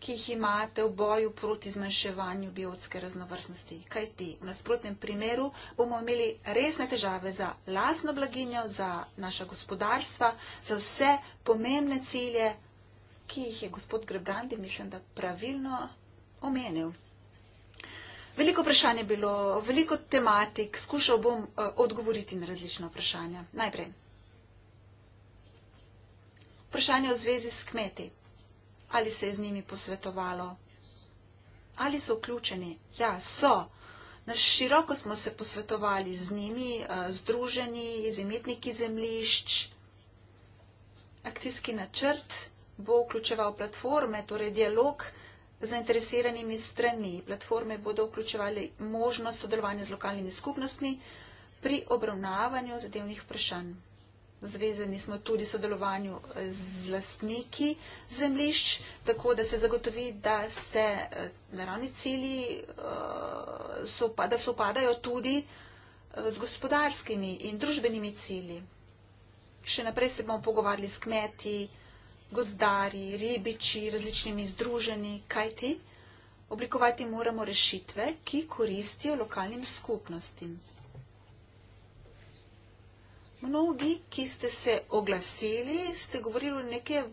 ki jih imate v boju proti zmanjševanju biotske raznovrstnosti. Kaj ti? V nasprotnem primeru bomo imeli resne težave za lasno blaginjo, za naša gospodarstva, za vse pomembne cilje, ki jih je gospod Grebrandi, mislim, da pravilno omenil. Veliko vprašanje je bilo, veliko tematik, skušal bom eh, odgovoriti na različna vprašanja. Najprej. Vprašanje v zvezi s kmeti ali se je z njimi posvetovalo. Ali so vključeni? Ja, so. Na široko smo se posvetovali z njimi, eh, združeni, z imetniki zemlišč. Akcijski načrt bo vključeval platforme, torej dialog z zainteresiranimi strani. Platforme bodo vključevali možnost sodelovanja z lokalnimi skupnostmi pri obravnavanju zadevnih vprašanj. Zvezeni smo tudi sodelovanju eh, z lastniki zemlišč, tako da se zagotovi, da se eh, naravni cilji, eh, da se upadajo tudi z gospodarskimi in družbenimi cilji. Še naprej se bomo pogovarjali s kmeti, gozdari, ribiči, različnimi združeni, kaj ti. Oblikovati moramo rešitve, ki koristijo lokalnim skupnostim mnogi, ki ste se oglasili, ste govorili neke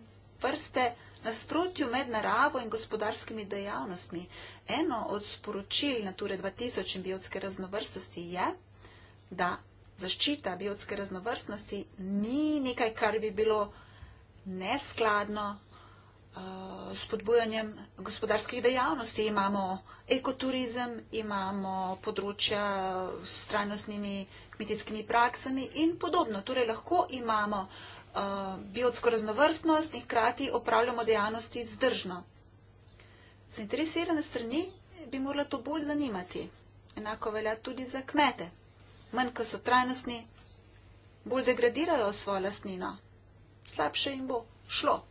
vrste nasprotju med naravo in gospodarskimi dejavnostmi. Eno od sporočil Nature 2000 in biotske raznovrstnosti je, da zaščita biotske raznovrstnosti ni nekaj, kar bi bilo neskladno uh, spodbujanjem gospodarskih dejavnosti. Imamo ekoturizem, imamo področja s trajnostnimi kmetijskimi praksami in podobno. Torej lahko imamo uh, biotsko raznovrstnost in hkrati opravljamo dejavnosti zdržno. Zainteresirane strani bi morala to bolj zanimati. Enako velja tudi za kmete. Manj, ko so trajnostni, bolj degradirajo svojo lastnino. Slabše jim bo šlo.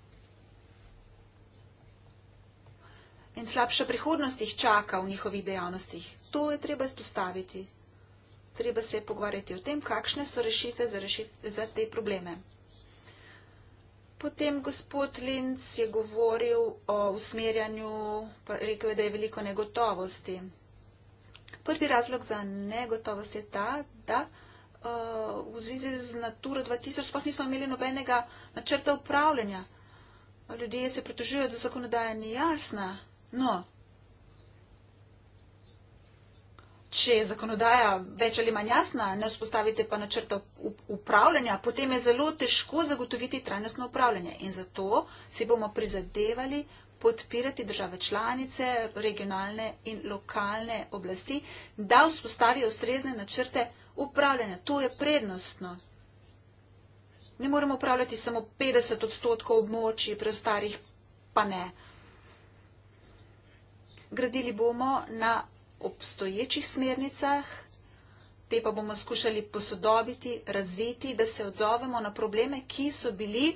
in slabša prihodnost jih čaka v njihovih dejavnostih. To je treba izpostaviti. Treba se pogovarjati o tem, kakšne so rešitve za, rešit za te probleme. Potem gospod Linz je govoril o usmerjanju, rekel je, da je veliko negotovosti. Prvi razlog za negotovost je ta, da uh, v zvezi z Naturo 2000 sploh nismo imeli nobenega načrta upravljanja. Ljudje se pritožujejo, da zakonodaja ni jasna, No, če je zakonodaja več ali manj jasna, ne vzpostavite pa načrta upravljanja, potem je zelo težko zagotoviti trajnostno upravljanje. In zato si bomo prizadevali podpirati države članice, regionalne in lokalne oblasti, da vzpostavijo ustrezne načrte upravljanja. To je prednostno. Ne moremo upravljati samo 50 odstotkov območij, preostarih pa ne. Gradili bomo na obstoječih smernicah, te pa bomo skušali posodobiti, razviti, da se odzovemo na probleme, ki so bili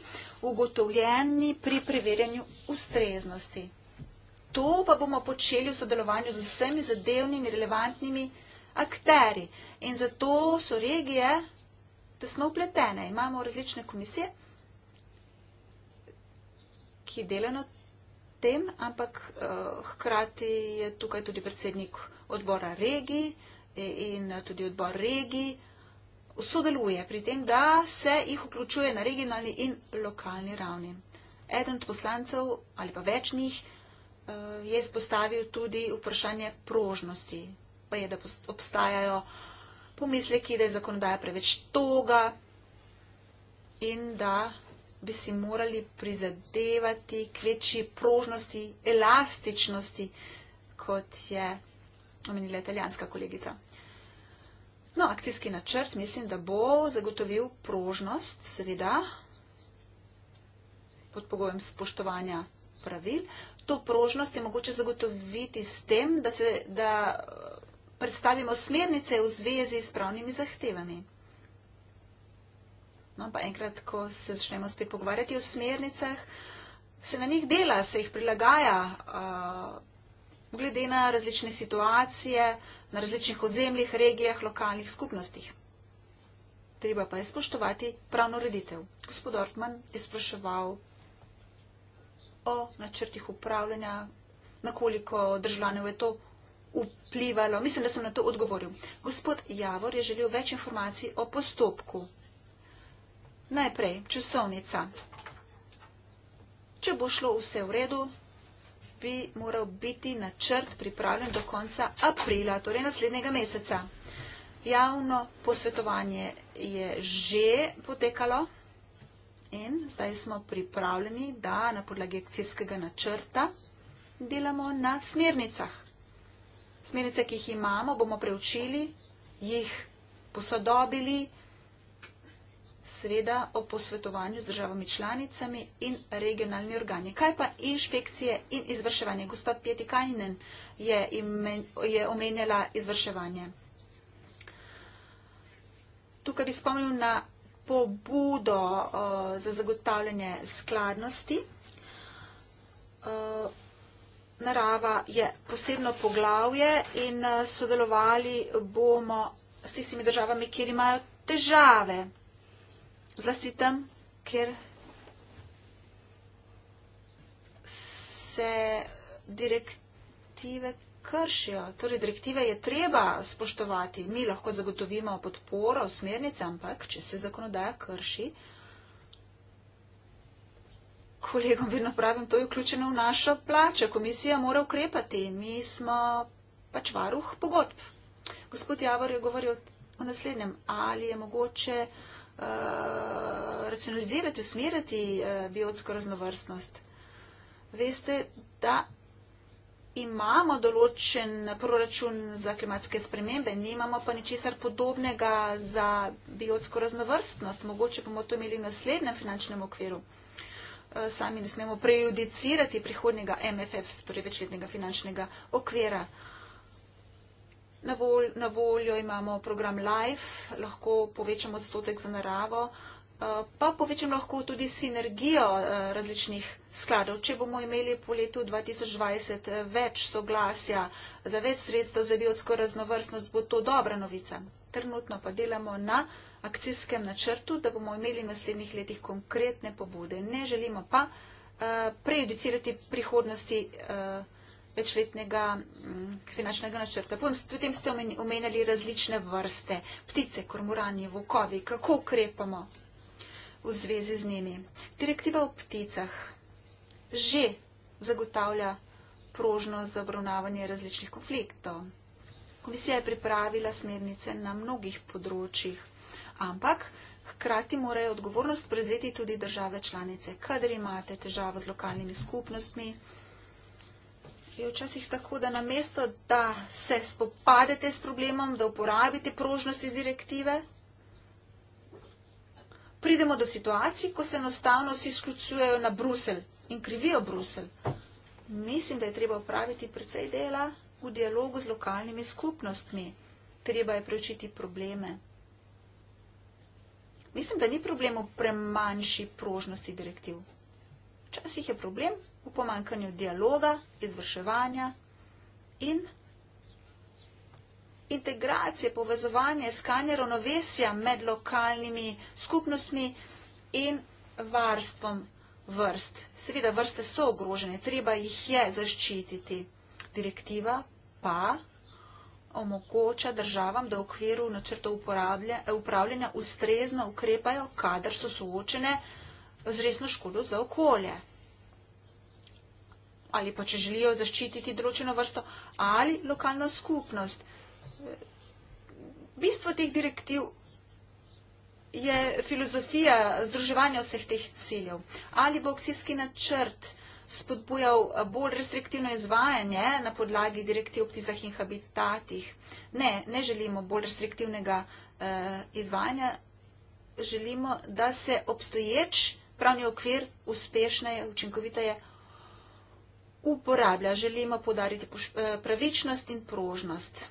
ugotovljeni pri preverjanju ustreznosti. To pa bomo počeli v sodelovanju z vsemi zadevnimi, relevantnimi akteri. In zato so regije tesno upletene. Imamo različne komisije, ki delajo na to tem, ampak eh, hkrati je tukaj tudi predsednik odbora regij e, in eh, tudi odbor regij sodeluje pri tem, da se jih vključuje na regionalni in lokalni ravni. Eden od poslancev ali pa večnih eh, je izpostavil tudi vprašanje prožnosti, pa je, da obstajajo pomisleki, da je zakonodaja preveč toga in da bi si morali prizadevati k večji prožnosti, elastičnosti, kot je omenila italijanska kolegica. No, akcijski načrt mislim, da bo zagotovil prožnost, seveda, pod pogojem spoštovanja pravil. To prožnost je mogoče zagotoviti s tem, da, se, da predstavimo smernice v zvezi s pravnimi zahtevami. No, pa enkrat, ko se začnemo spet pogovarjati o smernicah, se na njih dela, se jih prilagaja, uh, glede na različne situacije, na različnih ozemljih, regijah, lokalnih skupnostih. Treba pa je spoštovati pravno ureditev. Gospod Ortman je spraševal o načrtih upravljanja, nakoliko državljanov je to vplivalo. Mislim, da sem na to odgovoril. Gospod Javor je želel več informacij o postopku. Najprej časovnica. Če bo šlo vse v redu, bi moral biti načrt pripravljen do konca aprila, torej naslednjega meseca. Javno posvetovanje je že potekalo in zdaj smo pripravljeni, da na podlagi akcijskega načrta delamo na smernicah. Smernice, ki jih imamo, bomo preučili, jih posodobili in seveda o posvetovanju z državami članicami in regionalni organi. Kaj pa inšpekcije in izvrševanje? Gospa Pjeti Kajnen je, je omenjala izvrševanje. Tukaj bi spomnil na pobudo uh, za zagotavljanje skladnosti. Uh, narava je posebno poglavje in uh, sodelovali bomo s tistimi državami, kjer imajo težave Zdaj si tam, kjer se direktive kršijo. Torej, direktive je treba spoštovati. Mi lahko zagotovimo podporo, smernice, ampak če se zakonodaja krši, kolegom vedno pravim, to je vključeno v našo plačo. Komisija mora ukrepati. Mi smo pač varuh pogodb. Gospod Javor je govoril o naslednjem. Ali je mogoče. Eh, racionalizirati, usmeriti uh, eh, biotsko raznovrstnost. Veste, da imamo določen proračun za klimatske spremembe, nimamo pa ničesar podobnega za biotsko raznovrstnost. Mogoče bomo to imeli v naslednjem finančnem okviru. Eh, sami ne smemo prejudicirati prihodnega MFF, torej večletnega finančnega okvira. Na, vol, na voljo imamo program Life, lahko povečamo odstotek za naravo, eh, pa povečam lahko tudi sinergijo eh, različnih skladov. Če bomo imeli po letu 2020 eh, več soglasja za več sredstev za biotsko raznovrstnost, bo to dobra novica. Trenutno pa delamo na akcijskem načrtu, da bomo imeli v naslednjih letih konkretne pobude. Ne želimo pa uh, prejudicirati prihodnosti. Uh, večletnega mm, finančnega načrta. Potem ste omenjali različne vrste, ptice, kormorani, vokovi, kako ukrepamo v zvezi z njimi. Direktiva o pticah že zagotavlja prožnost za obravnavanje različnih konfliktov. Komisija je pripravila smernice na mnogih področjih, ampak hkrati morajo odgovornost prevzeti tudi države članice, kadar imate težavo z lokalnimi skupnostmi, je včasih tako, da namesto, da se spopadete s problemom, da uporabite prožnost iz direktive, pridemo do situacij, ko se enostavno vsi sklucujejo na Brusel in krivijo Brusel. Mislim, da je treba upraviti precej dela v dialogu z lokalnimi skupnostmi. Treba je preučiti probleme. Mislim, da ni problem v premanjši prožnosti direktiv. Včasih je problem v pomankanju dialoga, izvrševanja in integracije, povezovanja, iskanja ravnovesja med lokalnimi skupnostmi in varstvom vrst. Seveda vrste so ogrožene, treba jih je zaščititi. Direktiva pa omogoča državam, da v okviru načrta upravljanja ustrezno ukrepajo, kadar so soočene z resno škodo za okolje ali pa če želijo zaščititi določeno vrsto ali lokalno skupnost. Bistvo teh direktiv je filozofija združevanja vseh teh ciljev. Ali bo akcijski načrt spodbujal bolj restriktivno izvajanje na podlagi direktiv o ptizah in habitatih? Ne, ne želimo bolj restriktivnega eh, izvajanja. Želimo, da se obstoječ pravni okvir uspešneje, učinkoviteje uporablja. Želimo podariti eh, pravičnost in prožnost.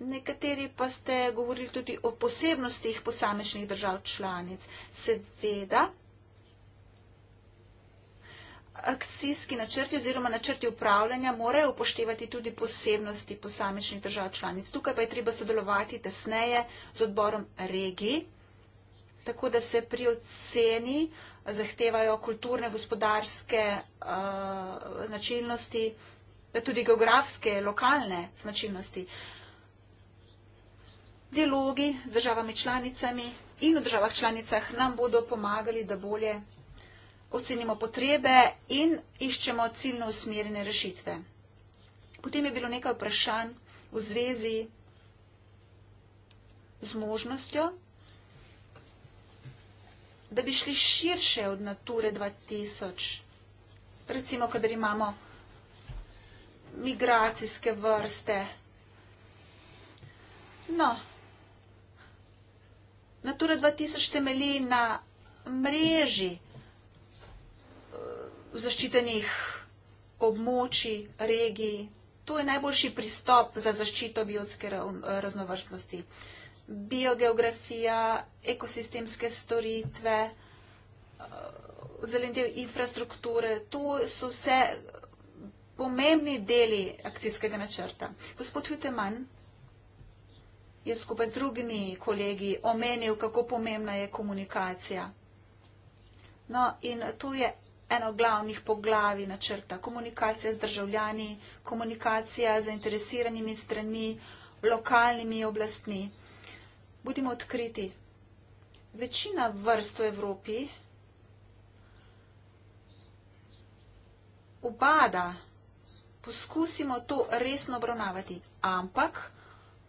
Nekateri pa ste govorili tudi o posebnostih posamečnih držav članic. Seveda, akcijski načrti oziroma načrti upravljanja morajo upoštevati tudi posebnosti posamečnih držav članic. Tukaj pa je treba sodelovati tesneje z odborom regij, tako da se pri oceni uh, zahtevajo kulturne, gospodarske uh, značilnosti, tudi geografske, lokalne značilnosti. Dialogi z državami članicami in v državah članicah nam bodo pomagali, da bolje ocenimo potrebe in iščemo ciljno usmerjene rešitve. Potem je bilo nekaj vprašanj v zvezi z možnostjo da bi šli širše od nature 2000. Recimo, kadar imamo migracijske vrste. No, Natura 2000 temelji na mreži eh, zaščitenih območij, regij. To je najboljši pristop za zaščito biotske eh, raznovrstnosti. Uh, biogeografija, ekosistemske storitve, eh, zelen del infrastrukture. To so vse pomembni deli akcijskega načrta. Gospod Huteman je skupaj z drugimi kolegi omenil, kako pomembna je komunikacija. No in to je eno glavnih poglavi načrta. Komunikacija z državljani, komunikacija z zainteresiranimi stranmi, lokalnimi oblastmi. Budimo odkriti. Večina vrst v Evropi upada. Poskusimo to resno obravnavati, ampak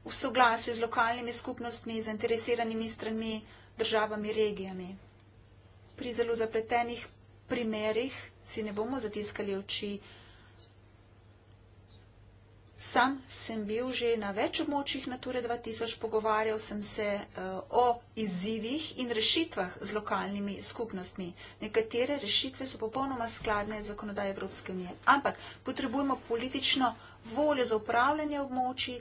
v soglasju z lokalnimi skupnostmi, zainteresiranimi stranmi, državami, regijami. Pri zelo zapletenih primerih si ne bomo zatiskali oči, Sam sem bil že na več območjih Nature 2000, pogovarjal sem se eh, o izzivih in rešitvah z lokalnimi skupnostmi. Nekatere rešitve so popolnoma skladne z zakonodaj Evropske unije, ampak potrebujemo politično voljo za upravljanje območij,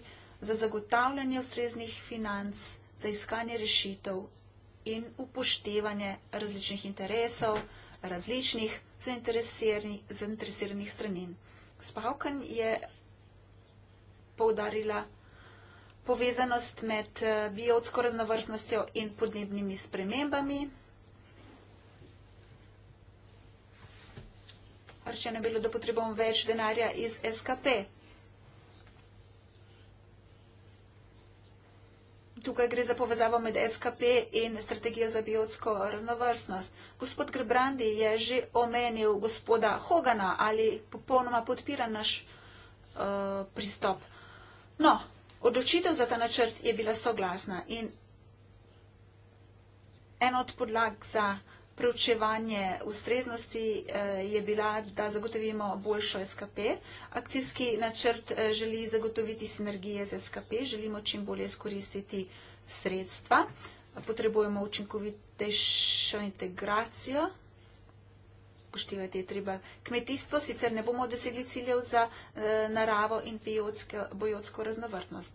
za zagotavljanje ustreznih financ, za iskanje rešitev in upoštevanje različnih interesov, različnih zainteresiranih stranin. Spavkan je poudarila povezanost med eh, biotsko raznovrstnostjo in podnebnimi spremembami. Rečeno je bilo, da potrebujemo več denarja iz SKP. Tukaj gre za povezavo med SKP in strategijo za biotsko raznovrstnost. Gospod Grbrandi je že omenil gospoda Hogana ali popolnoma podpira naš uh, pristop. No, odločitev za ta načrt je bila soglasna in en od podlag za preučevanje ustreznosti eh, je bila, da zagotovimo boljšo SKP. Akcijski načrt eh, želi zagotoviti sinergije z SKP, želimo čim bolje skoristiti sredstva, potrebujemo učinkovitejšo integracijo upoštevati je treba kmetijstvo, sicer ne bomo dosegli ciljev za e, naravo in biotsko raznovrtnost.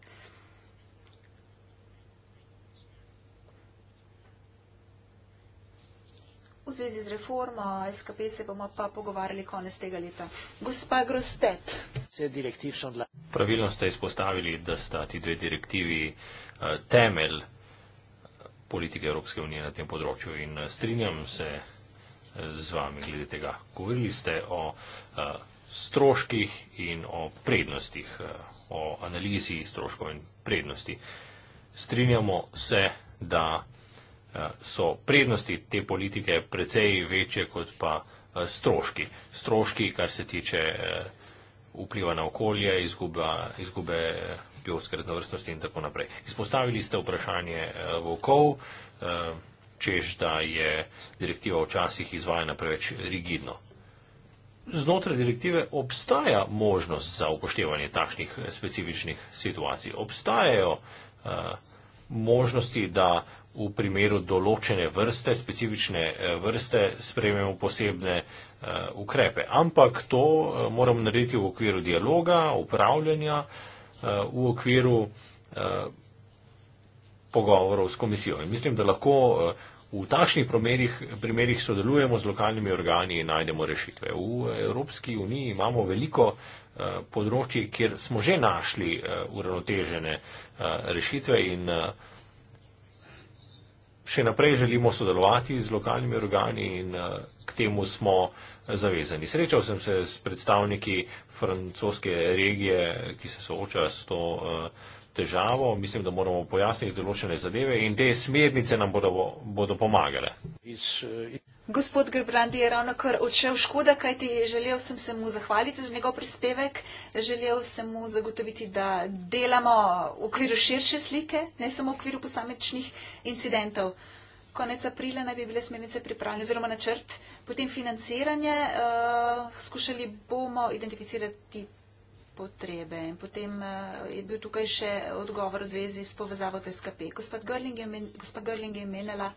V zvezi z reformo SKP se bomo pa pogovarjali konec tega leta. Gospa Grostet. Pravilno ste izpostavili, da sta ti dve direktivi eh, temelj politike Evropske unije na tem področju in eh, strinjam se z vami glede tega. Govorili ste o eh, stroških in o prednostih, eh, o analizi stroškov in prednosti. Strinjamo se, da eh, so prednosti te politike precej večje kot pa stroški. Stroški, kar se tiče vpliva na okolje, izguba, izgube biotske raznovrstnosti in tako naprej. Izpostavili ste vprašanje volkov, čež da je direktiva včasih izvajana preveč rigidno. Znotraj direktive obstaja možnost za upoštevanje takšnih specifičnih situacij. Obstajajo uh, možnosti, da v primeru določene vrste, specifične eh, vrste, sprememo posebne uh, ukrepe. Ampak to uh, moramo narediti v okviru dialoga, upravljanja, uh, v okviru uh, pogovorov s komisijo. In mislim, da lahko uh, v takšnih primerih, primerih sodelujemo z lokalnimi organi in najdemo rešitve. V Evropski uniji imamo veliko eh, področji, kjer smo že našli eh, uravnotežene eh, rešitve in še naprej želimo sodelovati z lokalnimi organi in k temu smo zavezani. Srečal sem se s predstavniki francoske regije, ki se soočajo s to težavo, mislim, da moramo pojasniti določene zadeve in te smernice nam bodo, bodo pomagale. Eh, Gospod Grbrandi je ravno kar odšel, škoda, kajti želel sem se mu zahvaliti za njegov prispevek, želel sem mu zagotoviti, da delamo v okviru širše slike, ne samo v okviru posamečnih incidentov. Konec aprila naj bi bile smernice pripravljene, oziroma načrt, potem financiranje, uh, skušali bomo identificirati potrebe. In potem eh, je bil tukaj še odgovor v zvezi s povezavo z SKP. Gospod Görling je menila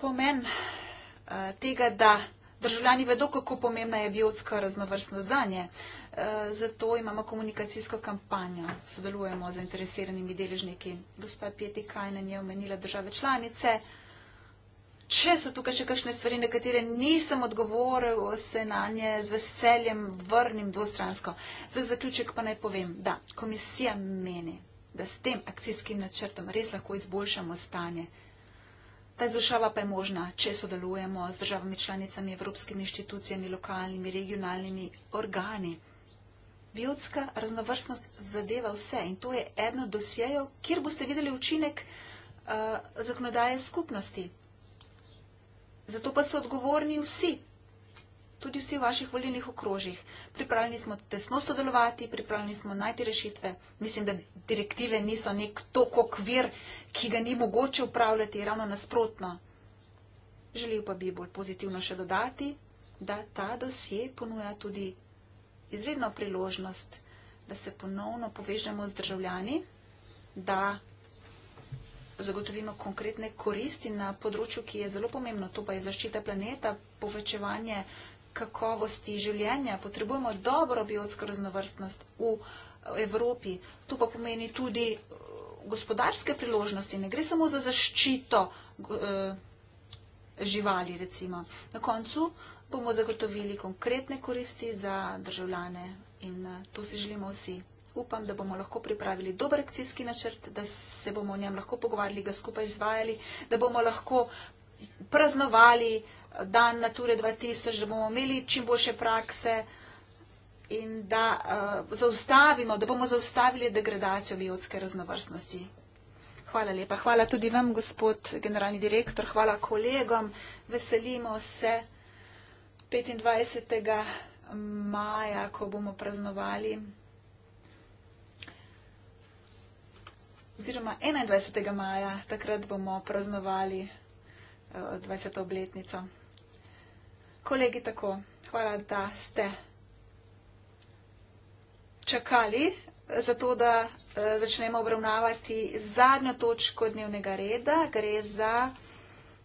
pomen eh, tega, da državljani vedo, kako pomembna je biotska raznovrstnost za nje. Eh, zato imamo komunikacijsko kampanjo, sodelujemo z zainteresiranimi deležniki. Gospod Pieti Kajnen je omenila države članice. Če so tukaj še kakšne stvari, na katere nisem odgovoril, se na nje z veseljem vrnim dvostransko. Za zaključek pa naj povem, da komisija meni, da s tem akcijskim načrtom res lahko izboljšamo stanje. Ta izboljšava pa je možna, če sodelujemo z državami članicami, evropskimi inštitucijami, lokalnimi, regionalnimi organi. Biotska raznovrstnost zadeva vse in to je eno dosjejo, kjer boste videli učinek uh, zakonodaje skupnosti. Zato pa so odgovorni vsi, tudi vsi v vaših volilnih okrožjih. Pripravljeni smo tesno sodelovati, pripravljeni smo najti rešitve. Mislim, da direktive niso nek tok okvir, ki ga ni mogoče upravljati, ravno nasprotno. Želel pa bi bolj pozitivno še dodati, da ta dosje ponuja tudi izredno priložnost, da se ponovno povežemo z državljani, da zagotovimo konkretne koristi na področju, ki je zelo pomembno, to pa je zaščita planeta, povečevanje kakovosti življenja. Potrebujemo dobro biotsko raznovrstnost v Evropi. To pa pomeni tudi uh, gospodarske priložnosti. Ne gre samo za zaščito uh, živali, recimo. Na koncu bomo zagotovili konkretne koristi za državljane in uh, to si želimo vsi upam, da bomo lahko pripravili dober akcijski načrt, da se bomo o njem lahko pogovarjali, ga skupaj izvajali, da bomo lahko praznovali dan Nature 2000, da bomo imeli čim boljše prakse in da, uh, zaustavimo, da bomo zaustavili degradacijo biotske raznovrstnosti. Hvala lepa. Hvala tudi vam, gospod generalni direktor. Hvala kolegom. Veselimo se 25. maja, ko bomo praznovali. oziroma 21. maja, takrat bomo praznovali 20. Eh, obletnico. Kolegi, tako, hvala, da ste čakali eh, za to, da eh, začnemo obravnavati zadnjo točko dnevnega reda. Gre za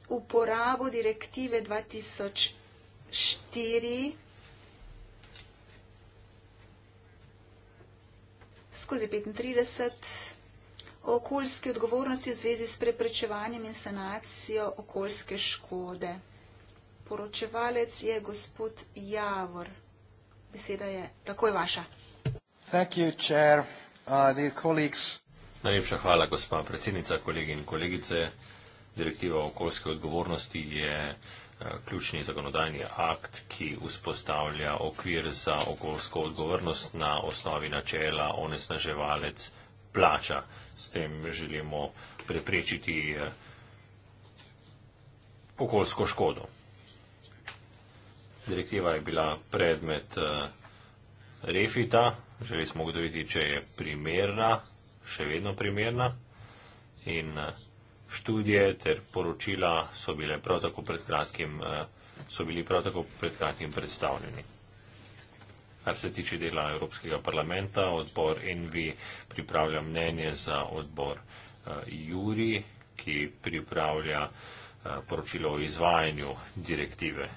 uporabo direktive 2004 skozi 35 o okoljski odgovornosti v zvezi s preprečevanjem in sanacijo okoljske škode. Poročevalec je gospod Javor. Beseda je takoj vaša. Thank you, chair, uh, dear colleagues. Najlepša hvala, gospa predsednica, kolegi in kolegice. Direktiva o okoljske odgovornosti je uh, ključni zakonodajni akt, ki vzpostavlja okvir za okoljsko odgovornost na osnovi načela onesnaževalec plača s tem želimo preprečiti eh, okoljsko škodo. Direktiva je bila predmet eh, refita, želeli smo ugotoviti, če je primerna, še vedno primerna in eh, študije ter poročila so bili prav tako pred kratkim predstavljeni. Kar se tiče dela Evropskega parlamenta, odbor Envi pripravlja mnenje za odbor uh, Juri, ki pripravlja uh, poročilo o izvajanju direktive.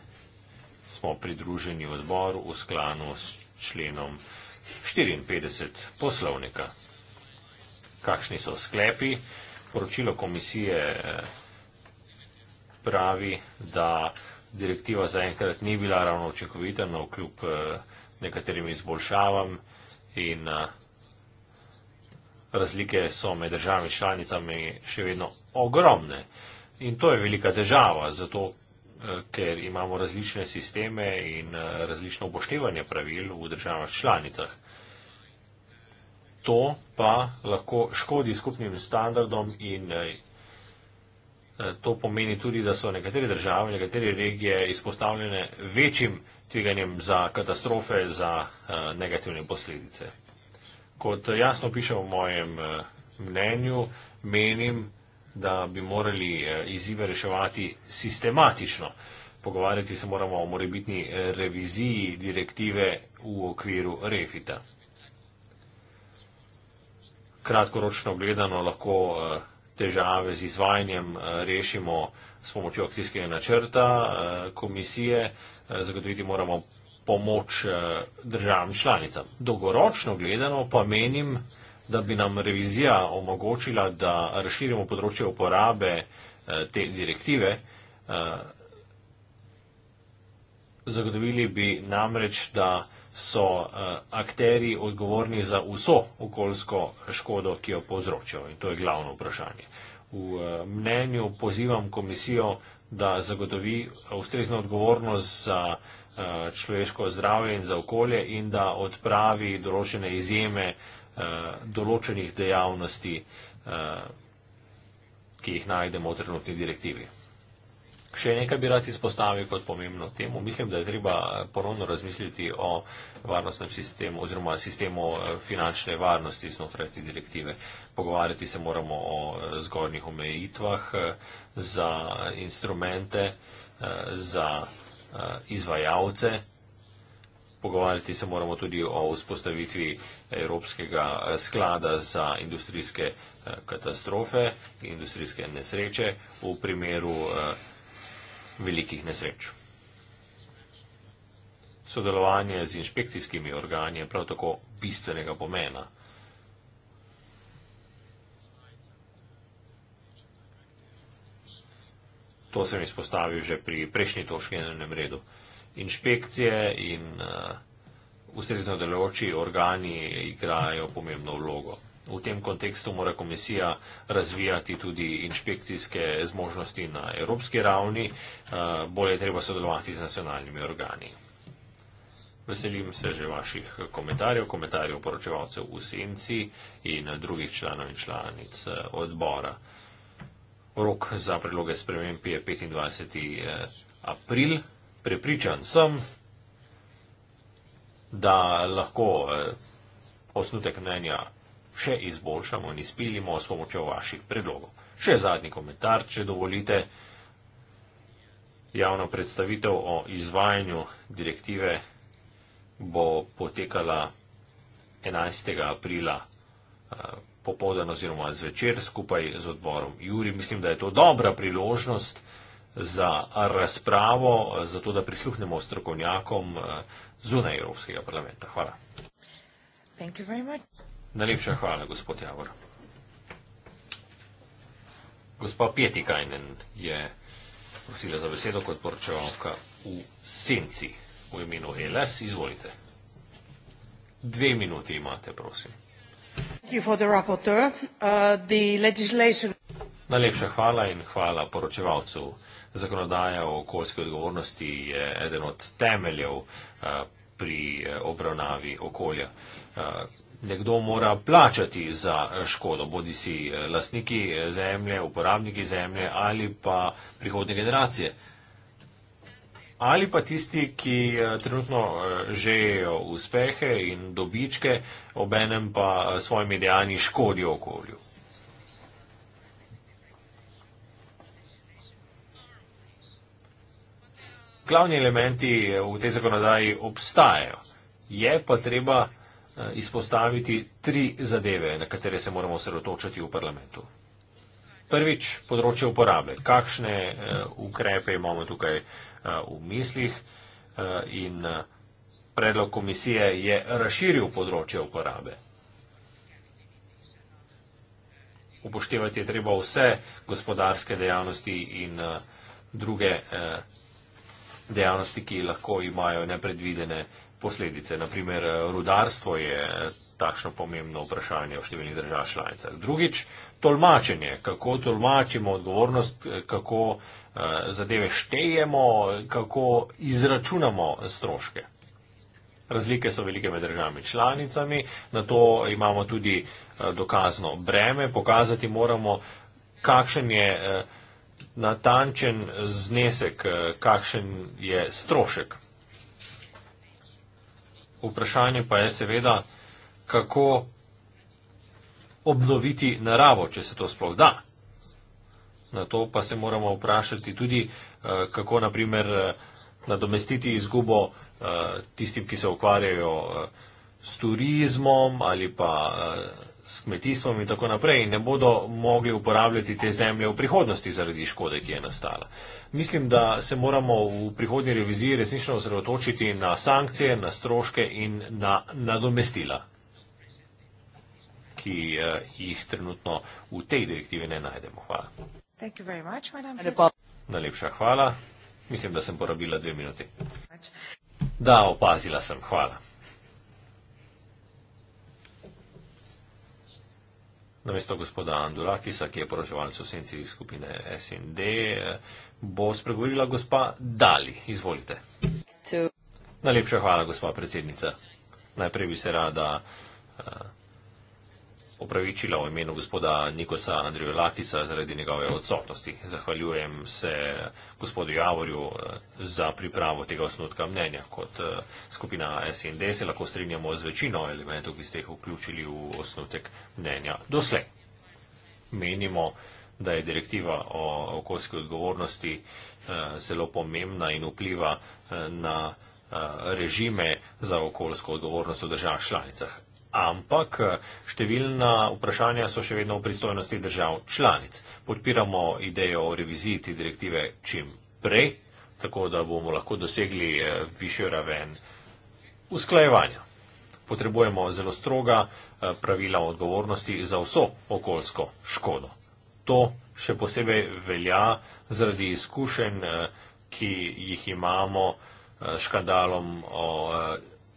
Smo pridruženi odboru v sklanu s členom 54 poslovnika. Kakšni so sklepi? Poročilo komisije eh, pravi, da direktiva zaenkrat ni bila ravno očekovita, no kljub. Uh, nekaterim izboljšavam in razlike so med državami članicami še vedno ogromne. In to je velika težava, zato ker imamo različne sisteme in različno upoštevanje pravil v državah članicah. To pa lahko škodi skupnim standardom in to pomeni tudi, da so nekatere države, nekatere regije izpostavljene večjim problemom tveganjem za katastrofe, za eh, negativne posledice. Kot eh, jasno piše v mojem eh, mnenju, menim, da bi morali izzive reševati sistematično. Pogovarjati se moramo o morebitni reviziji direktive v okviru REFIT-a. Kratkoročno gledano lahko težave z izvajanjem rešimo s pomočjo akcijskega načrta eh, komisije eh, zagotoviti moramo pomoč eh, državam članicam. Dolgoročno gledano pa menim, da bi nam revizija omogočila, da razširimo področje uporabe te direktive. Zagotovili bi namreč, da so akteri odgovorni za vso okoljsko škodo, ki jo povzročijo. In to je glavno vprašanje v eh, mnenju pozivam komisijo, da zagotovi ustrezno odgovornost za eh, človeško zdravje in za okolje in da odpravi določene izjeme eh, določenih dejavnosti, ki jih najdemo v trenutni direktivi. Še nekaj bi rad izpostavil kot pomembno temu. Mislim, da je treba ponovno razmisliti o varnostnem sistemu oziroma sistemu finančne varnosti znotraj te direktive pogovarjati se moramo o eh, zgornjih omejitvah eh, za instrumente, eh, za izvajalce. Pogovarjati se moramo tudi o vzpostavitvi Evropskega sklada za industrijske katastrofe in industrijske nesreče v primeru velikih nesreč. Sodelovanje z inšpekcijskimi organi je prav tako bistvenega pomena. to sem izpostavil že pri prejšnji točki na enem redu. Inšpekcije in uh, ustrezno delujoči organi igrajo pomembno vlogo. V tem kontekstu mora komisija razvijati tudi inšpekcijske zmožnosti na evropski ravni, uh, bolje treba sodelovati z nacionalnimi organi. Veselim se že vaših komentarjev, komentarjev poročevalcev v senci in drugih članov in članic uh, odbora. Rok za predloge sprememb je 25. Eh, april. Prepričan sem, da lahko eh, osnutek mnenja še izboljšamo in izpilimo s pomočjo vaših predlogov. Še zadnji komentar, če dovolite. Javna predstavitev o izvajanju direktive bo potekala 11. aprila eh, popoldan oziroma zvečer skupaj z odborom Juri. Mislim, da je to dobra priložnost za razpravo, za to, da prisluhnemo strokovnjakom eh, zunaj Evropskega parlamenta. Hvala. Najlepša hvala, gospod Javor. Gospa Pietikajnen je prosila za besedo kot poročevalka v senci v imenu e LS. Izvolite. Dve minuti imate, prosim. Uh, Najlepša hvala in hvala poročevalcu. Zakonodaja o okoljski odgovornosti je eden od temeljev uh, pri uh, obravnavi okolja. Nekdo mora plačati za škodo, bodi si lasniki zemlje, uporabniki zemlje ali pa prihodne generacije ali pa tisti, ki eh, trenutno eh, žejejo uspehe in dobičke, obenem pa eh, svojimi dejanji škodijo okolju. Glavni elementi v tej zakonodaji obstajajo. Je pa treba izpostaviti tri zadeve, na katere se moramo osredotočiti v parlamentu. Prvič, področje uporabe. Kakšne ukrepe imamo tukaj Eh, v mislih eh, in eh, predlog komisije je razširil področje uporabe. Upoštevati je treba vse gospodarske dejavnosti in druge dejavnosti, dejavnosti, ki lahko imajo nepredvidene posledice. Naprimer, rudarstvo je takšno pomembno vprašanje v številnih državah članicah. Drugič, tolmačenje, kako tolmačimo odgovornost, kako eh, zadeve štejemo, kako izračunamo stroške. Razlike so velike med državami članicami, na to imamo tudi eh, dokazno breme, pokazati moramo, kakšen je eh, natančen znesek, eh, kakšen je strošek. Vprašanje pa je seveda, kako obnoviti naravo, če se to sploh da. Na to pa se moramo vprašati tudi, eh, kako naprimer eh, nadomestiti izgubo tistim, ki se ukvarjajo s turizmom ali pa s kmetijstvom in tako naprej in ne bodo mogli uporabljati te zemlje v prihodnosti zaradi škode, ki je nastala. Mislim, da se moramo v prihodnji reviziji resnično osredotočiti na sankcije, na stroške in na nadomestila, ki eh, jih trenutno v tej direktivi ne najdemo. Hvala. Najlepša hvala. Mislim, da sem porabila dve minuti. Da, opazila sem. Hvala. namesto gospoda Andurakisa, ki je poročevalec v senci skupine SND, bo spregovorila gospa Dali. Izvolite. Najlepša hvala, gospa predsednica. Najprej bi se rada. Uh, opravičila v imenu gospoda Nikosa Andrija Lakisa zaradi njegove odsotnosti. Zahvaljujem se gospodu Javorju eh, za pripravo tega osnutka mnenja. Kot eh, skupina SND se lahko strinjamo z večino elementov, ki ste jih vključili v osnutek mnenja. Doslej menimo, da je direktiva o okoljski odgovornosti eh, zelo pomembna in vpliva na režime za okoljsko odgovornost v državah članicah ampak eh, številna vprašanja so še vedno v pristojnosti držav članic. Podpiramo idejo o reviziji te direktive čim prej, tako da bomo lahko dosegli eh, višjo raven usklajevanja. Potrebujemo zelo stroga eh, pravila o odgovornosti za vso okoljsko škodo. To še posebej velja zaradi izkušenj, ki jih imamo škandalom o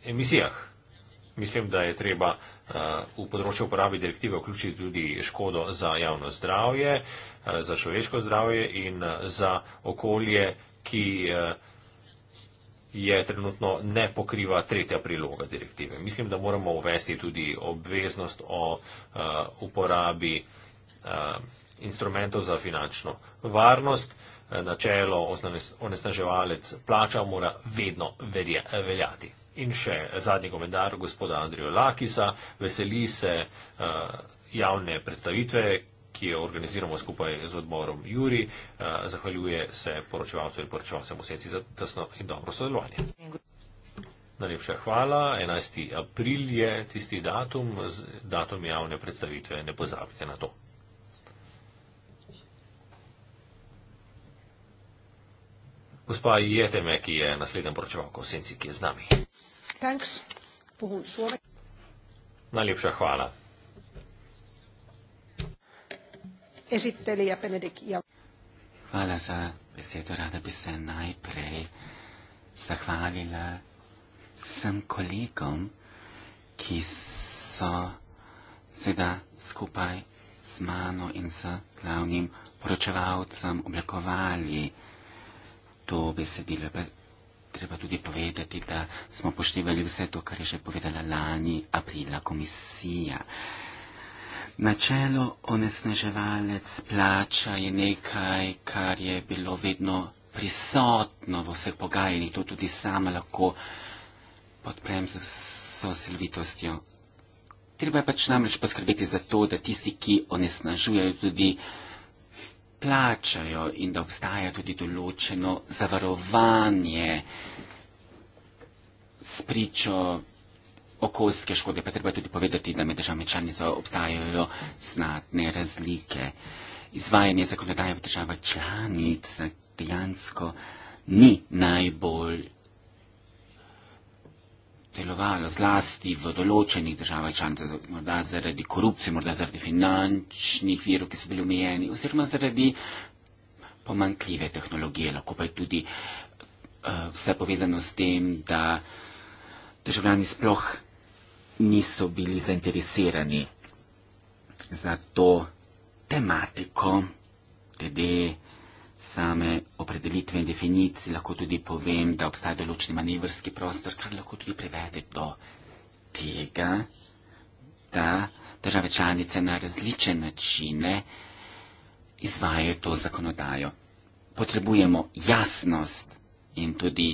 emisijah Mislim, da je treba eh, v področju uporabi direktive vključiti tudi škodo za javno zdravje, eh, za človeško zdravje in eh, za okolje, ki je trenutno ne pokriva tretja priloga direktive. Mislim, da moramo uvesti tudi obveznost o uporabi instrumentov za finančno varnost. Načelo onesnaževalec plača mora vedno veljati. In še zadnji komentar gospoda Andrija Lakisa. Veseli se uh, javne predstavitve, ki jo organiziramo skupaj z odborom Juri. Uh, zahvaljuje se poročevalcu in poročevalcem v senci za tesno in dobro sodelovanje. Najlepša hvala. 11. april je tisti datum, datum javne predstavitve. Ne pozabite na to. Gospa Jeteme, ki je naslednja poročevalka v senci, ki je z nami. Thanks. Najlepša hvala. Hvala za besedo. Rada bi se najprej zahvalila vsem kolegom, ki so sedaj skupaj z mano in s glavnim poročevalcem oblikovali to besedilo treba tudi povedati, da smo poštevali vse to, kar je že povedala lani aprila komisija. Načelo onesnaževalec plača je nekaj, kar je bilo vedno prisotno v vseh pogajanjih, to tudi sama lahko podprem z vso silovitostjo. Treba je pač namreč poskrbeti za to, da tisti, ki onesnažujejo, tudi plačajo in da obstaja tudi določeno zavarovanje s pričo okoljske škode. Pa treba tudi povedati, da med državami članica obstajajo znatne razlike. Izvajanje zakonodaje v državah članic dejansko ni najbolj delovalo zlasti v določenih državah članicah, morda zaradi korupcije, morda zaradi finančnih virov, ki so bili omejeni, oziroma zaradi pomankljive tehnologije, lahko pa je tudi uh, vse povezano s tem, da državljani sploh niso bili zainteresirani za to tematiko, glede te same opredelitve in definicije lahko tudi povem, da obstaja določen manevrski prostor, kar lahko tudi privede do tega, da države članice na različne načine izvajajo to zakonodajo. Potrebujemo jasnost in tudi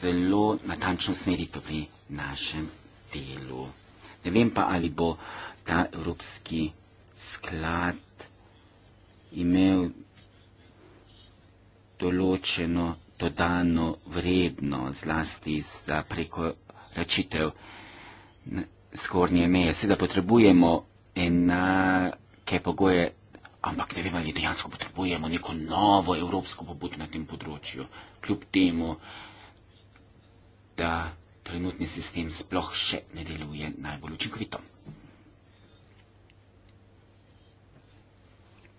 zelo natančno smerito pri našem delu. Ne vem pa, ali bo ta Evropski sklad imel določeno dodano vredno, zlasti za preko račitev skornje meje. Seda potrebujemo enake pogoje, ampak ne vem, ali dejansko potrebujemo neko novo evropsko pobudo na tem področju, kljub temu, da trenutni sistem sploh še ne deluje najbolj učinkovito.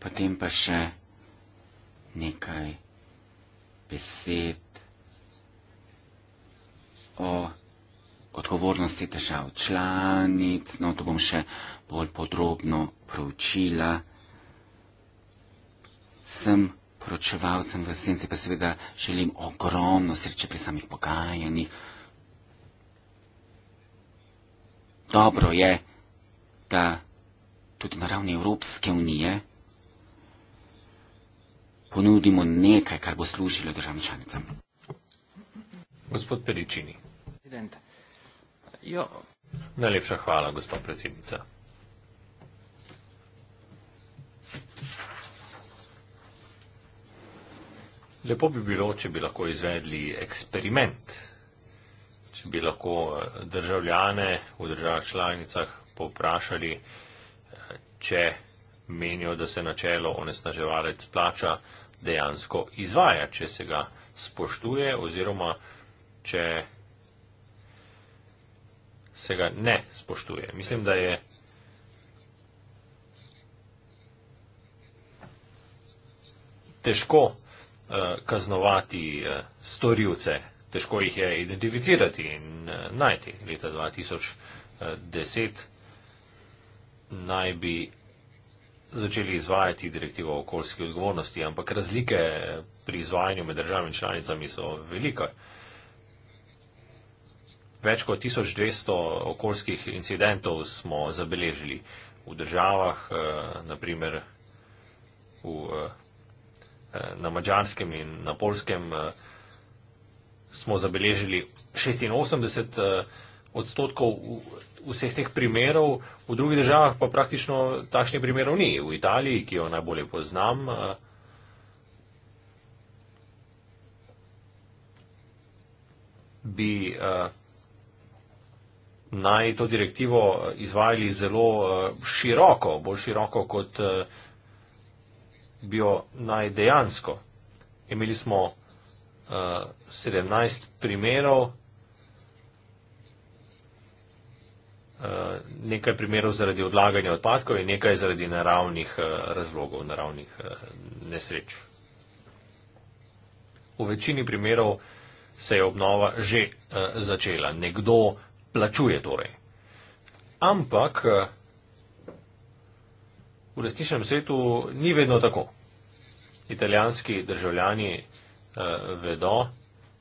Potem pa še nekaj besed o odgovornosti držav članic. No, to bom še bolj podrobno proučila. Sem poročevalcem v senci, pa seveda želim ogromno sreče pri samih pogajanjih. Dobro je, da tudi na ravni Evropske unije ponudimo nekaj, kar bo služilo državam članicam. Gospod Peričini. Najlepša hvala, gospod predsednica. Lepo bi bilo, če bi lahko izvedli eksperiment, če bi lahko eh, državljane v državah članicah povprašali, eh, če menijo, da se načelo onesnaževalec plača dejansko izvaja, če se ga spoštuje oziroma če se ga ne spoštuje. Mislim, da je težko eh, kaznovati eh, storilce, težko jih je identificirati in eh, najti. Leta 2010 naj bi začeli izvajati direktivo o okoljski odgovornosti, ampak razlike pri izvajanju med državami in članicami so velike. Več kot 1200 okoljskih incidentov smo zabeležili v državah, eh, naprimer v, eh, eh, na mačarskem in na polskem, smo zabeležili 86 odstotkov vseh teh primerov, v drugih državah pa praktično takšnih primerov ni. V Italiji, ki jo najbolje poznam. Eh, bi eh, naj to direktivo izvajali zelo eh, široko, bolj široko, kot eh, bi jo naj dejansko. Imeli smo eh, 17 primerov, Eh, nekaj primerov zaradi odlaganja odpadkov in nekaj zaradi naravnih eh, razlogov, naravnih eh, nesreč. V večini primerov se je obnova že začela, nekdo plačuje torej. Ampak v resničnem svetu ni vedno tako. Italijanski državljani vedo,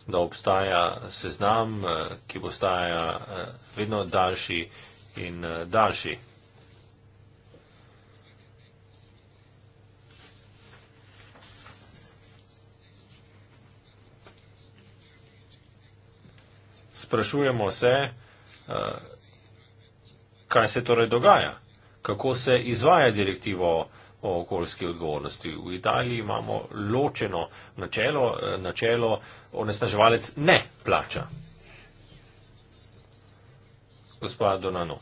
da obstaja seznam, ki postaja vedno daljši in eh, daljši. Sprašujemo se, eh, kaj se torej dogaja, kako se izvaja direktivo o okoljski odgovornosti. V Italiji imamo ločeno načelo, eh, načelo onesnaževalec ne plača. Gospa Donano,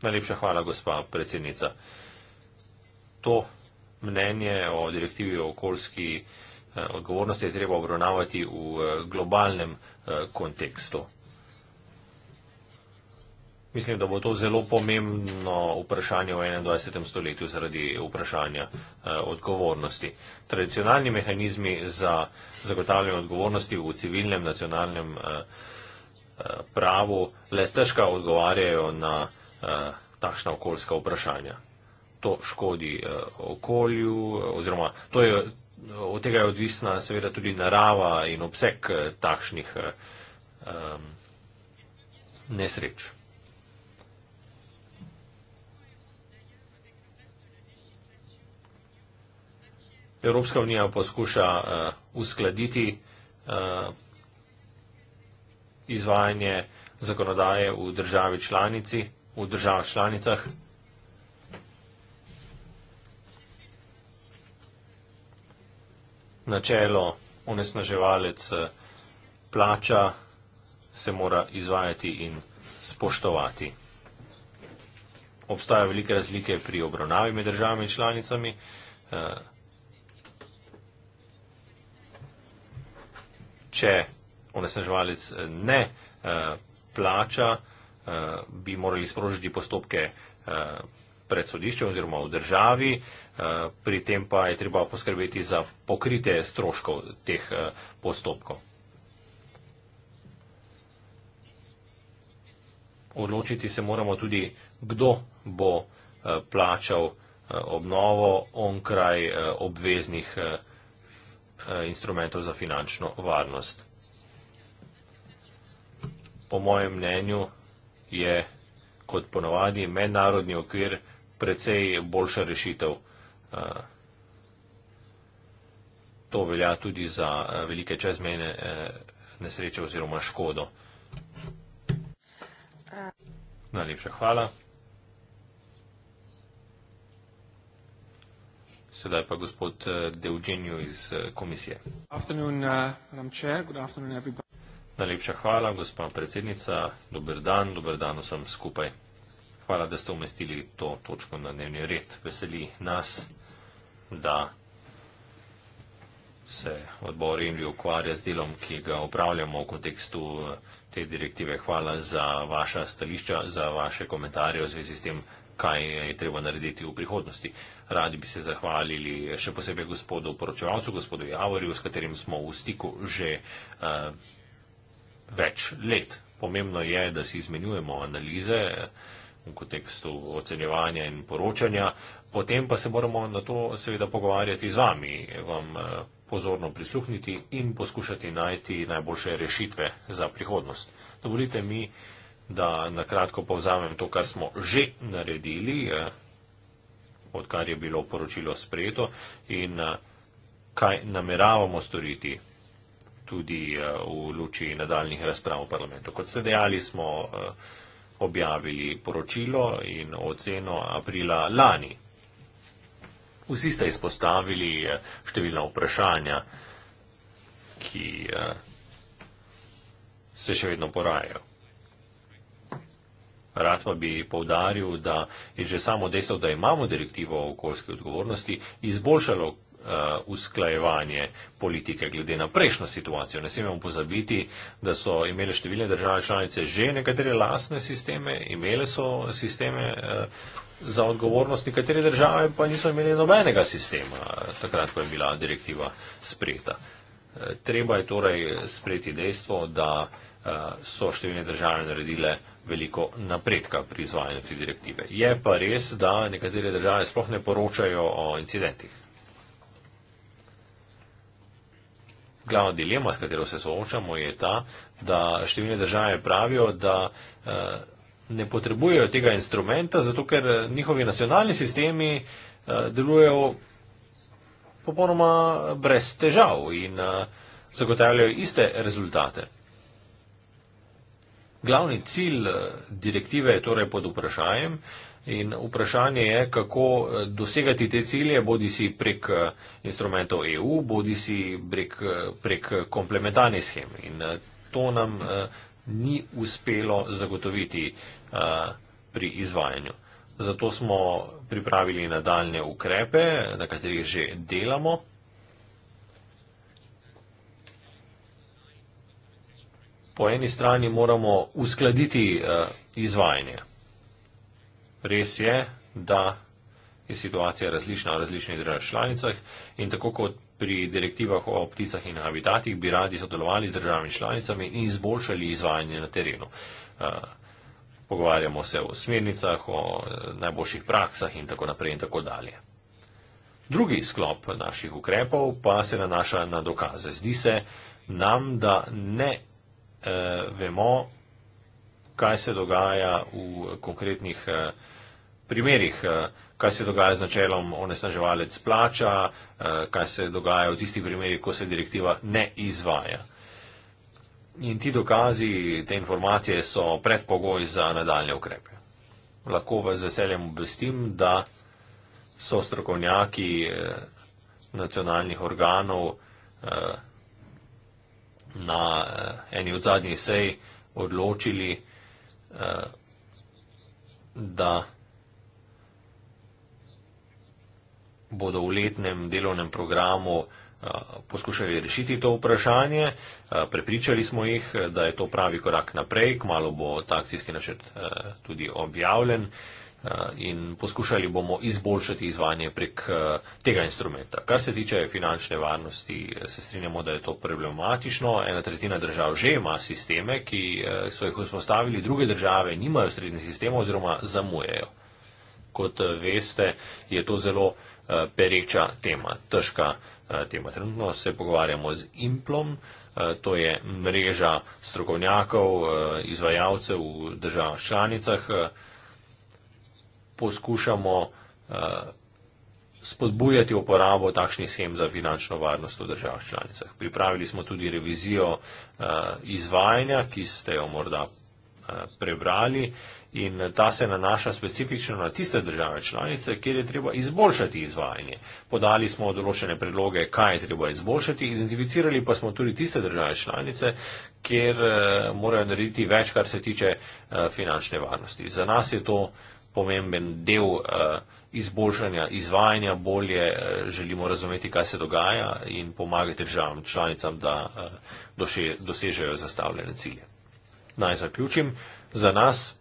najlepša hvala, gospa predsednica. To mnenje o direktivi o okoljski eh, odgovornosti je treba obravnavati v eh, globalnem eh, kontekstu. Mislim, da bo to zelo pomembno vprašanje v 21. stoletju zaradi vprašanja eh, odgovornosti. Tradicionalni mehanizmi za zagotavljanje odgovornosti v civilnem nacionalnem eh, pravu le stežka odgovarjajo na eh, takšna okoljska vprašanja. To škodi eh, okolju, eh, oziroma to je, od tega je odvisna seveda tudi narava in obseg takšnih nesreč. Evropska unija poskuša uh, uskladiti uh, izvajanje zakonodaje v državi članici, v državah članicah. Načelo onesnaževalec eh, plača se mora izvajati in spoštovati. Obstajajo velike razlike pri obravnavi med državami in članicami. Eh, če onesnaževalec eh, ne eh, plača, eh, bi morali sprožiti postopke pred sodiščem oziroma v državi, pri tem pa je treba poskrbeti za pokrite stroškov teh postopkov. Odločiti se moramo tudi, kdo bo plačal obnovo onkraj obveznih instrumentov za finančno varnost po mojem mnenju, je kot ponovadi mednarodni okvir precej boljša rešitev. Eh, to velja tudi za eh, velike čezmene eh, nesreče oziroma škodo. Najlepša hvala. Sedaj pa gospod Deuđenju iz komisije. Good Najlepša hvala, gospa predsednica. Dober dan, dober dan vsem skupaj. Hvala, da ste umestili to točko na dnevni red. Veseli nas, da se odbor Emlji ukvarja z delom, ki ga upravljamo v kontekstu eh, te direktive. Hvala za vaša stališča, za vaše komentarje v zvezi s tem, kaj je treba narediti v prihodnosti. Radi bi se zahvalili še posebej gospodu poročevalcu, gospodu Javorju, s katerim smo v stiku že. Uh, več let. Pomembno je, da si izmenjujemo analize v kontekstu ocenjevanja in poročanja, potem pa se moramo na to seveda pogovarjati z vami, vam eh, pozorno prisluhniti in poskušati najti najboljše rešitve za prihodnost. Dovolite mi, da na kratko povzamem to, kar smo že naredili, eh, odkar je bilo poročilo sprejeto in eh, kaj nameravamo storiti tudi eh, v luči nadaljnih razprav v parlamentu. Kot ste dejali, smo eh, objavili poročilo in oceno aprila lani. Vsi ste izpostavili eh, številna vprašanja, ki se še vedno porajajo. Rad pa bi povdaril, da je že samo dejstvo, da imamo direktivo o okoljski odgovornosti, izboljšalo uh, usklajevanje politike glede na prejšnjo situacijo. Ne smemo pozabiti, da so imele številne države članice že nekatere lasne sisteme, imele so sisteme uh, za odgovornost, nekatere države pa niso imele nobenega sistema, uh, takrat, ko je bila direktiva sprejeta. Uh, treba je torej sprejeti dejstvo, da uh, so številne države naredile veliko napredka pri izvajanju te direktive. Je pa res, da nekatere države sploh ne poročajo o incidentih. glavna dilema, s katero se soočamo, je ta, da številne države pravijo, da eh, ne potrebujejo tega instrumenta, zato ker eh, njihovi nacionalni sistemi eh, delujejo popolnoma brez težav in zagotavljajo iste rezultate. Glavni cilj direktive je torej pod vprašanjem. In vprašanje je, kako eh, dosegati te cilje, bodi si prek eh, instrumentov EU, bodi si prek, eh, prek komplementarnih schem. In to nam ni uspelo zagotoviti pri izvajanju. Zato smo pripravili nadaljne ukrepe, na katerih že delamo. Po eni strani moramo uskladiti izvajanje res je, da je situacija različna v različnih državah članicah in tako kot pri direktivah o pticah in habitatih bi radi sodelovali z državami članicami in izboljšali izvajanje na terenu. Eh, pogovarjamo se o smernicah, o eh, najboljših praksah in tako naprej in tako dalje. Drugi sklop naših ukrepov pa se nanaša na dokaze. Zdi se nam, da ne e, vemo, kaj se dogaja v konkretnih eh, primerjih, eh, kaj se dogaja z načelom onesnaževalec plača, eh, kaj se dogaja v tistih primerjih, ko se direktiva ne izvaja. In ti dokazi, te informacije so predpogoj za nadaljne ukrepe. Lahko vas veseljem obvestim, da so strokovnjaki nacionalnih organov na eni od zadnjih sej odločili, da bodo v letnem delovnem programu eh, poskušali rešiti to vprašanje. Eh, prepričali smo jih, eh, da je to pravi korak naprej, kmalo bo ta akcijski načrt tudi objavljen. Eh, in poskušali bomo izboljšati izvanje prek eh, tega instrumenta. Kar se tiče finančne varnosti, eh, se strinjamo, da je to problematično. Ena tretjina držav že ima sisteme, ki so jih vzpostavili, druge države nimajo srednjih sistemov oziroma zamujejo. Kot veste, je to zelo pereča tema, težka tema. Trenutno se pogovarjamo z Implom, to je mreža strokovnjakov, izvajalcev v državah članicah, poskušamo eh, spodbujati uporabo takšnih schem za finančno varnost v državah članicah. Pripravili smo tudi revizijo eh, izvajanja, ki ste jo morda eh, prebrali in ta se nanaša specifično na tiste države članice, kjer je treba izboljšati izvajanje. Podali smo določene predloge, kaj je treba izboljšati, identificirali pa smo tudi tiste države članice, kjer morajo narediti več, kar se tiče finančne varnosti. Za nas je to pomemben del eh, izboljšanja, izvajanja bolje, eh, želimo razumeti, kaj se dogaja in pomagati državam članicam, da eh, dosežejo zastavljene cilje. Naj zaključim. Za nas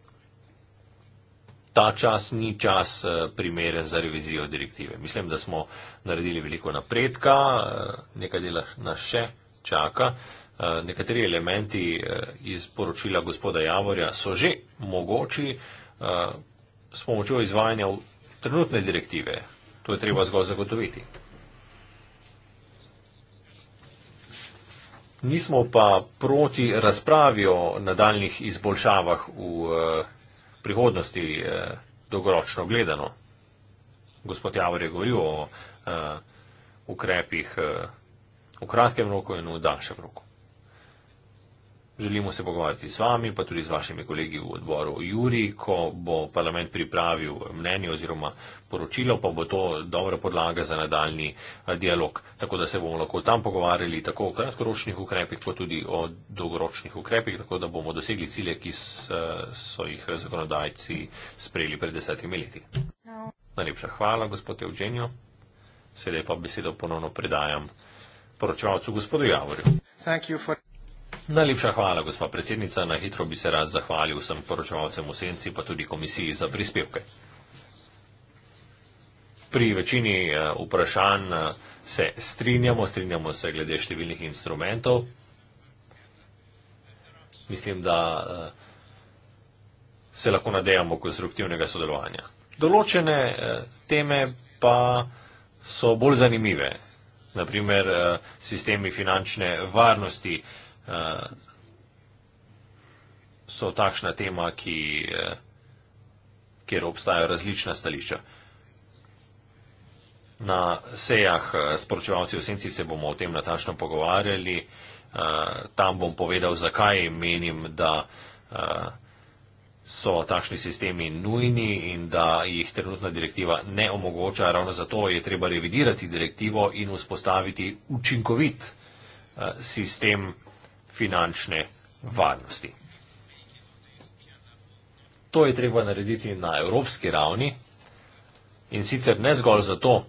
ta čas ni čas primeren za revizijo direktive. Mislim, da smo naredili veliko napredka, nekaj dela nas še čaka. Nekateri elementi iz poročila gospoda Javorja so že mogoči, s pomočjo izvajanja trenutne direktive. To je treba zgolj zagotoviti. Nismo pa proti razpravi o nadaljnih izboljšavah v eh, prihodnosti eh, dolgoročno gledano. Gospod Javor je govoril o eh, ukrepih v kratkem roku in v daljšem roku. Želimo se pogovarjati z vami, pa tudi z vašimi kolegi v odboru Juri, ko bo parlament pripravil mnenje oziroma poročilo, pa bo to dobra podlaga za nadaljni eh, dialog. Tako da se bomo lahko tam pogovarjali tako o kratkoročnih ukrepih, kot tudi o dolgoročnih ukrepih, tako da bomo dosegli cilje, ki eh, so jih zakonodajci sprejeli pred desetimi leti. Najlepša hvala, gospod Evgenijo. Sedaj pa besedo ponovno predajam poročevalcu, gospodu Javorju. Najlepša hvala, gospa predsednica. Na hitro bi se rad zahvalil vsem poročevalcem v senci, pa tudi komisiji za prispevke. Pri večini eh, vprašanj eh, se strinjamo, strinjamo se glede številnih instrumentov. Mislim, da eh, se lahko nadejamo konstruktivnega sodelovanja. Določene teme pa so bolj zanimive, naprimer sistemi finančne varnosti, uh, so takšna tema, ki, uh, kjer obstajajo različna stališča. Na sejah uh, eh, sporočevalci v senci se bomo o tem natančno pogovarjali. Uh, tam bom povedal, zakaj menim, da uh, so takšni sistemi nujni in da jih trenutna direktiva ne omogoča. Ravno zato je treba revidirati direktivo in vzpostaviti učinkovit uh, sistem uh, finančne varnosti. To je treba narediti na evropski ravni in sicer ne zgolj zato,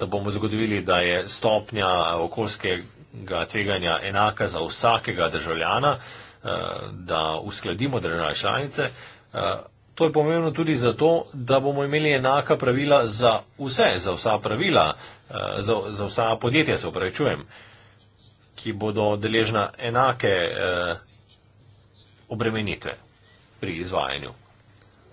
da bomo zagotovili, da je stopnja okoljskega tveganja enaka za vsakega državljana, eh, da uskladimo države članice. Eh, to je pomembno tudi zato, da bomo imeli enaka pravila za vse, za vsa pravila, eh, za, za vsa podjetja, se upravičujem ki bodo deležna enake eh, obremenitve pri izvajanju.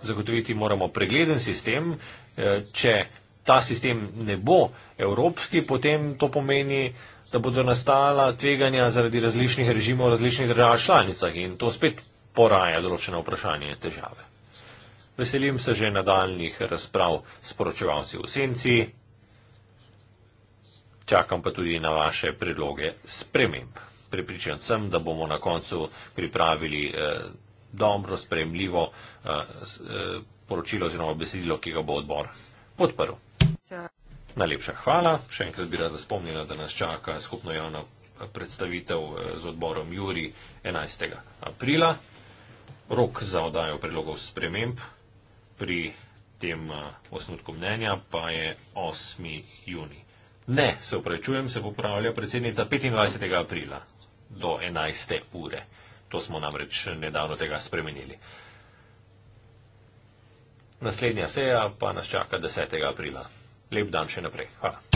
Zagotoviti moramo pregleden sistem. Eh, če ta sistem ne bo evropski, potem to pomeni, da bodo nastala tveganja zaradi različnih režimov v različnih državah članicah in to spet poraja določene vprašanje in težave. Veselim se že nadaljnih razprav s poročevalci v senci čakam pa tudi na vaše predloge sprememb. Pripričan sem, da bomo na koncu pripravili eh, dobro, spremljivo eh, eh, poročilo oziroma besedilo, ki ga bo odbor podprl. Najlepša hvala. Še enkrat bi rada spomnila, da nas čaka skupno javno eh, predstavitev eh, z odborom Juri 11. aprila. Rok za odajo predlogov sprememb pri tem osnutku mnenja pa je 8. juni. Ne, se upravičujem, se popravlja predsednica 25. aprila do 11. ure. To smo namreč nedavno tega spremenili. Naslednja seja pa nas čaka 10. aprila. Lep dan še naprej. Hvala.